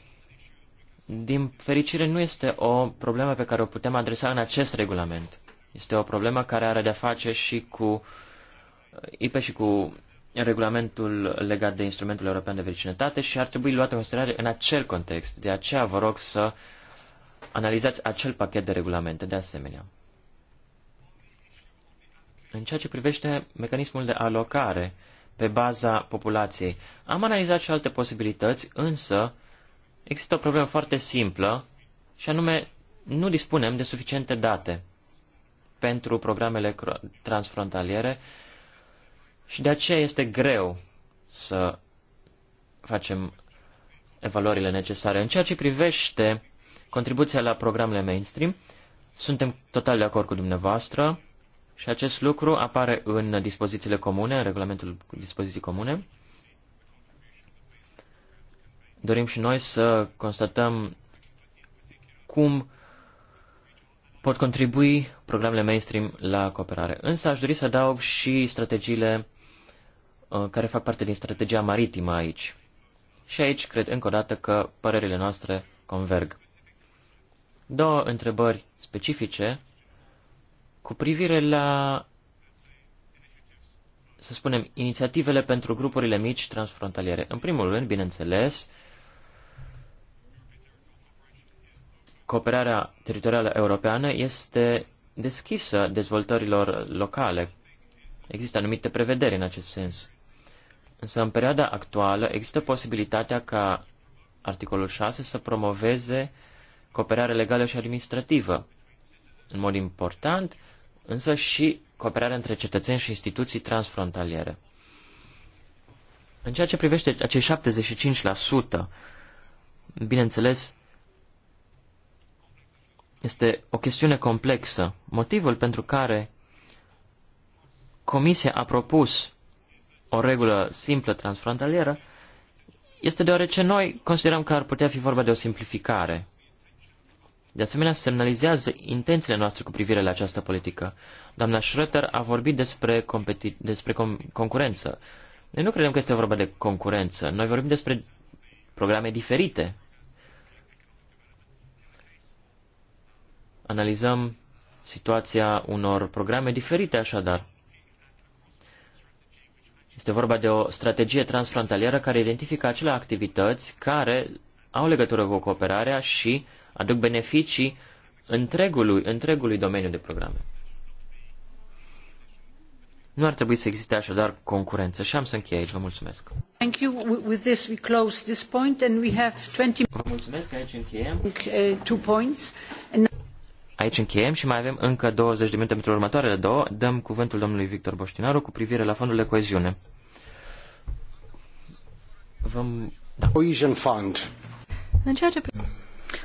din fericire nu este o problemă pe care o putem adresa în acest regulament. Este o problemă care are de-a face și cu IP și cu regulamentul legat de instrumentul european de vecinătate și ar trebui luat în considerare în acel context. De aceea vă rog să uh, analizați acel pachet de regulamente de asemenea. În ceea ce privește mecanismul de alocare pe baza populației, am analizat și alte posibilități, însă există o problemă foarte simplă și anume nu dispunem de suficiente date pentru programele transfrontaliere și de aceea este greu să facem evaluările necesare. În ceea ce privește contribuția la programele mainstream. Suntem total de acord cu dumneavoastră și acest lucru apare în dispozițiile comune, în regulamentul cu dispoziții comune. Dorim și noi să constatăm cum pot contribui programele mainstream la cooperare. Însă aș dori să adaug și strategiile uh, care fac parte din strategia maritimă aici. Și aici cred încă o dată că părerile noastre converg două întrebări specifice cu privire la, să spunem, inițiativele pentru grupurile mici transfrontaliere. În primul rând, bineînțeles, cooperarea teritorială europeană este deschisă dezvoltărilor locale. Există anumite prevederi în acest sens. Însă, în perioada actuală, există posibilitatea ca articolul 6 să promoveze uh, cooperare legală și administrativă. În mod important, însă și cooperarea între cetățeni și instituții transfrontaliere. În ceea ce privește acei 75%, bineînțeles, este o chestiune complexă. Motivul pentru care Comisia a propus o regulă simplă transfrontalieră este deoarece noi considerăm că ar putea fi vorba de o simplificare de asemenea, semnalizează intențiile noastre cu privire la această politică. Doamna Schröter a vorbit despre, competi- despre com- concurență. Noi nu credem că este vorba de concurență. Noi vorbim despre programe diferite. Analizăm situația unor programe diferite, așadar. Este vorba de o strategie transfrontalieră care identifică acele activități care au legătură cu cooperarea și uh, aduc beneficii întregului, întregului domeniu de programe. Nu ar trebui să existe așadar concurență. Și am să închei aici. Vă mulțumesc. Thank you. With this we close this point and we have 20 Vă mulțumesc. Aici încheiem. Uh, two points. Aici încheiem și mai avem încă 20 de minute pentru următoarele două. Dăm cuvântul domnului Victor Boștinaru cu privire la fondul de coeziune. Vă... Da. Cohesion Fund. În ceea ce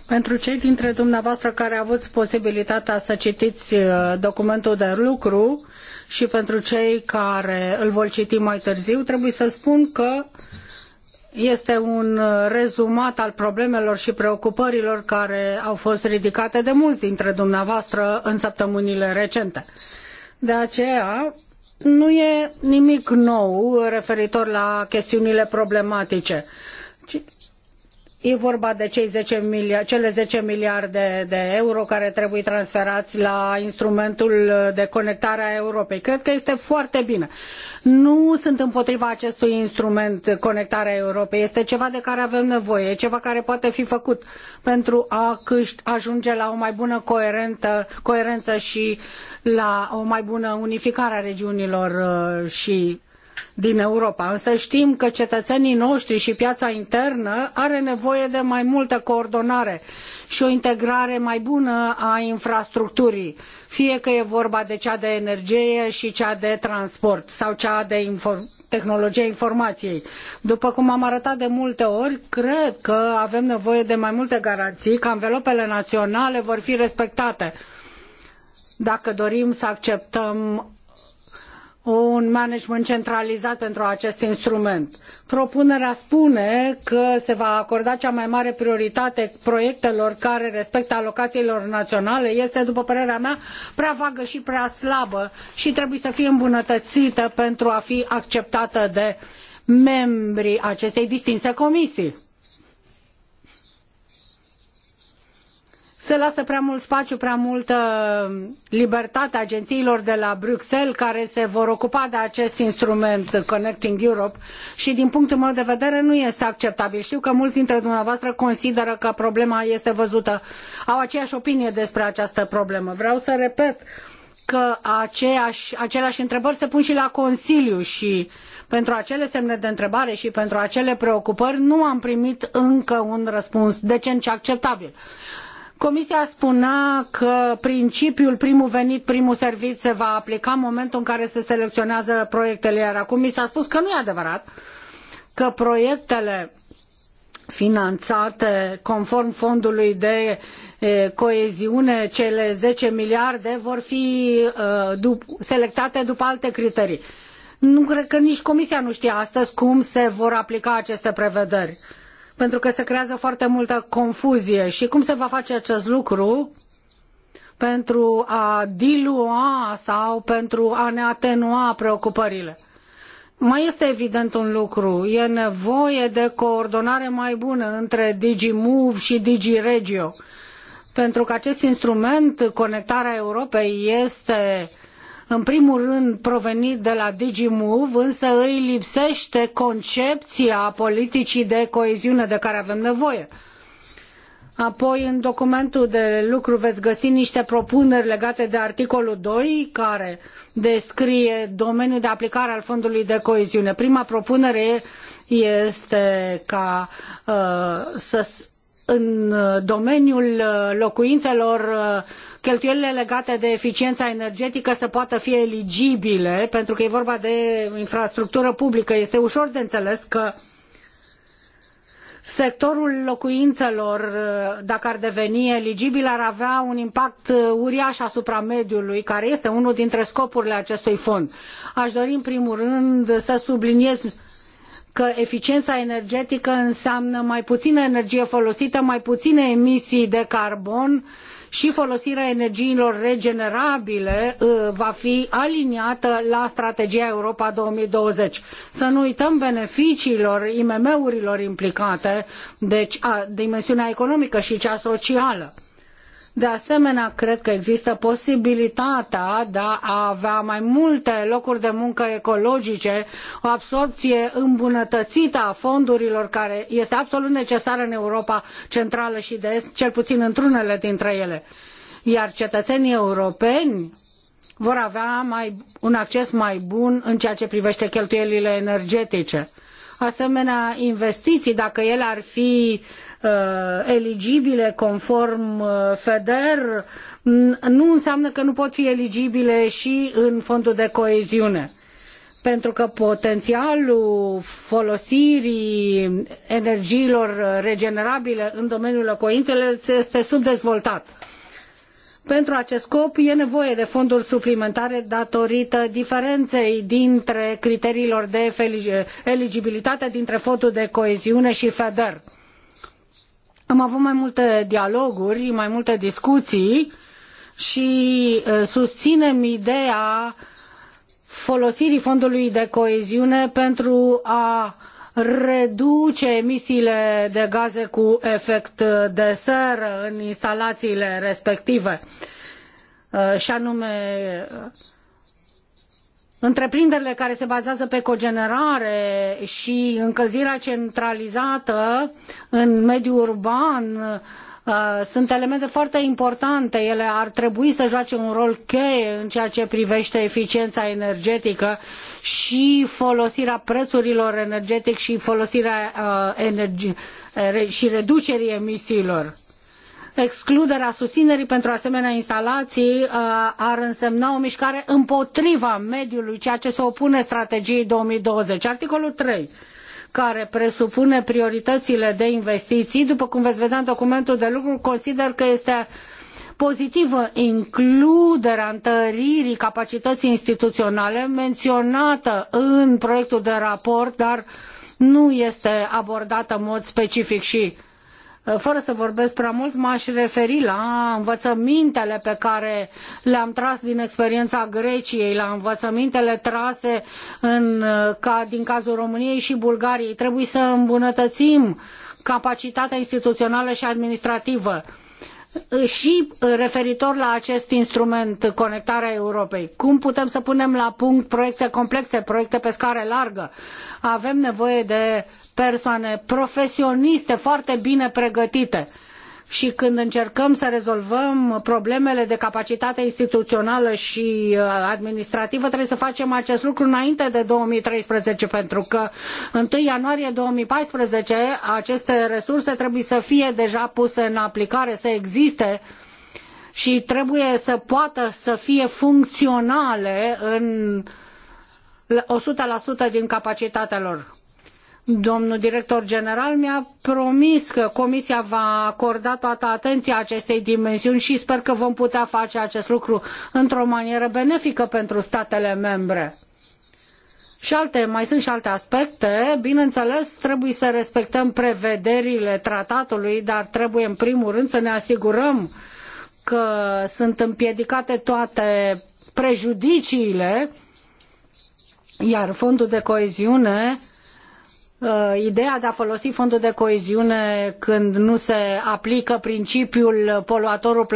pentru cei dintre dumneavoastră care aveți posibilitatea să citiți uh, documentul de lucru și pentru cei care îl vor citi mai târziu, trebuie să spun că este un uh, rezumat al problemelor și preocupărilor care au fost ridicate de mulți dintre dumneavoastră în săptămânile recente. De aceea, nu e nimic nou referitor la chestiunile problematice. Ci E vorba de cei 10 miliard, cele 10 miliarde de euro care trebuie transferați la instrumentul de conectare a Europei. Cred că este foarte bine. Nu sunt împotriva acestui instrument conectarea Europei. Este ceva de care avem nevoie, ceva care poate fi făcut pentru a ajunge la o mai bună coerentă, coerență și la o mai bună unificare a regiunilor uh, și din Europa. Însă știm că cetățenii noștri și piața internă are nevoie de mai multă coordonare și o integrare mai bună a infrastructurii, fie că e vorba de cea de energie și cea de transport sau cea de inform- tehnologie informației. După cum am arătat de multe ori, cred că avem nevoie de mai multe garanții că anvelopele naționale vor fi respectate dacă dorim să acceptăm un management centralizat pentru acest instrument. Propunerea spune că se va acorda cea mai mare prioritate proiectelor care respectă alocațiilor naționale. Este, după părerea mea, prea vagă și prea slabă și trebuie să fie îmbunătățită pentru a fi acceptată de membrii acestei distinse comisii. se lasă prea mult spațiu, prea multă libertate agențiilor de la Bruxelles care se vor ocupa de acest instrument Connecting Europe și din punctul meu de vedere nu este acceptabil. Știu că mulți dintre dumneavoastră consideră că problema este văzută, au aceeași opinie despre această problemă. Vreau să repet că aceeași, aceleași întrebări se pun și la Consiliu și pentru acele semne de întrebare și pentru acele preocupări nu am primit încă un răspuns decent și acceptabil. Comisia spunea că principiul primul venit, primul servit se va aplica în momentul în care se selecționează proiectele, iar acum mi s-a spus că nu e adevărat, că proiectele finanțate conform fondului de coeziune, cele zece miliarde vor fi selectate după alte criterii. Nu cred că nici Comisia nu știe astăzi cum se vor aplica aceste prevederi pentru că se creează foarte multă confuzie. Și cum se va face acest lucru? pentru a dilua sau pentru a ne atenua preocupările. Mai este evident un lucru, e nevoie de coordonare mai bună între DigiMove și DigiRegio, pentru că acest instrument, conectarea Europei, este în primul rând provenit de la DigiMove, însă îi lipsește concepția politicii de coeziune de care avem nevoie. Apoi, în documentul de lucru veți găsi niște propuneri legate de articolul 2, care descrie domeniul de aplicare al fondului de coeziune. Prima propunere este ca uh, să în domeniul uh, locuințelor uh, cheltuielile legate de eficiența energetică să poată fi eligibile, pentru că e vorba de infrastructură publică. Este ușor de înțeles că sectorul locuințelor, dacă ar deveni eligibil, ar avea un impact uriaș asupra mediului, care este unul dintre scopurile acestui fond. Aș dori, în primul rând, să subliniez că eficiența energetică înseamnă mai puțină energie folosită, mai puține emisii de carbon și folosirea energiilor regenerabile uh, va fi aliniată la strategia Europa 2020. Să nu uităm beneficiilor IMM-urilor implicate, deci a, dimensiunea economică și cea socială de asemenea, cred că există posibilitatea de a avea mai multe locuri de muncă ecologice, o absorpție îmbunătățită a fondurilor care este absolut necesară în Europa Centrală și de Est, cel puțin într-unele dintre ele. Iar cetățenii europeni vor avea mai, un acces mai bun în ceea ce privește cheltuielile energetice asemenea investiții, dacă ele ar fi Uh, eligibile conform uh, FEDER nu înseamnă că nu pot fi eligibile și în fondul de coeziune. Pentru că potențialul folosirii energiilor regenerabile în domeniul locuințelor este subdezvoltat. Pentru acest scop e nevoie de fonduri suplimentare datorită diferenței dintre criteriilor de eligibilitate dintre fondul de coeziune și FEDER am avut mai multe dialoguri, mai multe discuții și susținem ideea folosirii fondului de coeziune pentru a reduce emisiile de gaze cu efect de seră în instalațiile respective și anume Întreprinderile care se bazează pe cogenerare și încălzirea centralizată în mediul urban uh, sunt elemente foarte importante. Ele ar trebui să joace un rol cheie în ceea ce privește eficiența energetică și folosirea prețurilor energetic și folosirea uh, și reducerii emisiilor. Excluderea susținerii pentru asemenea instalații uh, ar însemna o mișcare împotriva mediului, ceea ce se opune strategiei 2020. Articolul 3 care presupune prioritățile de investiții, după cum veți vedea în documentul de lucru, consider că este pozitivă includerea întăririi capacității instituționale menționată în proiectul de raport, dar nu este abordată în mod specific și Uh, fără să vorbesc prea mult, m-aș referi la învățămintele pe care le-am tras din experiența Greciei, la învățămintele trase în, uh, ca, din cazul României și Bulgariei. Trebuie să îmbunătățim capacitatea instituțională și administrativă uh, și referitor la acest instrument conectarea Europei. Cum putem să punem la punct proiecte complexe, proiecte pe scară largă? Avem nevoie de persoane profesioniste, foarte bine pregătite. Și când încercăm să rezolvăm problemele de capacitate instituțională și uh, administrativă, trebuie să facem acest lucru înainte de 2013, pentru că 1 ianuarie 2014 aceste resurse trebuie să fie deja puse în aplicare, să existe și trebuie să poată să fie funcționale în 100% din capacitatea lor. Domnul director general mi-a promis că Comisia va acorda toată atenția acestei dimensiuni și sper că vom putea face acest lucru într-o manieră benefică pentru statele membre. Și alte, mai sunt și alte aspecte. Bineînțeles, trebuie să respectăm prevederile tratatului, dar trebuie în primul rând să ne asigurăm că sunt împiedicate toate prejudiciile, iar fondul de coeziune uh, Uh, ideea de a folosi fondul de coeziune când nu se aplică principiul poluatorul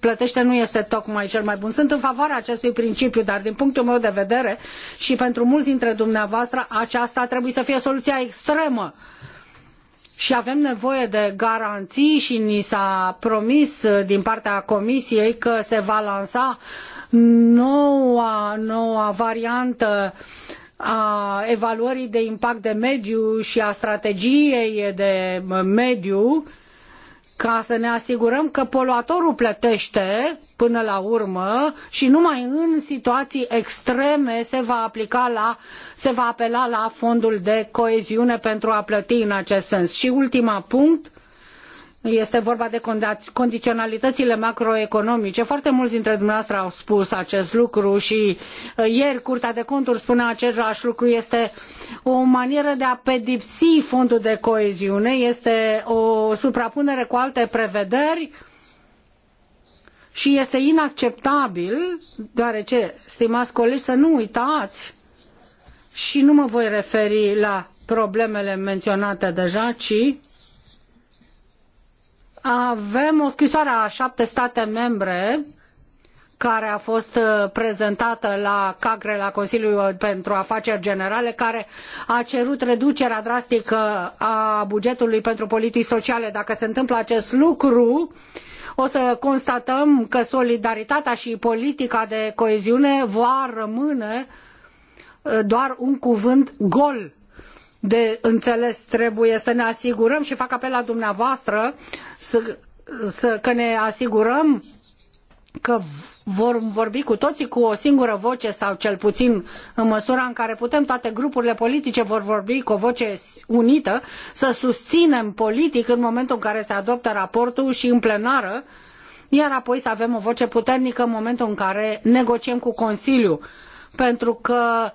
plătește nu este tocmai cel mai bun. Sunt în favoarea acestui principiu, dar din punctul meu de vedere și pentru mulți dintre dumneavoastră aceasta trebuie să fie soluția extremă. Și avem nevoie de garanții și ni s-a promis din partea Comisiei că se va lansa noua, noua variantă uh, a evaluării de impact de mediu și a strategiei de mediu ca să ne asigurăm că poluatorul plătește până la urmă și numai în situații extreme se va aplica la, se va apela la fondul de coeziune pentru a plăti în acest sens. Și ultima punct, este vorba de condiționalitățile macroeconomice. Foarte mulți dintre dumneavoastră au spus acest lucru și uh, ieri Curtea de Conturi spunea același lucru. Este o manieră de a pedipsi fondul de coeziune, este o suprapunere cu alte prevederi și este inacceptabil, deoarece, stimați colegi, să nu uitați și nu mă voi referi la problemele menționate deja, ci avem o scrisoare a șapte state membre care a fost uh, prezentată la CAGRE, la Consiliul pentru Afaceri Generale, care a cerut reducerea drastică a bugetului pentru politici sociale. Dacă se întâmplă acest lucru, o să constatăm că solidaritatea și politica de coeziune vor rămâne uh, doar un cuvânt gol de înțeles trebuie să ne asigurăm și fac apel la dumneavoastră să, să, că ne asigurăm că vor vorbi cu toții cu o singură voce sau cel puțin în măsura în care putem, toate grupurile politice vor vorbi cu o voce unită, să susținem politic în momentul în care se adoptă raportul și în plenară, iar apoi să avem o voce puternică în momentul în care negociem cu Consiliul. Pentru că uh,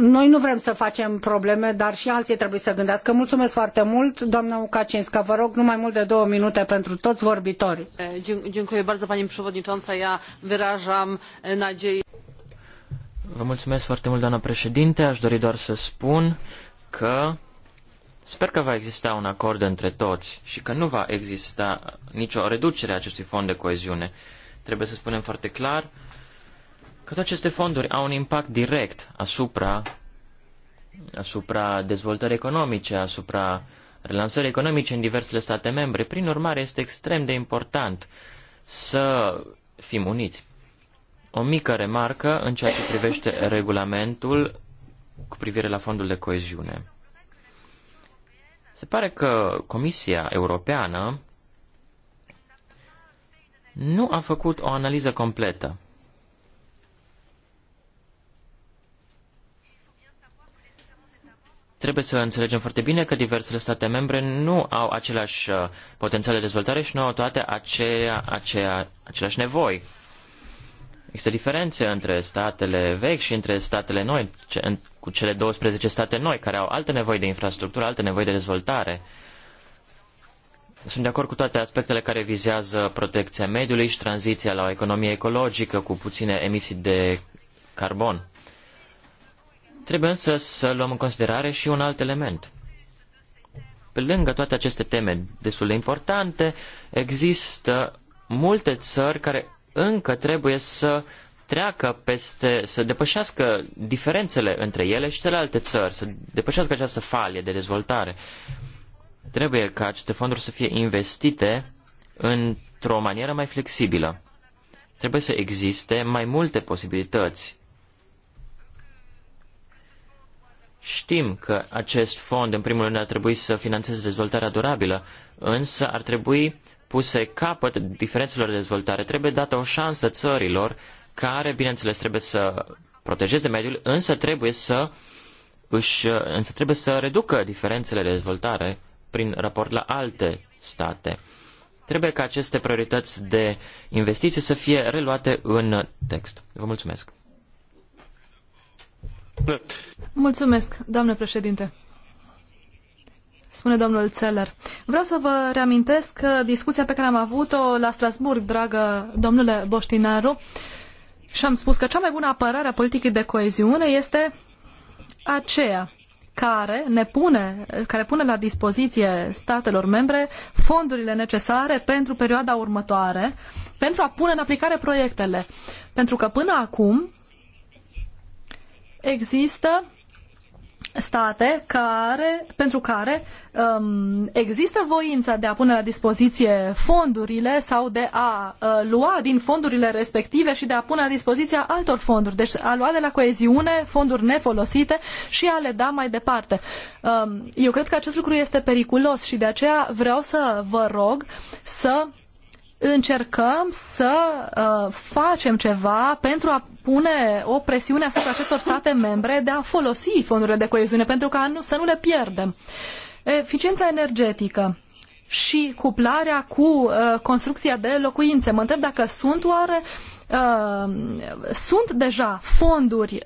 noi nu vrem să facem probleme, dar și alții trebuie să gândească. Mulțumesc foarte mult, doamna Ukacinska. Vă rog, nu mai mult de două minute pentru toți vorbitorii. Dziękuję bardzo, pani przewodnicząca. Ja wyrażam nadzieję. Vă mulțumesc foarte mult, doamna președinte. Aș dori doar să spun că sper că va exista un acord între toți și că nu va exista nicio reducere a acestui fond de coeziune. Trebuie să spunem foarte clar că toate aceste fonduri au un impact direct asupra, asupra dezvoltării economice, asupra relansării economice în diversele state membre. Prin urmare, este extrem de important să fim uniți. O mică remarcă în ceea ce privește regulamentul cu privire la fondul de coeziune. Se pare că Comisia Europeană nu a făcut o analiză completă Trebuie să înțelegem foarte bine că diversele state membre nu au același uh, potențial de dezvoltare și nu au toate aceea, aceea, aceleași nevoi. Există diferențe între statele vechi și între statele noi, ce, cu cele 12 state noi, care au alte nevoi de infrastructură, alte nevoi de dezvoltare. Sunt de acord cu toate aspectele care vizează protecția mediului și tranziția la o economie ecologică cu puține emisii de carbon. Trebuie însă să luăm în considerare și un alt element. Pe lângă toate aceste teme destul de importante, există multe țări care încă trebuie să treacă peste, să depășească diferențele între ele și celelalte țări, să depășească această falie de dezvoltare. Trebuie ca aceste fonduri să fie investite într-o manieră mai flexibilă. Trebuie să existe mai multe posibilități Știm că acest fond, în primul rând, ar trebui să financeze dezvoltarea durabilă, însă ar trebui puse capăt diferențelor de dezvoltare. Trebuie dată o șansă țărilor care, bineînțeles, trebuie să protejeze mediul, însă trebuie să, își, însă trebuie să reducă diferențele de dezvoltare prin raport la alte state. Trebuie ca aceste priorități de investiții să fie reluate în text. Vă mulțumesc! Mulțumesc, doamnă președinte spune domnul Țeller. Vreau să vă reamintesc că discuția pe care am avut-o la Strasburg, dragă domnule Boștinaru, și am spus că cea mai bună apărare a politicii de coeziune este aceea care ne pune, care pune la dispoziție statelor membre fondurile necesare pentru perioada următoare, pentru a pune în aplicare proiectele. Pentru că până acum există state care, pentru care um, există voința de a pune la dispoziție fondurile sau de a uh, lua din fondurile respective și de a pune la dispoziția altor fonduri. Deci a lua de la coeziune fonduri nefolosite și a le da mai departe. Um, eu cred că acest lucru este periculos și de aceea vreau să vă rog să încercăm să uh, facem ceva pentru a pune o presiune asupra acestor state membre de a folosi fondurile de coeziune pentru ca nu, să nu le pierdem. Eficiența energetică și cuplarea cu uh, construcția de locuințe. Mă întreb dacă sunt oare uh, sunt deja fonduri uh,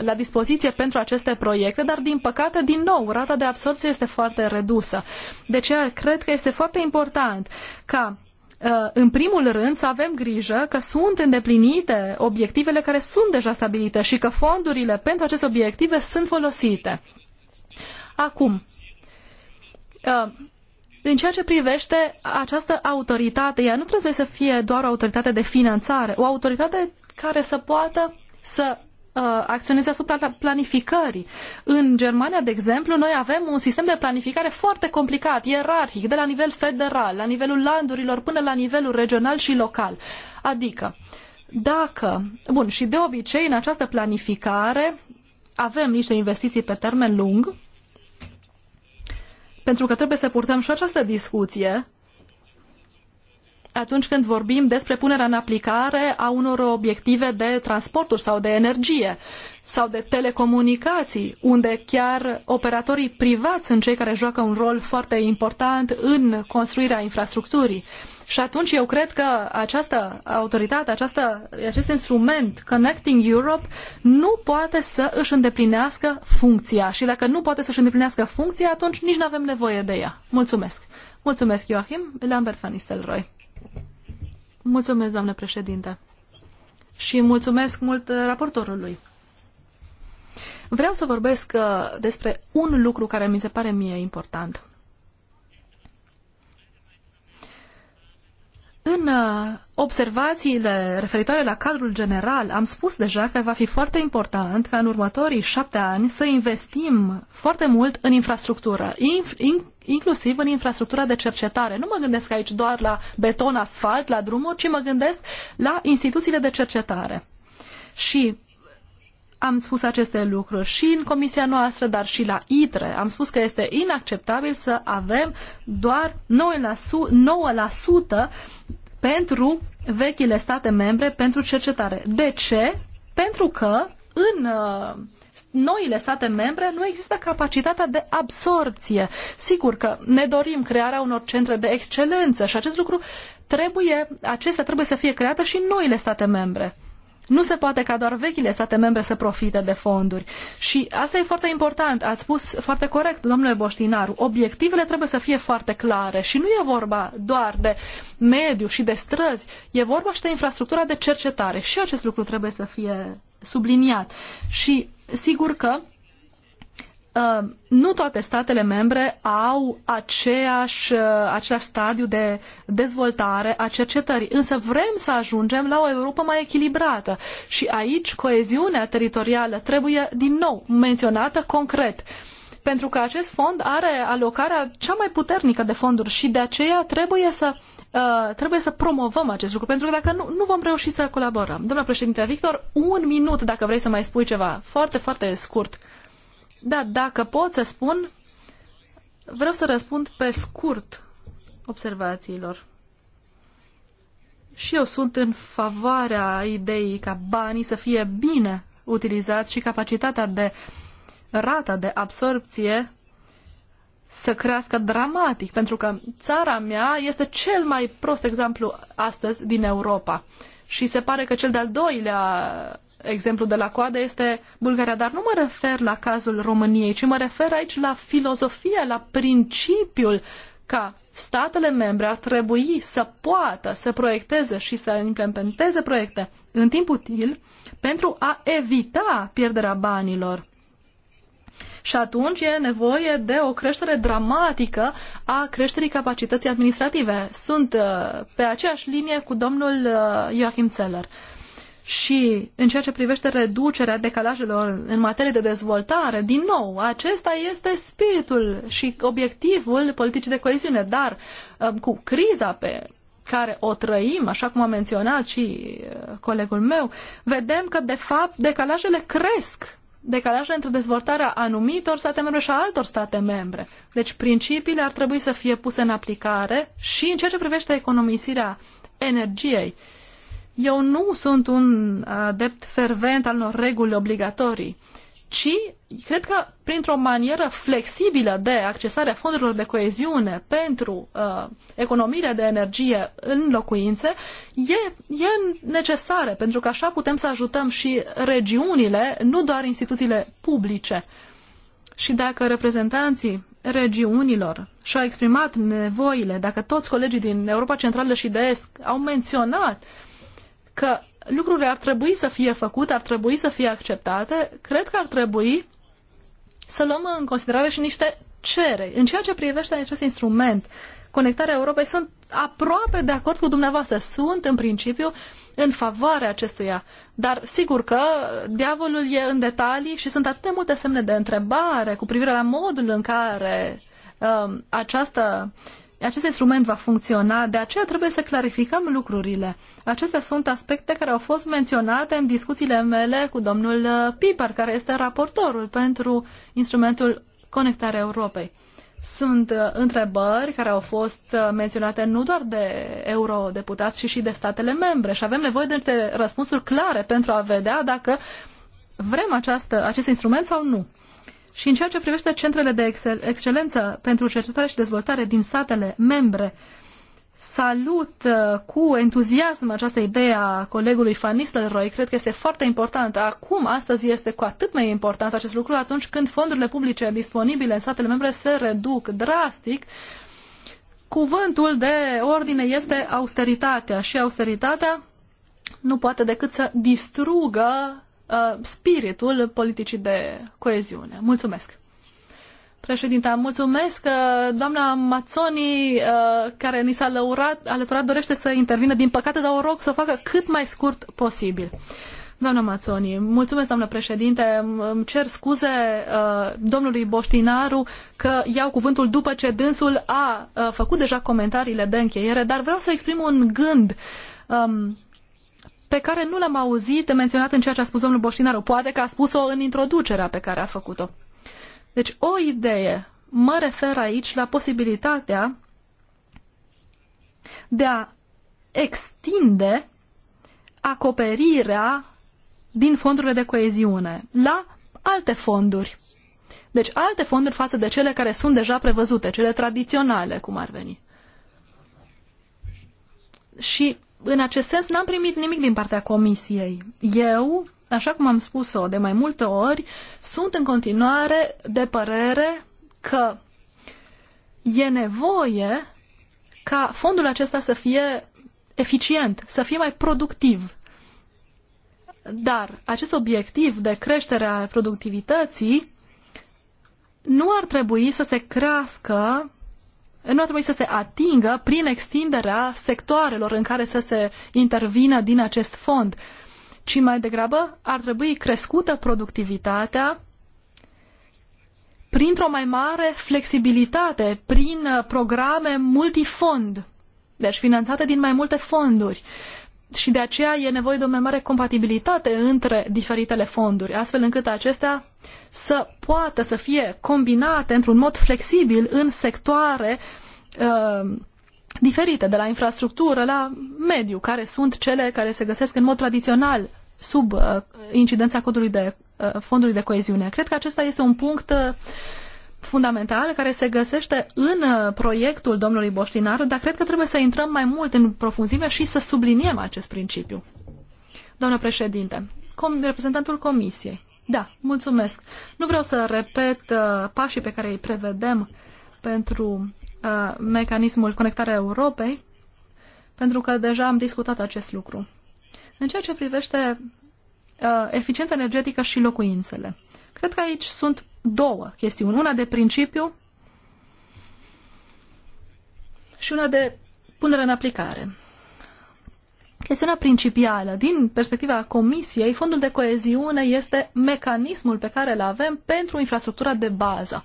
la dispoziție pentru aceste proiecte, dar din păcate, din nou, rata de absorție este foarte redusă. De deci, aceea cred că este foarte important ca Uh, în primul rând, să avem grijă că sunt îndeplinite obiectivele care sunt deja stabilite și că fondurile pentru aceste obiective sunt folosite. Acum, uh, în ceea ce privește această autoritate, ea nu trebuie să fie doar o autoritate de finanțare, o autoritate care să poată să Uh, acționeze asupra planificării. În Germania, de exemplu, noi avem un sistem de planificare foarte complicat, ierarhic, de la nivel federal, la nivelul landurilor până la nivelul regional și local. Adică, dacă, bun, și de obicei în această planificare avem niște investiții pe termen lung, pentru că trebuie să purtăm și această discuție atunci când vorbim despre punerea în aplicare a unor obiective de transporturi sau de energie sau de telecomunicații, unde chiar operatorii privați sunt cei care joacă un rol foarte important în construirea infrastructurii. Și atunci eu cred că această autoritate, această, acest instrument Connecting Europe nu poate să își îndeplinească funcția. Și dacă nu poate să își îndeplinească funcția, atunci nici nu avem nevoie de ea. Mulțumesc. Mulțumesc, Joachim. Lambert van Nistelrooy. Mulțumesc, doamnă președinte. Și mulțumesc mult uh, raportorului. Vreau să vorbesc uh, despre un lucru care mi se pare mie important. În uh, observațiile referitoare la cadrul general, am spus deja că va fi foarte important ca în următorii șapte ani să investim foarte mult în infrastructură, inclusiv în infrastructura de cercetare. Nu mă gândesc aici doar la beton, asfalt, la drumuri, ci mă gândesc la instituțiile de cercetare. Și am spus aceste lucruri și în comisia noastră, dar și la ITRE. Am spus că este inacceptabil să avem doar 9%, 9% pentru vechile state membre pentru cercetare. De ce? Pentru că în uh, noile state membre nu există capacitatea de absorpție. Sigur că ne dorim crearea unor centre de excelență și acest lucru trebuie, acestea trebuie să fie create și în noile state membre. Nu se poate ca doar vechile state membre să profite de fonduri. Și asta e foarte important. Ați spus foarte corect, domnule Boștinaru. Obiectivele trebuie să fie foarte clare și nu e vorba doar de mediu și de străzi. E vorba și de infrastructura de cercetare. Și acest lucru trebuie să fie subliniat. Și sigur că Ehm, nu toate statele membre au aceeași, eh, același stadiu de dezvoltare a cercetării, însă vrem să ajungem la o Europa mai echilibrată și aici coeziunea teritorială trebuie din nou menționată concret. Pentru că acest fond are alocarea cea mai puternică de fonduri și de aceea trebuie să Uh, trebuie să promovăm acest lucru, pentru că dacă nu, nu vom reuși să colaborăm. Domnule președinte Victor, un minut dacă vrei să mai spui ceva. Foarte, foarte scurt. Da, dacă pot să spun, vreau să răspund pe scurt observațiilor. Și eu sunt în favoarea ideii ca banii să fie bine utilizați și capacitatea de rata de absorpție să crească dramatic, pentru că țara mea este cel mai prost exemplu astăzi din Europa. Și se pare că cel de-al doilea exemplu de la coadă este Bulgaria, dar nu mă refer la cazul României, ci mă refer aici la filozofia, la principiul ca statele membre ar trebui să poată să proiecteze și să implementeze proiecte în timp util pentru a evita pierderea banilor. Și atunci e nevoie de o creștere dramatică a creșterii capacității administrative. Sunt uh, pe aceeași linie cu domnul uh, Joachim Zeller. Și în ceea ce privește reducerea decalajelor în materie de dezvoltare, din nou, acesta este spiritul și obiectivul politicii de coeziune, dar um, cu criza pe care o trăim, așa cum a menționat și uh, colegul meu, vedem că, de fapt, decalajele cresc. Decalajele între dezvoltarea anumitor state membre și a altor state membre. Deci principiile ar trebui să fie puse în aplicare și în ceea ce privește economisirea energiei. Uh, eu nu sunt un uh, adept fervent al unor reguli obligatorii, ci cred că printr-o manieră flexibilă de accesare a fondurilor de coeziune pentru uh, economiile de energie în locuințe e, e necesară, pentru că așa putem să ajutăm și regiunile, nu doar instituțiile publice. Și dacă reprezentanții regiunilor și-au exprimat nevoile, dacă toți colegii din Europa Centrală și de Est au menționat uh, că lucrurile ar trebui să fie făcute, ar trebui să fie acceptate, cred că ar trebui să luăm în considerare și niște cereri. În ceea ce privește acest instrument, Conectarea Europei, sunt aproape de acord cu dumneavoastră. Sunt, în principiu, în favoarea acestuia. Dar sigur că diavolul e în detalii și sunt atât de multe semne de întrebare cu privire la modul în care um, această uh, acest instrument va funcționa, de aceea trebuie să clarificăm lucrurile. Acestea sunt aspecte care au fost menționate în discuțiile mele cu domnul uh, Piper, care este raportorul pentru instrumentul Conectarea Europei. Sunt uh, întrebări care au fost uh, menționate nu doar de eurodeputați, ci și de statele membre și avem nevoie de niște răspunsuri clare pentru a vedea dacă vrem această, acest instrument sau nu. Și în ceea ce privește centrele de excel excelență pentru cercetare și dezvoltare din statele membre, salut uh, cu entuziasm această idee a colegului Van Nistelrooy. Cred că este foarte importantă. Acum, astăzi, este cu atât mai important acest lucru atunci când fondurile publice disponibile în statele membre se reduc drastic. Cuvântul de ordine este austeritatea și austeritatea nu poate decât să distrugă Uh, spiritul politicii de coeziune. Mulțumesc! Președinta, mulțumesc. Uh, doamna Mazzoni, uh, care ni s-a lăurat, alăturat, dorește să intervină. Din păcate, dar o rog să o facă cât mai scurt posibil. Doamna Mazzoni, mulțumesc, doamnă președinte. Îmi cer scuze domnului Boștinaru că iau cuvântul după ce dânsul a făcut deja comentariile de încheiere, dar vreau să exprim un gând um, pe care nu l-am auzit menționat în ceea ce a spus domnul Boștinaru. Poate că a spus-o în introducerea pe care a făcut-o. Deci, o idee. Mă refer aici la posibilitatea de a extinde acoperirea din fondurile de coeziune la alte fonduri. Deci alte fonduri față de cele care sunt deja prevăzute, cele tradiționale, cum ar veni. Și în acest sens n-am primit nimic din partea comisiei. Eu, așa cum am spus-o de mai multe ori, sunt în continuare de părere că e nevoie ca fondul acesta să fie eficient, să fie mai productiv. Dar acest obiectiv de creștere a productivității nu ar trebui să se crească nu ar trebui să se atingă prin extinderea sectoarelor în care să se intervină din acest fond, ci mai degrabă ar trebui crescută productivitatea printr-o mai mare flexibilitate, prin programe multifond, deci finanțate din mai multe fonduri. Uh, și de aceea e nevoie de o mai mare compatibilitate între diferitele fonduri, astfel încât acestea să poată să fie combinate într-un mod flexibil în sectoare uh, diferite, de la infrastructură la mediu, care sunt cele care se găsesc în mod tradițional sub uh, incidența codului de uh, fondului de coeziune. Cred că acesta este un punct uh, fundamental care se găsește în uh, proiectul domnului Boștinaru, dar cred că trebuie să intrăm mai mult în profunzime și să subliniem acest principiu. Doamna președinte, com reprezentantul Comisiei. Da, mulțumesc. Nu vreau să repet uh, pașii pe care îi prevedem pentru uh, mecanismul conectarea Europei, pentru că deja am discutat acest lucru. În ceea ce privește uh, eficiența energetică și locuințele, cred că aici sunt două chestiuni. Una de principiu și una de punere în aplicare. Chestiunea principială, din perspectiva Comisiei, fondul de coeziune este mecanismul pe care îl avem pentru infrastructura de bază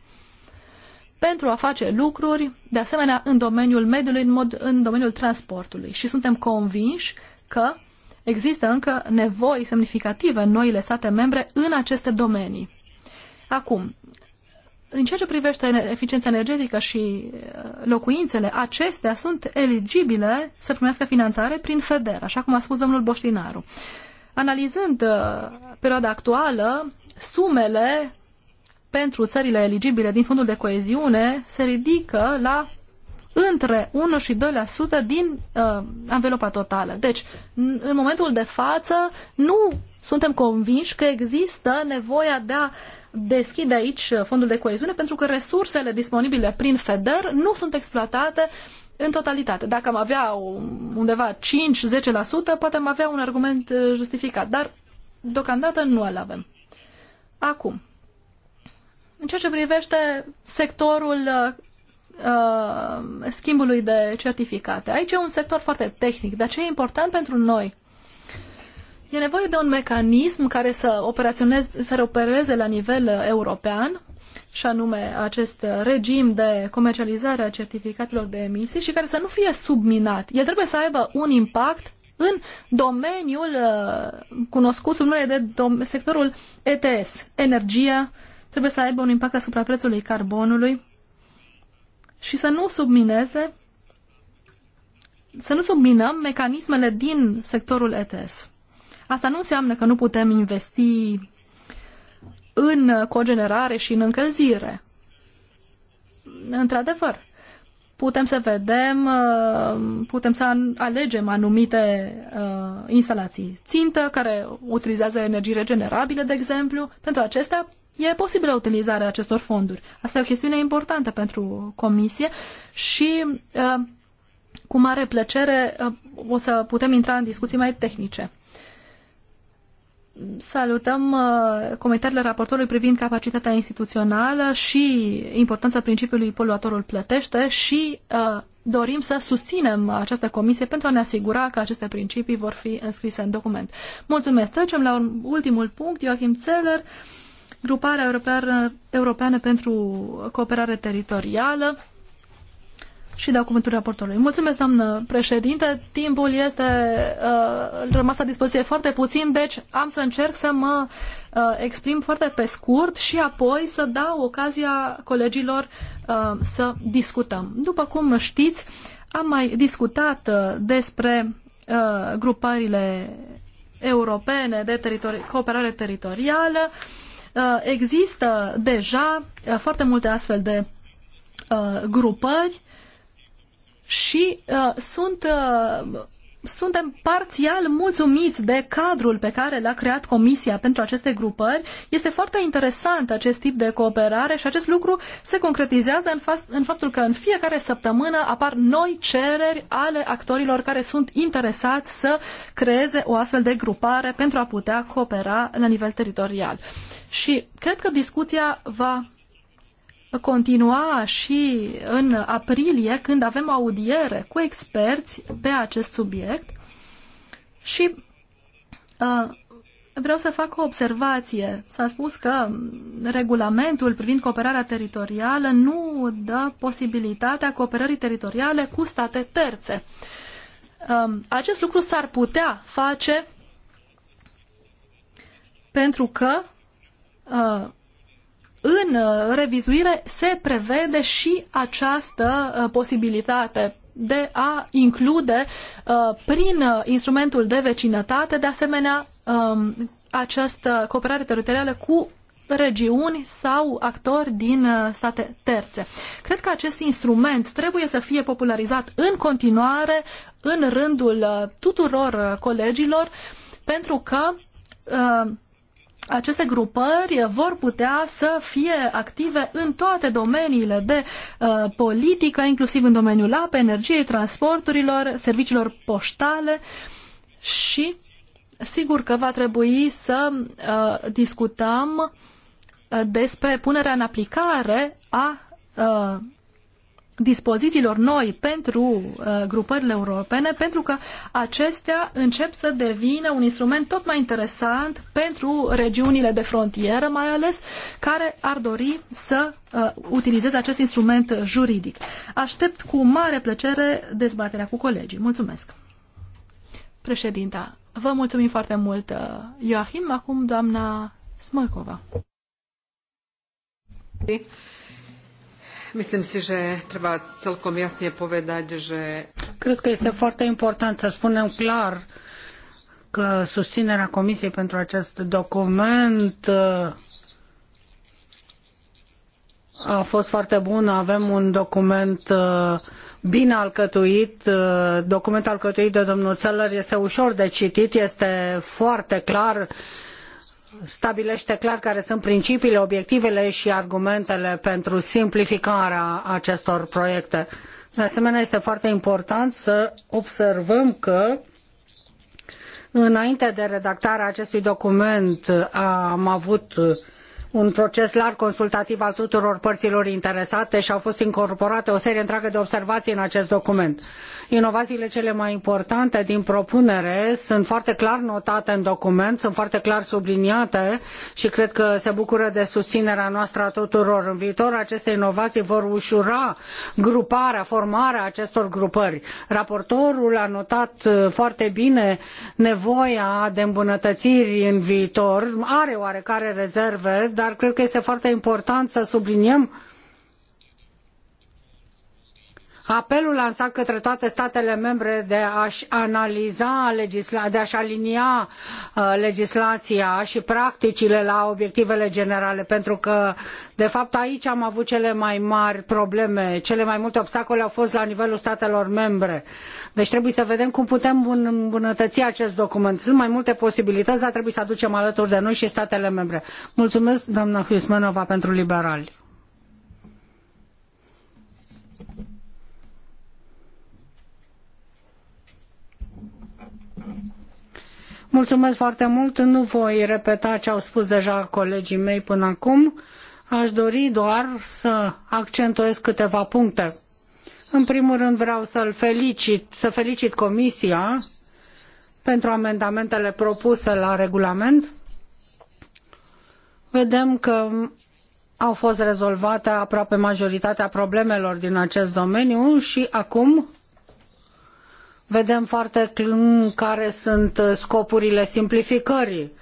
pentru a face lucruri, de asemenea, în domeniul mediului, în, mod, în domeniul transportului. Și suntem convinși că există încă nevoi semnificative în noile state membre în aceste domenii. Acum, în ceea ce privește eficiența energetică și uh, locuințele, acestea sunt eligibile să primească finanțare prin FEDER, așa cum a spus domnul Boștinaru. Analizând uh, perioada actuală, sumele pentru țările eligibile din fondul de coeziune se ridică la între 1 și 2% din uh, anvelopa totală. Deci, în momentul de față, nu suntem convinși că există nevoia de a uh, deschide aici fondul de coeziune pentru că resursele disponibile prin FEDER nu sunt exploatate în totalitate. Dacă am avea undeva 5-10%, poate am avea un argument uh, justificat, dar deocamdată nu îl avem. Acum, în ceea ce privește sectorul uh, uh, schimbului de certificate, aici e un sector foarte tehnic, dar ce e important pentru noi E nevoie de un mecanism care să, operaționeze, să opereze la nivel uh, european, și anume acest uh, regim de comercializare a certificatelor de emisii și care să nu fie subminat. El trebuie să aibă un impact în domeniul uh, cunoscut sub numele de sectorul ETS, energia, trebuie să aibă un impact asupra prețului carbonului și să nu submineze să nu subminăm mecanismele din sectorul ETS. Asta nu înseamnă că nu putem investi în cogenerare și în încălzire. Într-adevăr, putem să vedem, uh, putem să alegem anumite uh, instalații țintă care utilizează energie regenerabilă de exemplu. Pentru acestea e posibilă utilizarea acestor fonduri. Asta e o chestiune importantă pentru comisie și uh, cu mare plăcere o să putem intra în discuții mai tehnice. Salutăm uh, comentariile raportorului privind capacitatea instituțională și importanța principiului poluatorul plătește și uh, dorim să susținem această comisie pentru a ne asigura că aceste principii vor fi înscrise în document. Mulțumesc. Trecem la ultimul punct. Joachim Zeller, Gruparea Europeană, Europeană pentru Cooperare Teritorială și dau cuvântul raportorului. Mulțumesc, doamnă președinte. Timpul este uh, rămas la dispoziție foarte puțin, deci am să încerc să mă uh, exprim foarte pe scurt și apoi să dau ocazia colegilor uh, să discutăm. După cum știți, am mai discutat uh, despre uh, grupările europene de teritori- cooperare teritorială. Uh, există deja uh, foarte multe astfel de uh, grupări și uh, sunt, uh, suntem parțial mulțumiți de cadrul pe care l-a creat Comisia pentru aceste grupări. Este foarte interesant acest tip de cooperare și acest lucru se concretizează în, fa- în faptul că în fiecare săptămână apar noi cereri ale actorilor care sunt interesați să creeze o astfel de grupare pentru a putea coopera la nivel teritorial. Și cred că discuția va continua și în aprilie, când avem audiere cu experți pe acest subiect. Și uh, vreau să fac o observație. S-a spus că regulamentul privind cooperarea teritorială nu dă posibilitatea cooperării teritoriale cu state terțe. Uh, acest lucru s-ar putea face pentru că uh, în uh, revizuire se prevede și această uh, posibilitate de a include uh, prin instrumentul de vecinătate, de asemenea, um, această cooperare teritorială cu regiuni sau actori din state terțe. Cred că acest instrument trebuie să fie popularizat în continuare în rândul tuturor colegilor pentru că aceste grupări vor putea să fie active în toate domeniile de uh, politică, inclusiv în domeniul apei, energiei, transporturilor, serviciilor poștale și sigur că va trebui să uh, discutăm uh, despre punerea în aplicare a uh, dispozițiilor noi pentru uh, grupările europene, pentru că acestea încep să devină un instrument tot mai interesant pentru regiunile de frontieră, mai ales, care ar dori să uh, utilizeze acest instrument juridic. Aștept cu mare plăcere dezbaterea cu colegii. Mulțumesc! Președinta, vă mulțumim foarte mult, uh, Joachim. Acum, doamna Smolcova. Myslím si, že treba celkom jasne povedať, že... Cred că este foarte important să spunem clar că susținerea Comisiei pentru acest document uh, a fost foarte bună. Avem un document uh, bine alcătuit. Uh, documentul alcătuit de domnul Țeller este ușor de citit, este foarte clar stabilește clar care sunt principiile, obiectivele și argumentele pentru simplificarea acestor proiecte. De asemenea, este foarte important să observăm că înainte de redactarea acestui document am avut un proces larg consultativ al tuturor părților interesate și au fost incorporate o serie întreagă de observații în acest document. Inovațiile cele mai importante din propunere sunt foarte clar notate în document, sunt foarte clar subliniate și cred că se bucură de susținerea noastră a tuturor. În viitor, aceste inovații vor ușura gruparea, formarea acestor grupări. Raportorul a notat uh, foarte bine nevoia de îmbunătățiri în viitor, are oarecare rezerve, dar dar cred că este foarte important să subliniem apelul lansat către toate statele membre de a-și analiza, de a-și alinia uh, legislația și practicile la obiectivele generale, pentru că, de fapt, aici am avut cele mai mari probleme, cele mai multe obstacole au fost la nivelul statelor membre. Deci trebuie să vedem cum putem îmbunătăți acest document. Sunt mai multe posibilități, dar trebuie să aducem alături de noi și statele membre. Mulțumesc, doamna Husmanova, pentru liberali. Mulțumesc foarte mult, nu voi repeta ce au spus deja colegii mei până acum. Aș dori doar să accentuez câteva puncte. În primul rând vreau să-l felicit, să felicit Comisia pentru amendamentele propuse la regulament. Vedem că au fost rezolvate aproape majoritatea problemelor din acest domeniu și acum vedem foarte clar care sunt uh, scopurile simplificării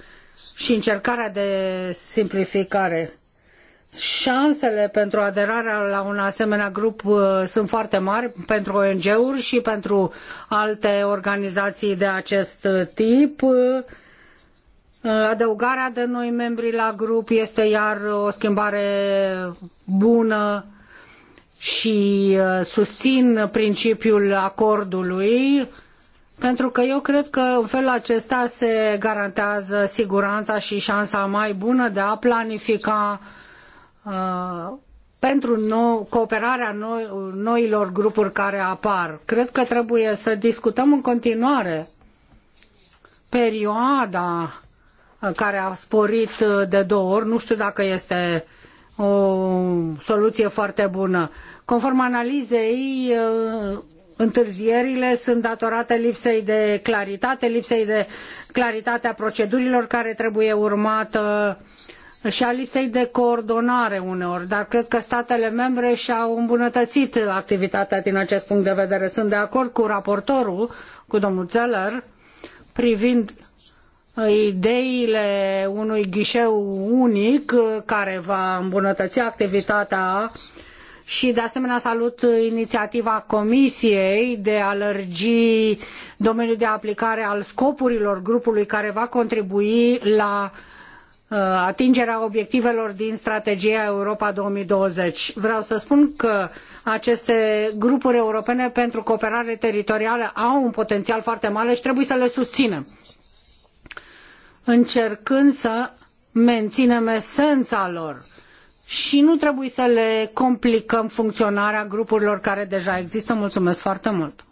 și încercarea de simplificare. Șansele pentru aderarea la un asemenea grup uh, sunt foarte mari pentru ONG-uri și pentru alte organizații de acest uh, tip. Adăugarea de noi membri la grup este iar o schimbare bună și uh, susțin principiul acordului pentru că eu cred că în felul acesta se garantează siguranța și șansa mai bună de a planifica uh, pentru nou, cooperarea noi, noilor grupuri care apar. Cred că trebuie să discutăm în continuare perioada uh, care a sporit uh, de două ori. Nu știu dacă este uh, o soluție foarte bună. Conform analizei, uh, întârzierile sunt datorate lipsei de claritate, lipsei de claritate a procedurilor care trebuie urmată și a lipsei de coordonare uneori, dar cred că statele membre și-au îmbunătățit activitatea din acest punct de vedere. Sunt de acord cu raportorul, cu domnul Zeller, privind ideile unui ghișeu unic uh, care va îmbunătăți activitatea și de asemenea salut inițiativa Comisiei de a lărgi domeniul de aplicare al scopurilor grupului care va contribui la uh, atingerea obiectivelor din strategia Europa 2020. Vreau să spun că aceste grupuri europene pentru cooperare teritorială au un potențial foarte mare și trebuie să le susținem încercând să menținem esența lor și nu trebuie să le complicăm funcționarea grupurilor care deja există. Mulțumesc foarte mult!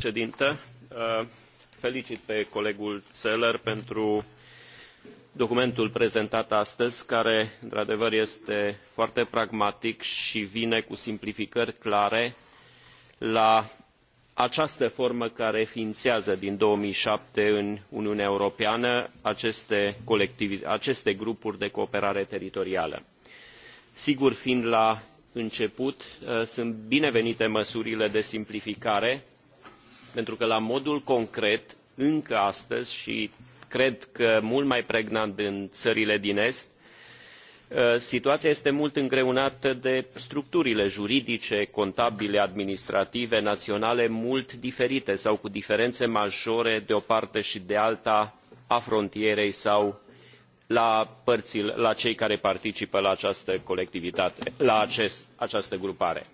Ședinte, uh, felicit pe colegul Țeler pentru documentul prezentat astăzi, care, într-adevăr, este foarte pragmatic și vine cu simplificări clare la această formă care ființează din 2007 în Uniunea Europeană aceste, aceste grupuri de cooperare teritorială. Sigur, fiind la început, ă, sunt binevenite măsurile de simplificare, pentru că la modul concret, încă astăzi și cred că mult mai pregnant în țările din Est, Uh, situaia este mult îngreunată de structurile juridice contabile administrative naionale mult diferite sau cu diferene majore de o parte i de alta a frontierei sau la, părții, la cei care participă la această colectivitate la acest, această grupare.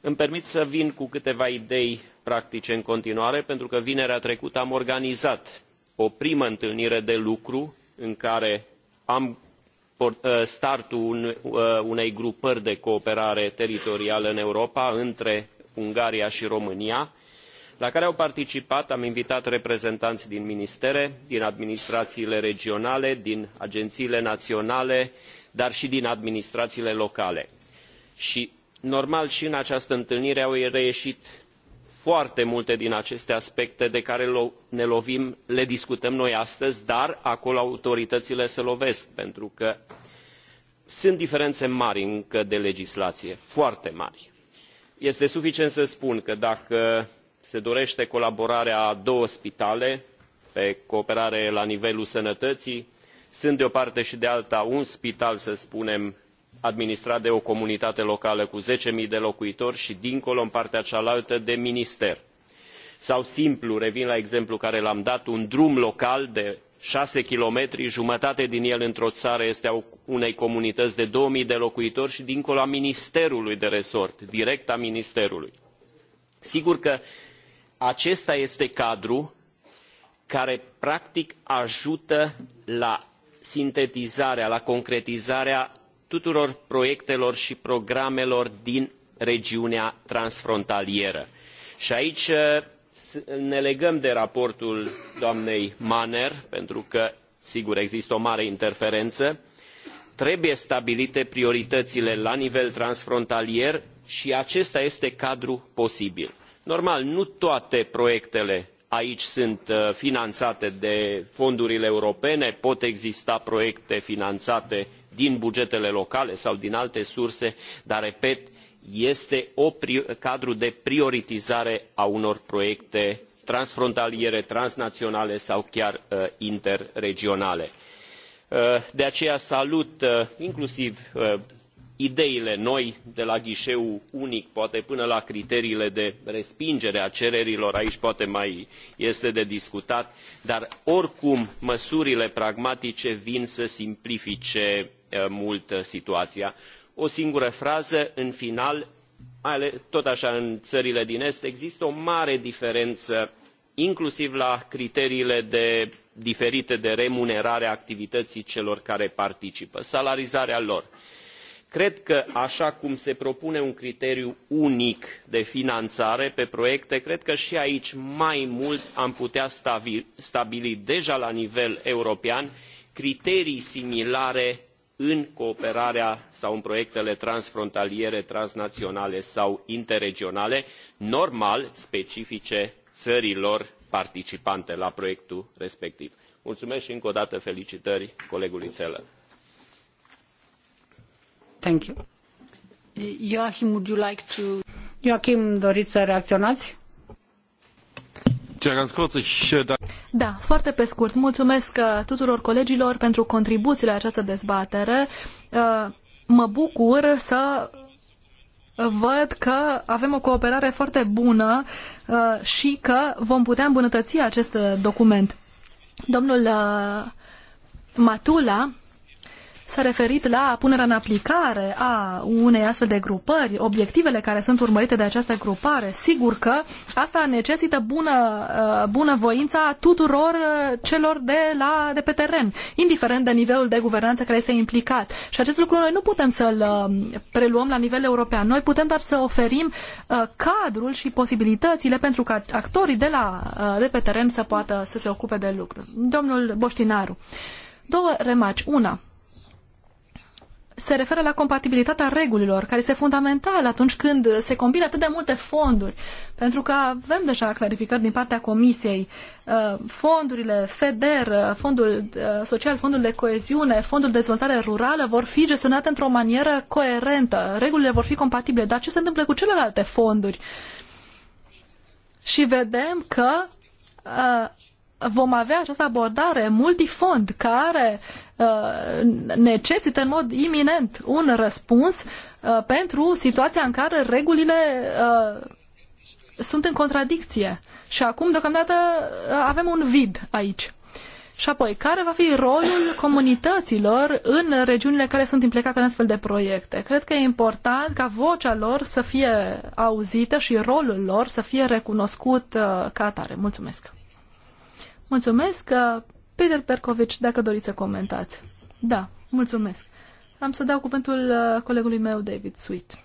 îmi permit să vin cu câteva idei practice în continuare pentru că vinerea trecută am organizat o primă întâlnire de lucru în care am Uh, startul uh, unei grupări de cooperare teritorială în europa între ungaria i românia la care au participat am invitat reprezentani din ministere din administraiile regionale din ageniile naionale dar i din administraiile locale i normal i în această întâlnire au reieit foarte multe din aceste aspecte de care ne lovim le discutăm noi astăzi dar acolo autoritățile se lovesc pentru că sunt diferențe mari încă de legislație foarte mari. este suficient să spun că dacă se dorește colaborarea a două spitale pe cooperare la nivelul sănătății sunt de o parte și de alta un spital să spunem administrat de o comunitate locală cu zece zero de locuitori i dincolo în partea cealaltă de minister sau simplu revin la exemplul pe care l am dat un drum local de șase kilometri jumătate din el într o ară este a unei comunităi de doi zero de locuitori i dincolo a ministerului de resort direct a ministerului. sigur că acesta este cadrul care practic ajută la sintetizarea la concretizarea tuturor proiectelor și programelor din regiunea transfrontalieră. Și aici eh, ne legăm de raportul doamnei Manner, pentru că, sigur, există o mare interferență. Trebuie stabilite prioritățile la nivel transfrontalier și acesta este cadrul posibil. Normal, nu toate proiectele aici sunt eh, finanțate de fondurile europene, pot exista proiecte finanțate din bugetele locale sau din alte surse dar repet este un cadru de prioritizare a unor proiecte transfrontaliere transnaionale sau chiar uh, interregionale. Uh, de aceea salut uh, inclusiv ideile noi de la ghișeul unic poate până la criteriile de respingere a cererilor aici poate mai este de discutat dar oricum măsurile pragmatice vin să simplifice Eh, mult eh, situația. O singură frază în final, tot așa în țările din Est există o mare diferență inclusiv la criteriile de, diferite de remunerare a activității celor care participă, salarizarea lor. Cred că așa cum se propune un criteriu unic de finanțare pe proiecte, cred că și aici mai mult am putea stabili, stabili deja la nivel european criterii similare în cooperarea sau în proiectele transfrontaliere, transnaționale sau interregionale, normal specifice țărilor participante la proiectul respectiv. Mulțumesc și încă o dată felicitări colegului Țelă. Thank you. Joachim, would you like to... Joachim, doriți să reacționați? Äh, da-, da, foarte pe scurt. Mulțumesc uh, tuturor colegilor pentru contribuțiile la această dezbatere. Uh, mă bucur să văd că avem o cooperare foarte bună uh, și că vom putea îmbunătăți acest document. Domnul Matula s-a referit la punerea în aplicare a unei astfel de grupări, obiectivele care sunt urmărite de această grupare. Sigur că asta necesită bună, uh, bună voința tuturor uh, celor de, la, de pe teren, indiferent de nivelul de guvernanță care este implicat. Și acest lucru noi nu putem să-l um, preluăm la nivel european. Noi putem doar să oferim uh, cadrul și posibilitățile pentru ca actorii de, la, de pe teren să poată să se ocupe de lucruri. Domnul Boștinaru, două remarci. Una, se referă la compatibilitatea regulilor, care este fundamentală atunci când se combină atât de multe fonduri. Pentru că avem deja clarificări din partea Comisiei. Uh, fondurile FEDER, uh, Fondul uh, Social, Fondul de Coeziune, Fondul de Dezvoltare Rurală vor fi gestionate într-o manieră coerentă. Regulile vor fi compatibile. Dar ce se întâmplă cu celelalte fonduri? Și vedem că vom avea această abordare multifond care uh, necesită în mod iminent un răspuns uh, pentru situația în care regulile uh, sunt în contradicție. Și acum, deocamdată, uh, avem un vid aici. Și apoi, care va fi rolul comunităților în regiunile care sunt implicate în astfel de proiecte? Cred că e important ca vocea lor să fie auzită și rolul lor să fie recunoscut uh, ca atare. Mulțumesc! Mulțumesc. Uh, Peter Perkovic, dacă doriți să comentați. Da, mulțumesc. Am să dau cuvântul uh, colegului meu, David Sweet.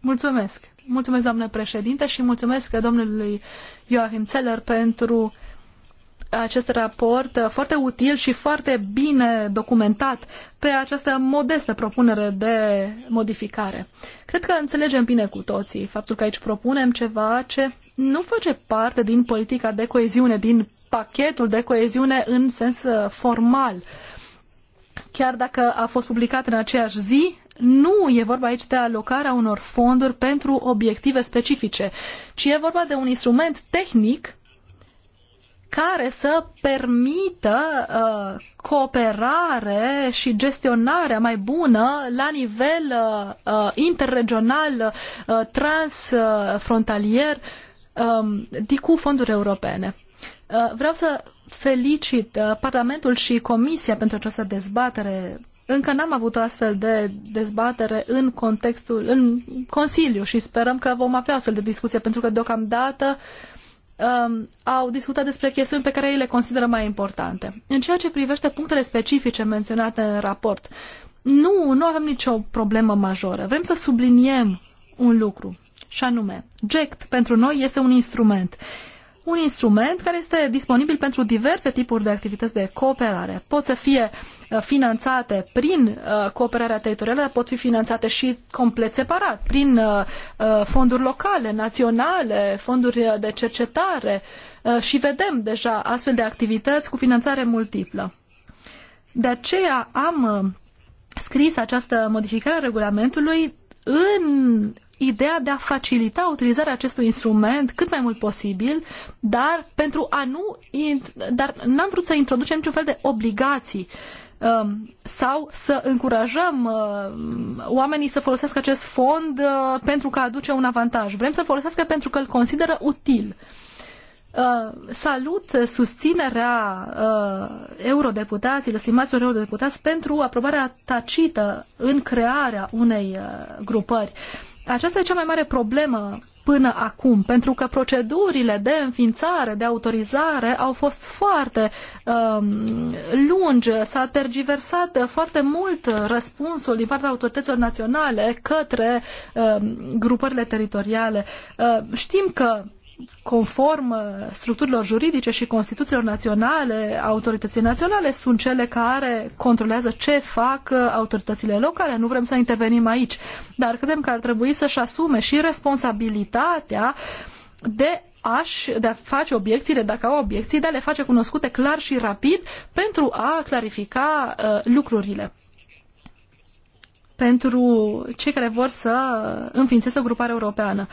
Mulțumesc. Mulțumesc, doamnă președinte, și mulțumesc domnului Joachim Zeller pentru acest raport uh, foarte util și foarte bine documentat pe această modestă propunere de modificare. Cred că înțelegem bine cu toții faptul că aici propunem ceva ce nu face parte din politica de coeziune, din pachetul de coeziune în sens uh, formal. Chiar dacă a fost publicat în aceeași zi, nu e vorba aici de alocarea unor fonduri pentru obiective specifice, ci e vorba de un instrument tehnic care să permită uh, cooperare și gestionarea mai bună la nivel uh, uh interregional, uh, transfrontalier Um, cu fonduri europene. Uh, vreau să felicit uh, Parlamentul și Comisia pentru această dezbatere. Încă n-am avut o astfel de dezbatere în contextul, în Consiliu și sperăm că vom avea astfel de discuție, pentru că deocamdată um, au discutat despre chestiuni pe care ei le consideră mai importante. În ceea ce privește punctele specifice menționate în raport, nu, nu avem nicio problemă majoră. Vrem să subliniem un lucru și anume, GECT pentru noi este un instrument. Un instrument care este disponibil pentru diverse tipuri de activități de cooperare. Pot să fie uh, finanțate prin uh, cooperarea teritorială, pot fi finanțate și complet separat, prin uh, fonduri locale, naționale, fonduri de cercetare și vedem deja astfel de activități cu finanțare multiplă. De aceea am scris această modificare a regulamentului în ideea de a facilita utilizarea acestui instrument cât mai mult posibil, dar pentru a nu, dar n-am vrut să introducem niciun fel de obligații um, sau să încurajăm uh, oamenii să folosească acest fond uh, pentru că aduce un avantaj. Vrem să folosească pentru că îl consideră util. Uh, salut susținerea eurodeputaților, stimaților eurodeputați, pentru aprobarea tacită în crearea unei grupări. Aceasta e cea mai mare problemă până acum, pentru că procedurile de înființare, de autorizare au fost foarte um, lungi, s-a tergiversat foarte mult răspunsul din partea autorităților naționale către um, grupările teritoriale. Uh, știm că conform uh, structurilor juridice și Constituțiilor naționale, autoritățile naționale sunt cele care controlează ce fac uh, autoritățile locale. Nu vrem să intervenim aici, dar credem că ar trebui să-și asume și responsabilitatea de aș de a face obiecțiile, dacă au obiecții, de a le face cunoscute clar și rapid pentru a clarifica uh, lucrurile. Pentru cei care vor să înființeze o grupare europeană.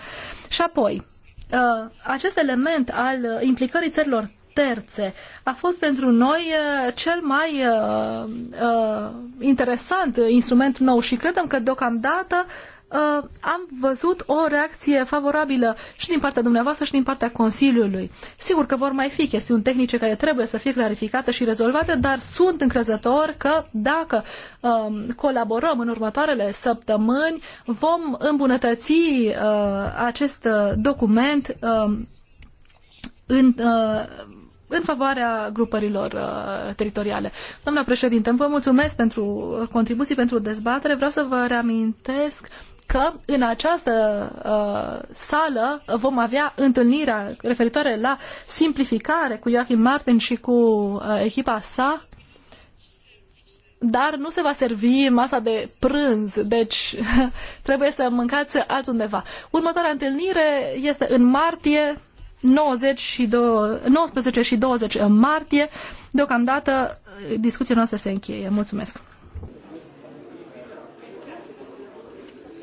Și apoi, Uh, acest element al uh, implicării țărilor terțe a fost pentru noi uh, cel mai uh, uh, interesant instrument nou și credem că deocamdată Uh, am văzut o reacție favorabilă și din partea dumneavoastră și din partea Consiliului. Sigur că vor mai fi chestiuni tehnice care trebuie să fie clarificate și rezolvate, dar sunt încrezător că dacă um, colaborăm în următoarele săptămâni, vom îmbunătăți uh, acest document um, în uh, în favoarea grupărilor uh, teritoriale. Doamna președinte, vă mulțumesc pentru contribuții, pentru dezbatere. Vreau să vă reamintesc că în această uh, sală vom avea întâlnirea referitoare la simplificare cu Joachim Martin și cu uh, echipa sa, dar nu se va servi masa de prânz, deci trebuie să mâncați altundeva. Următoarea întâlnire este în martie, 90 și 2, 19 și 20 în martie. Deocamdată discuția noastră se încheie. Mulțumesc!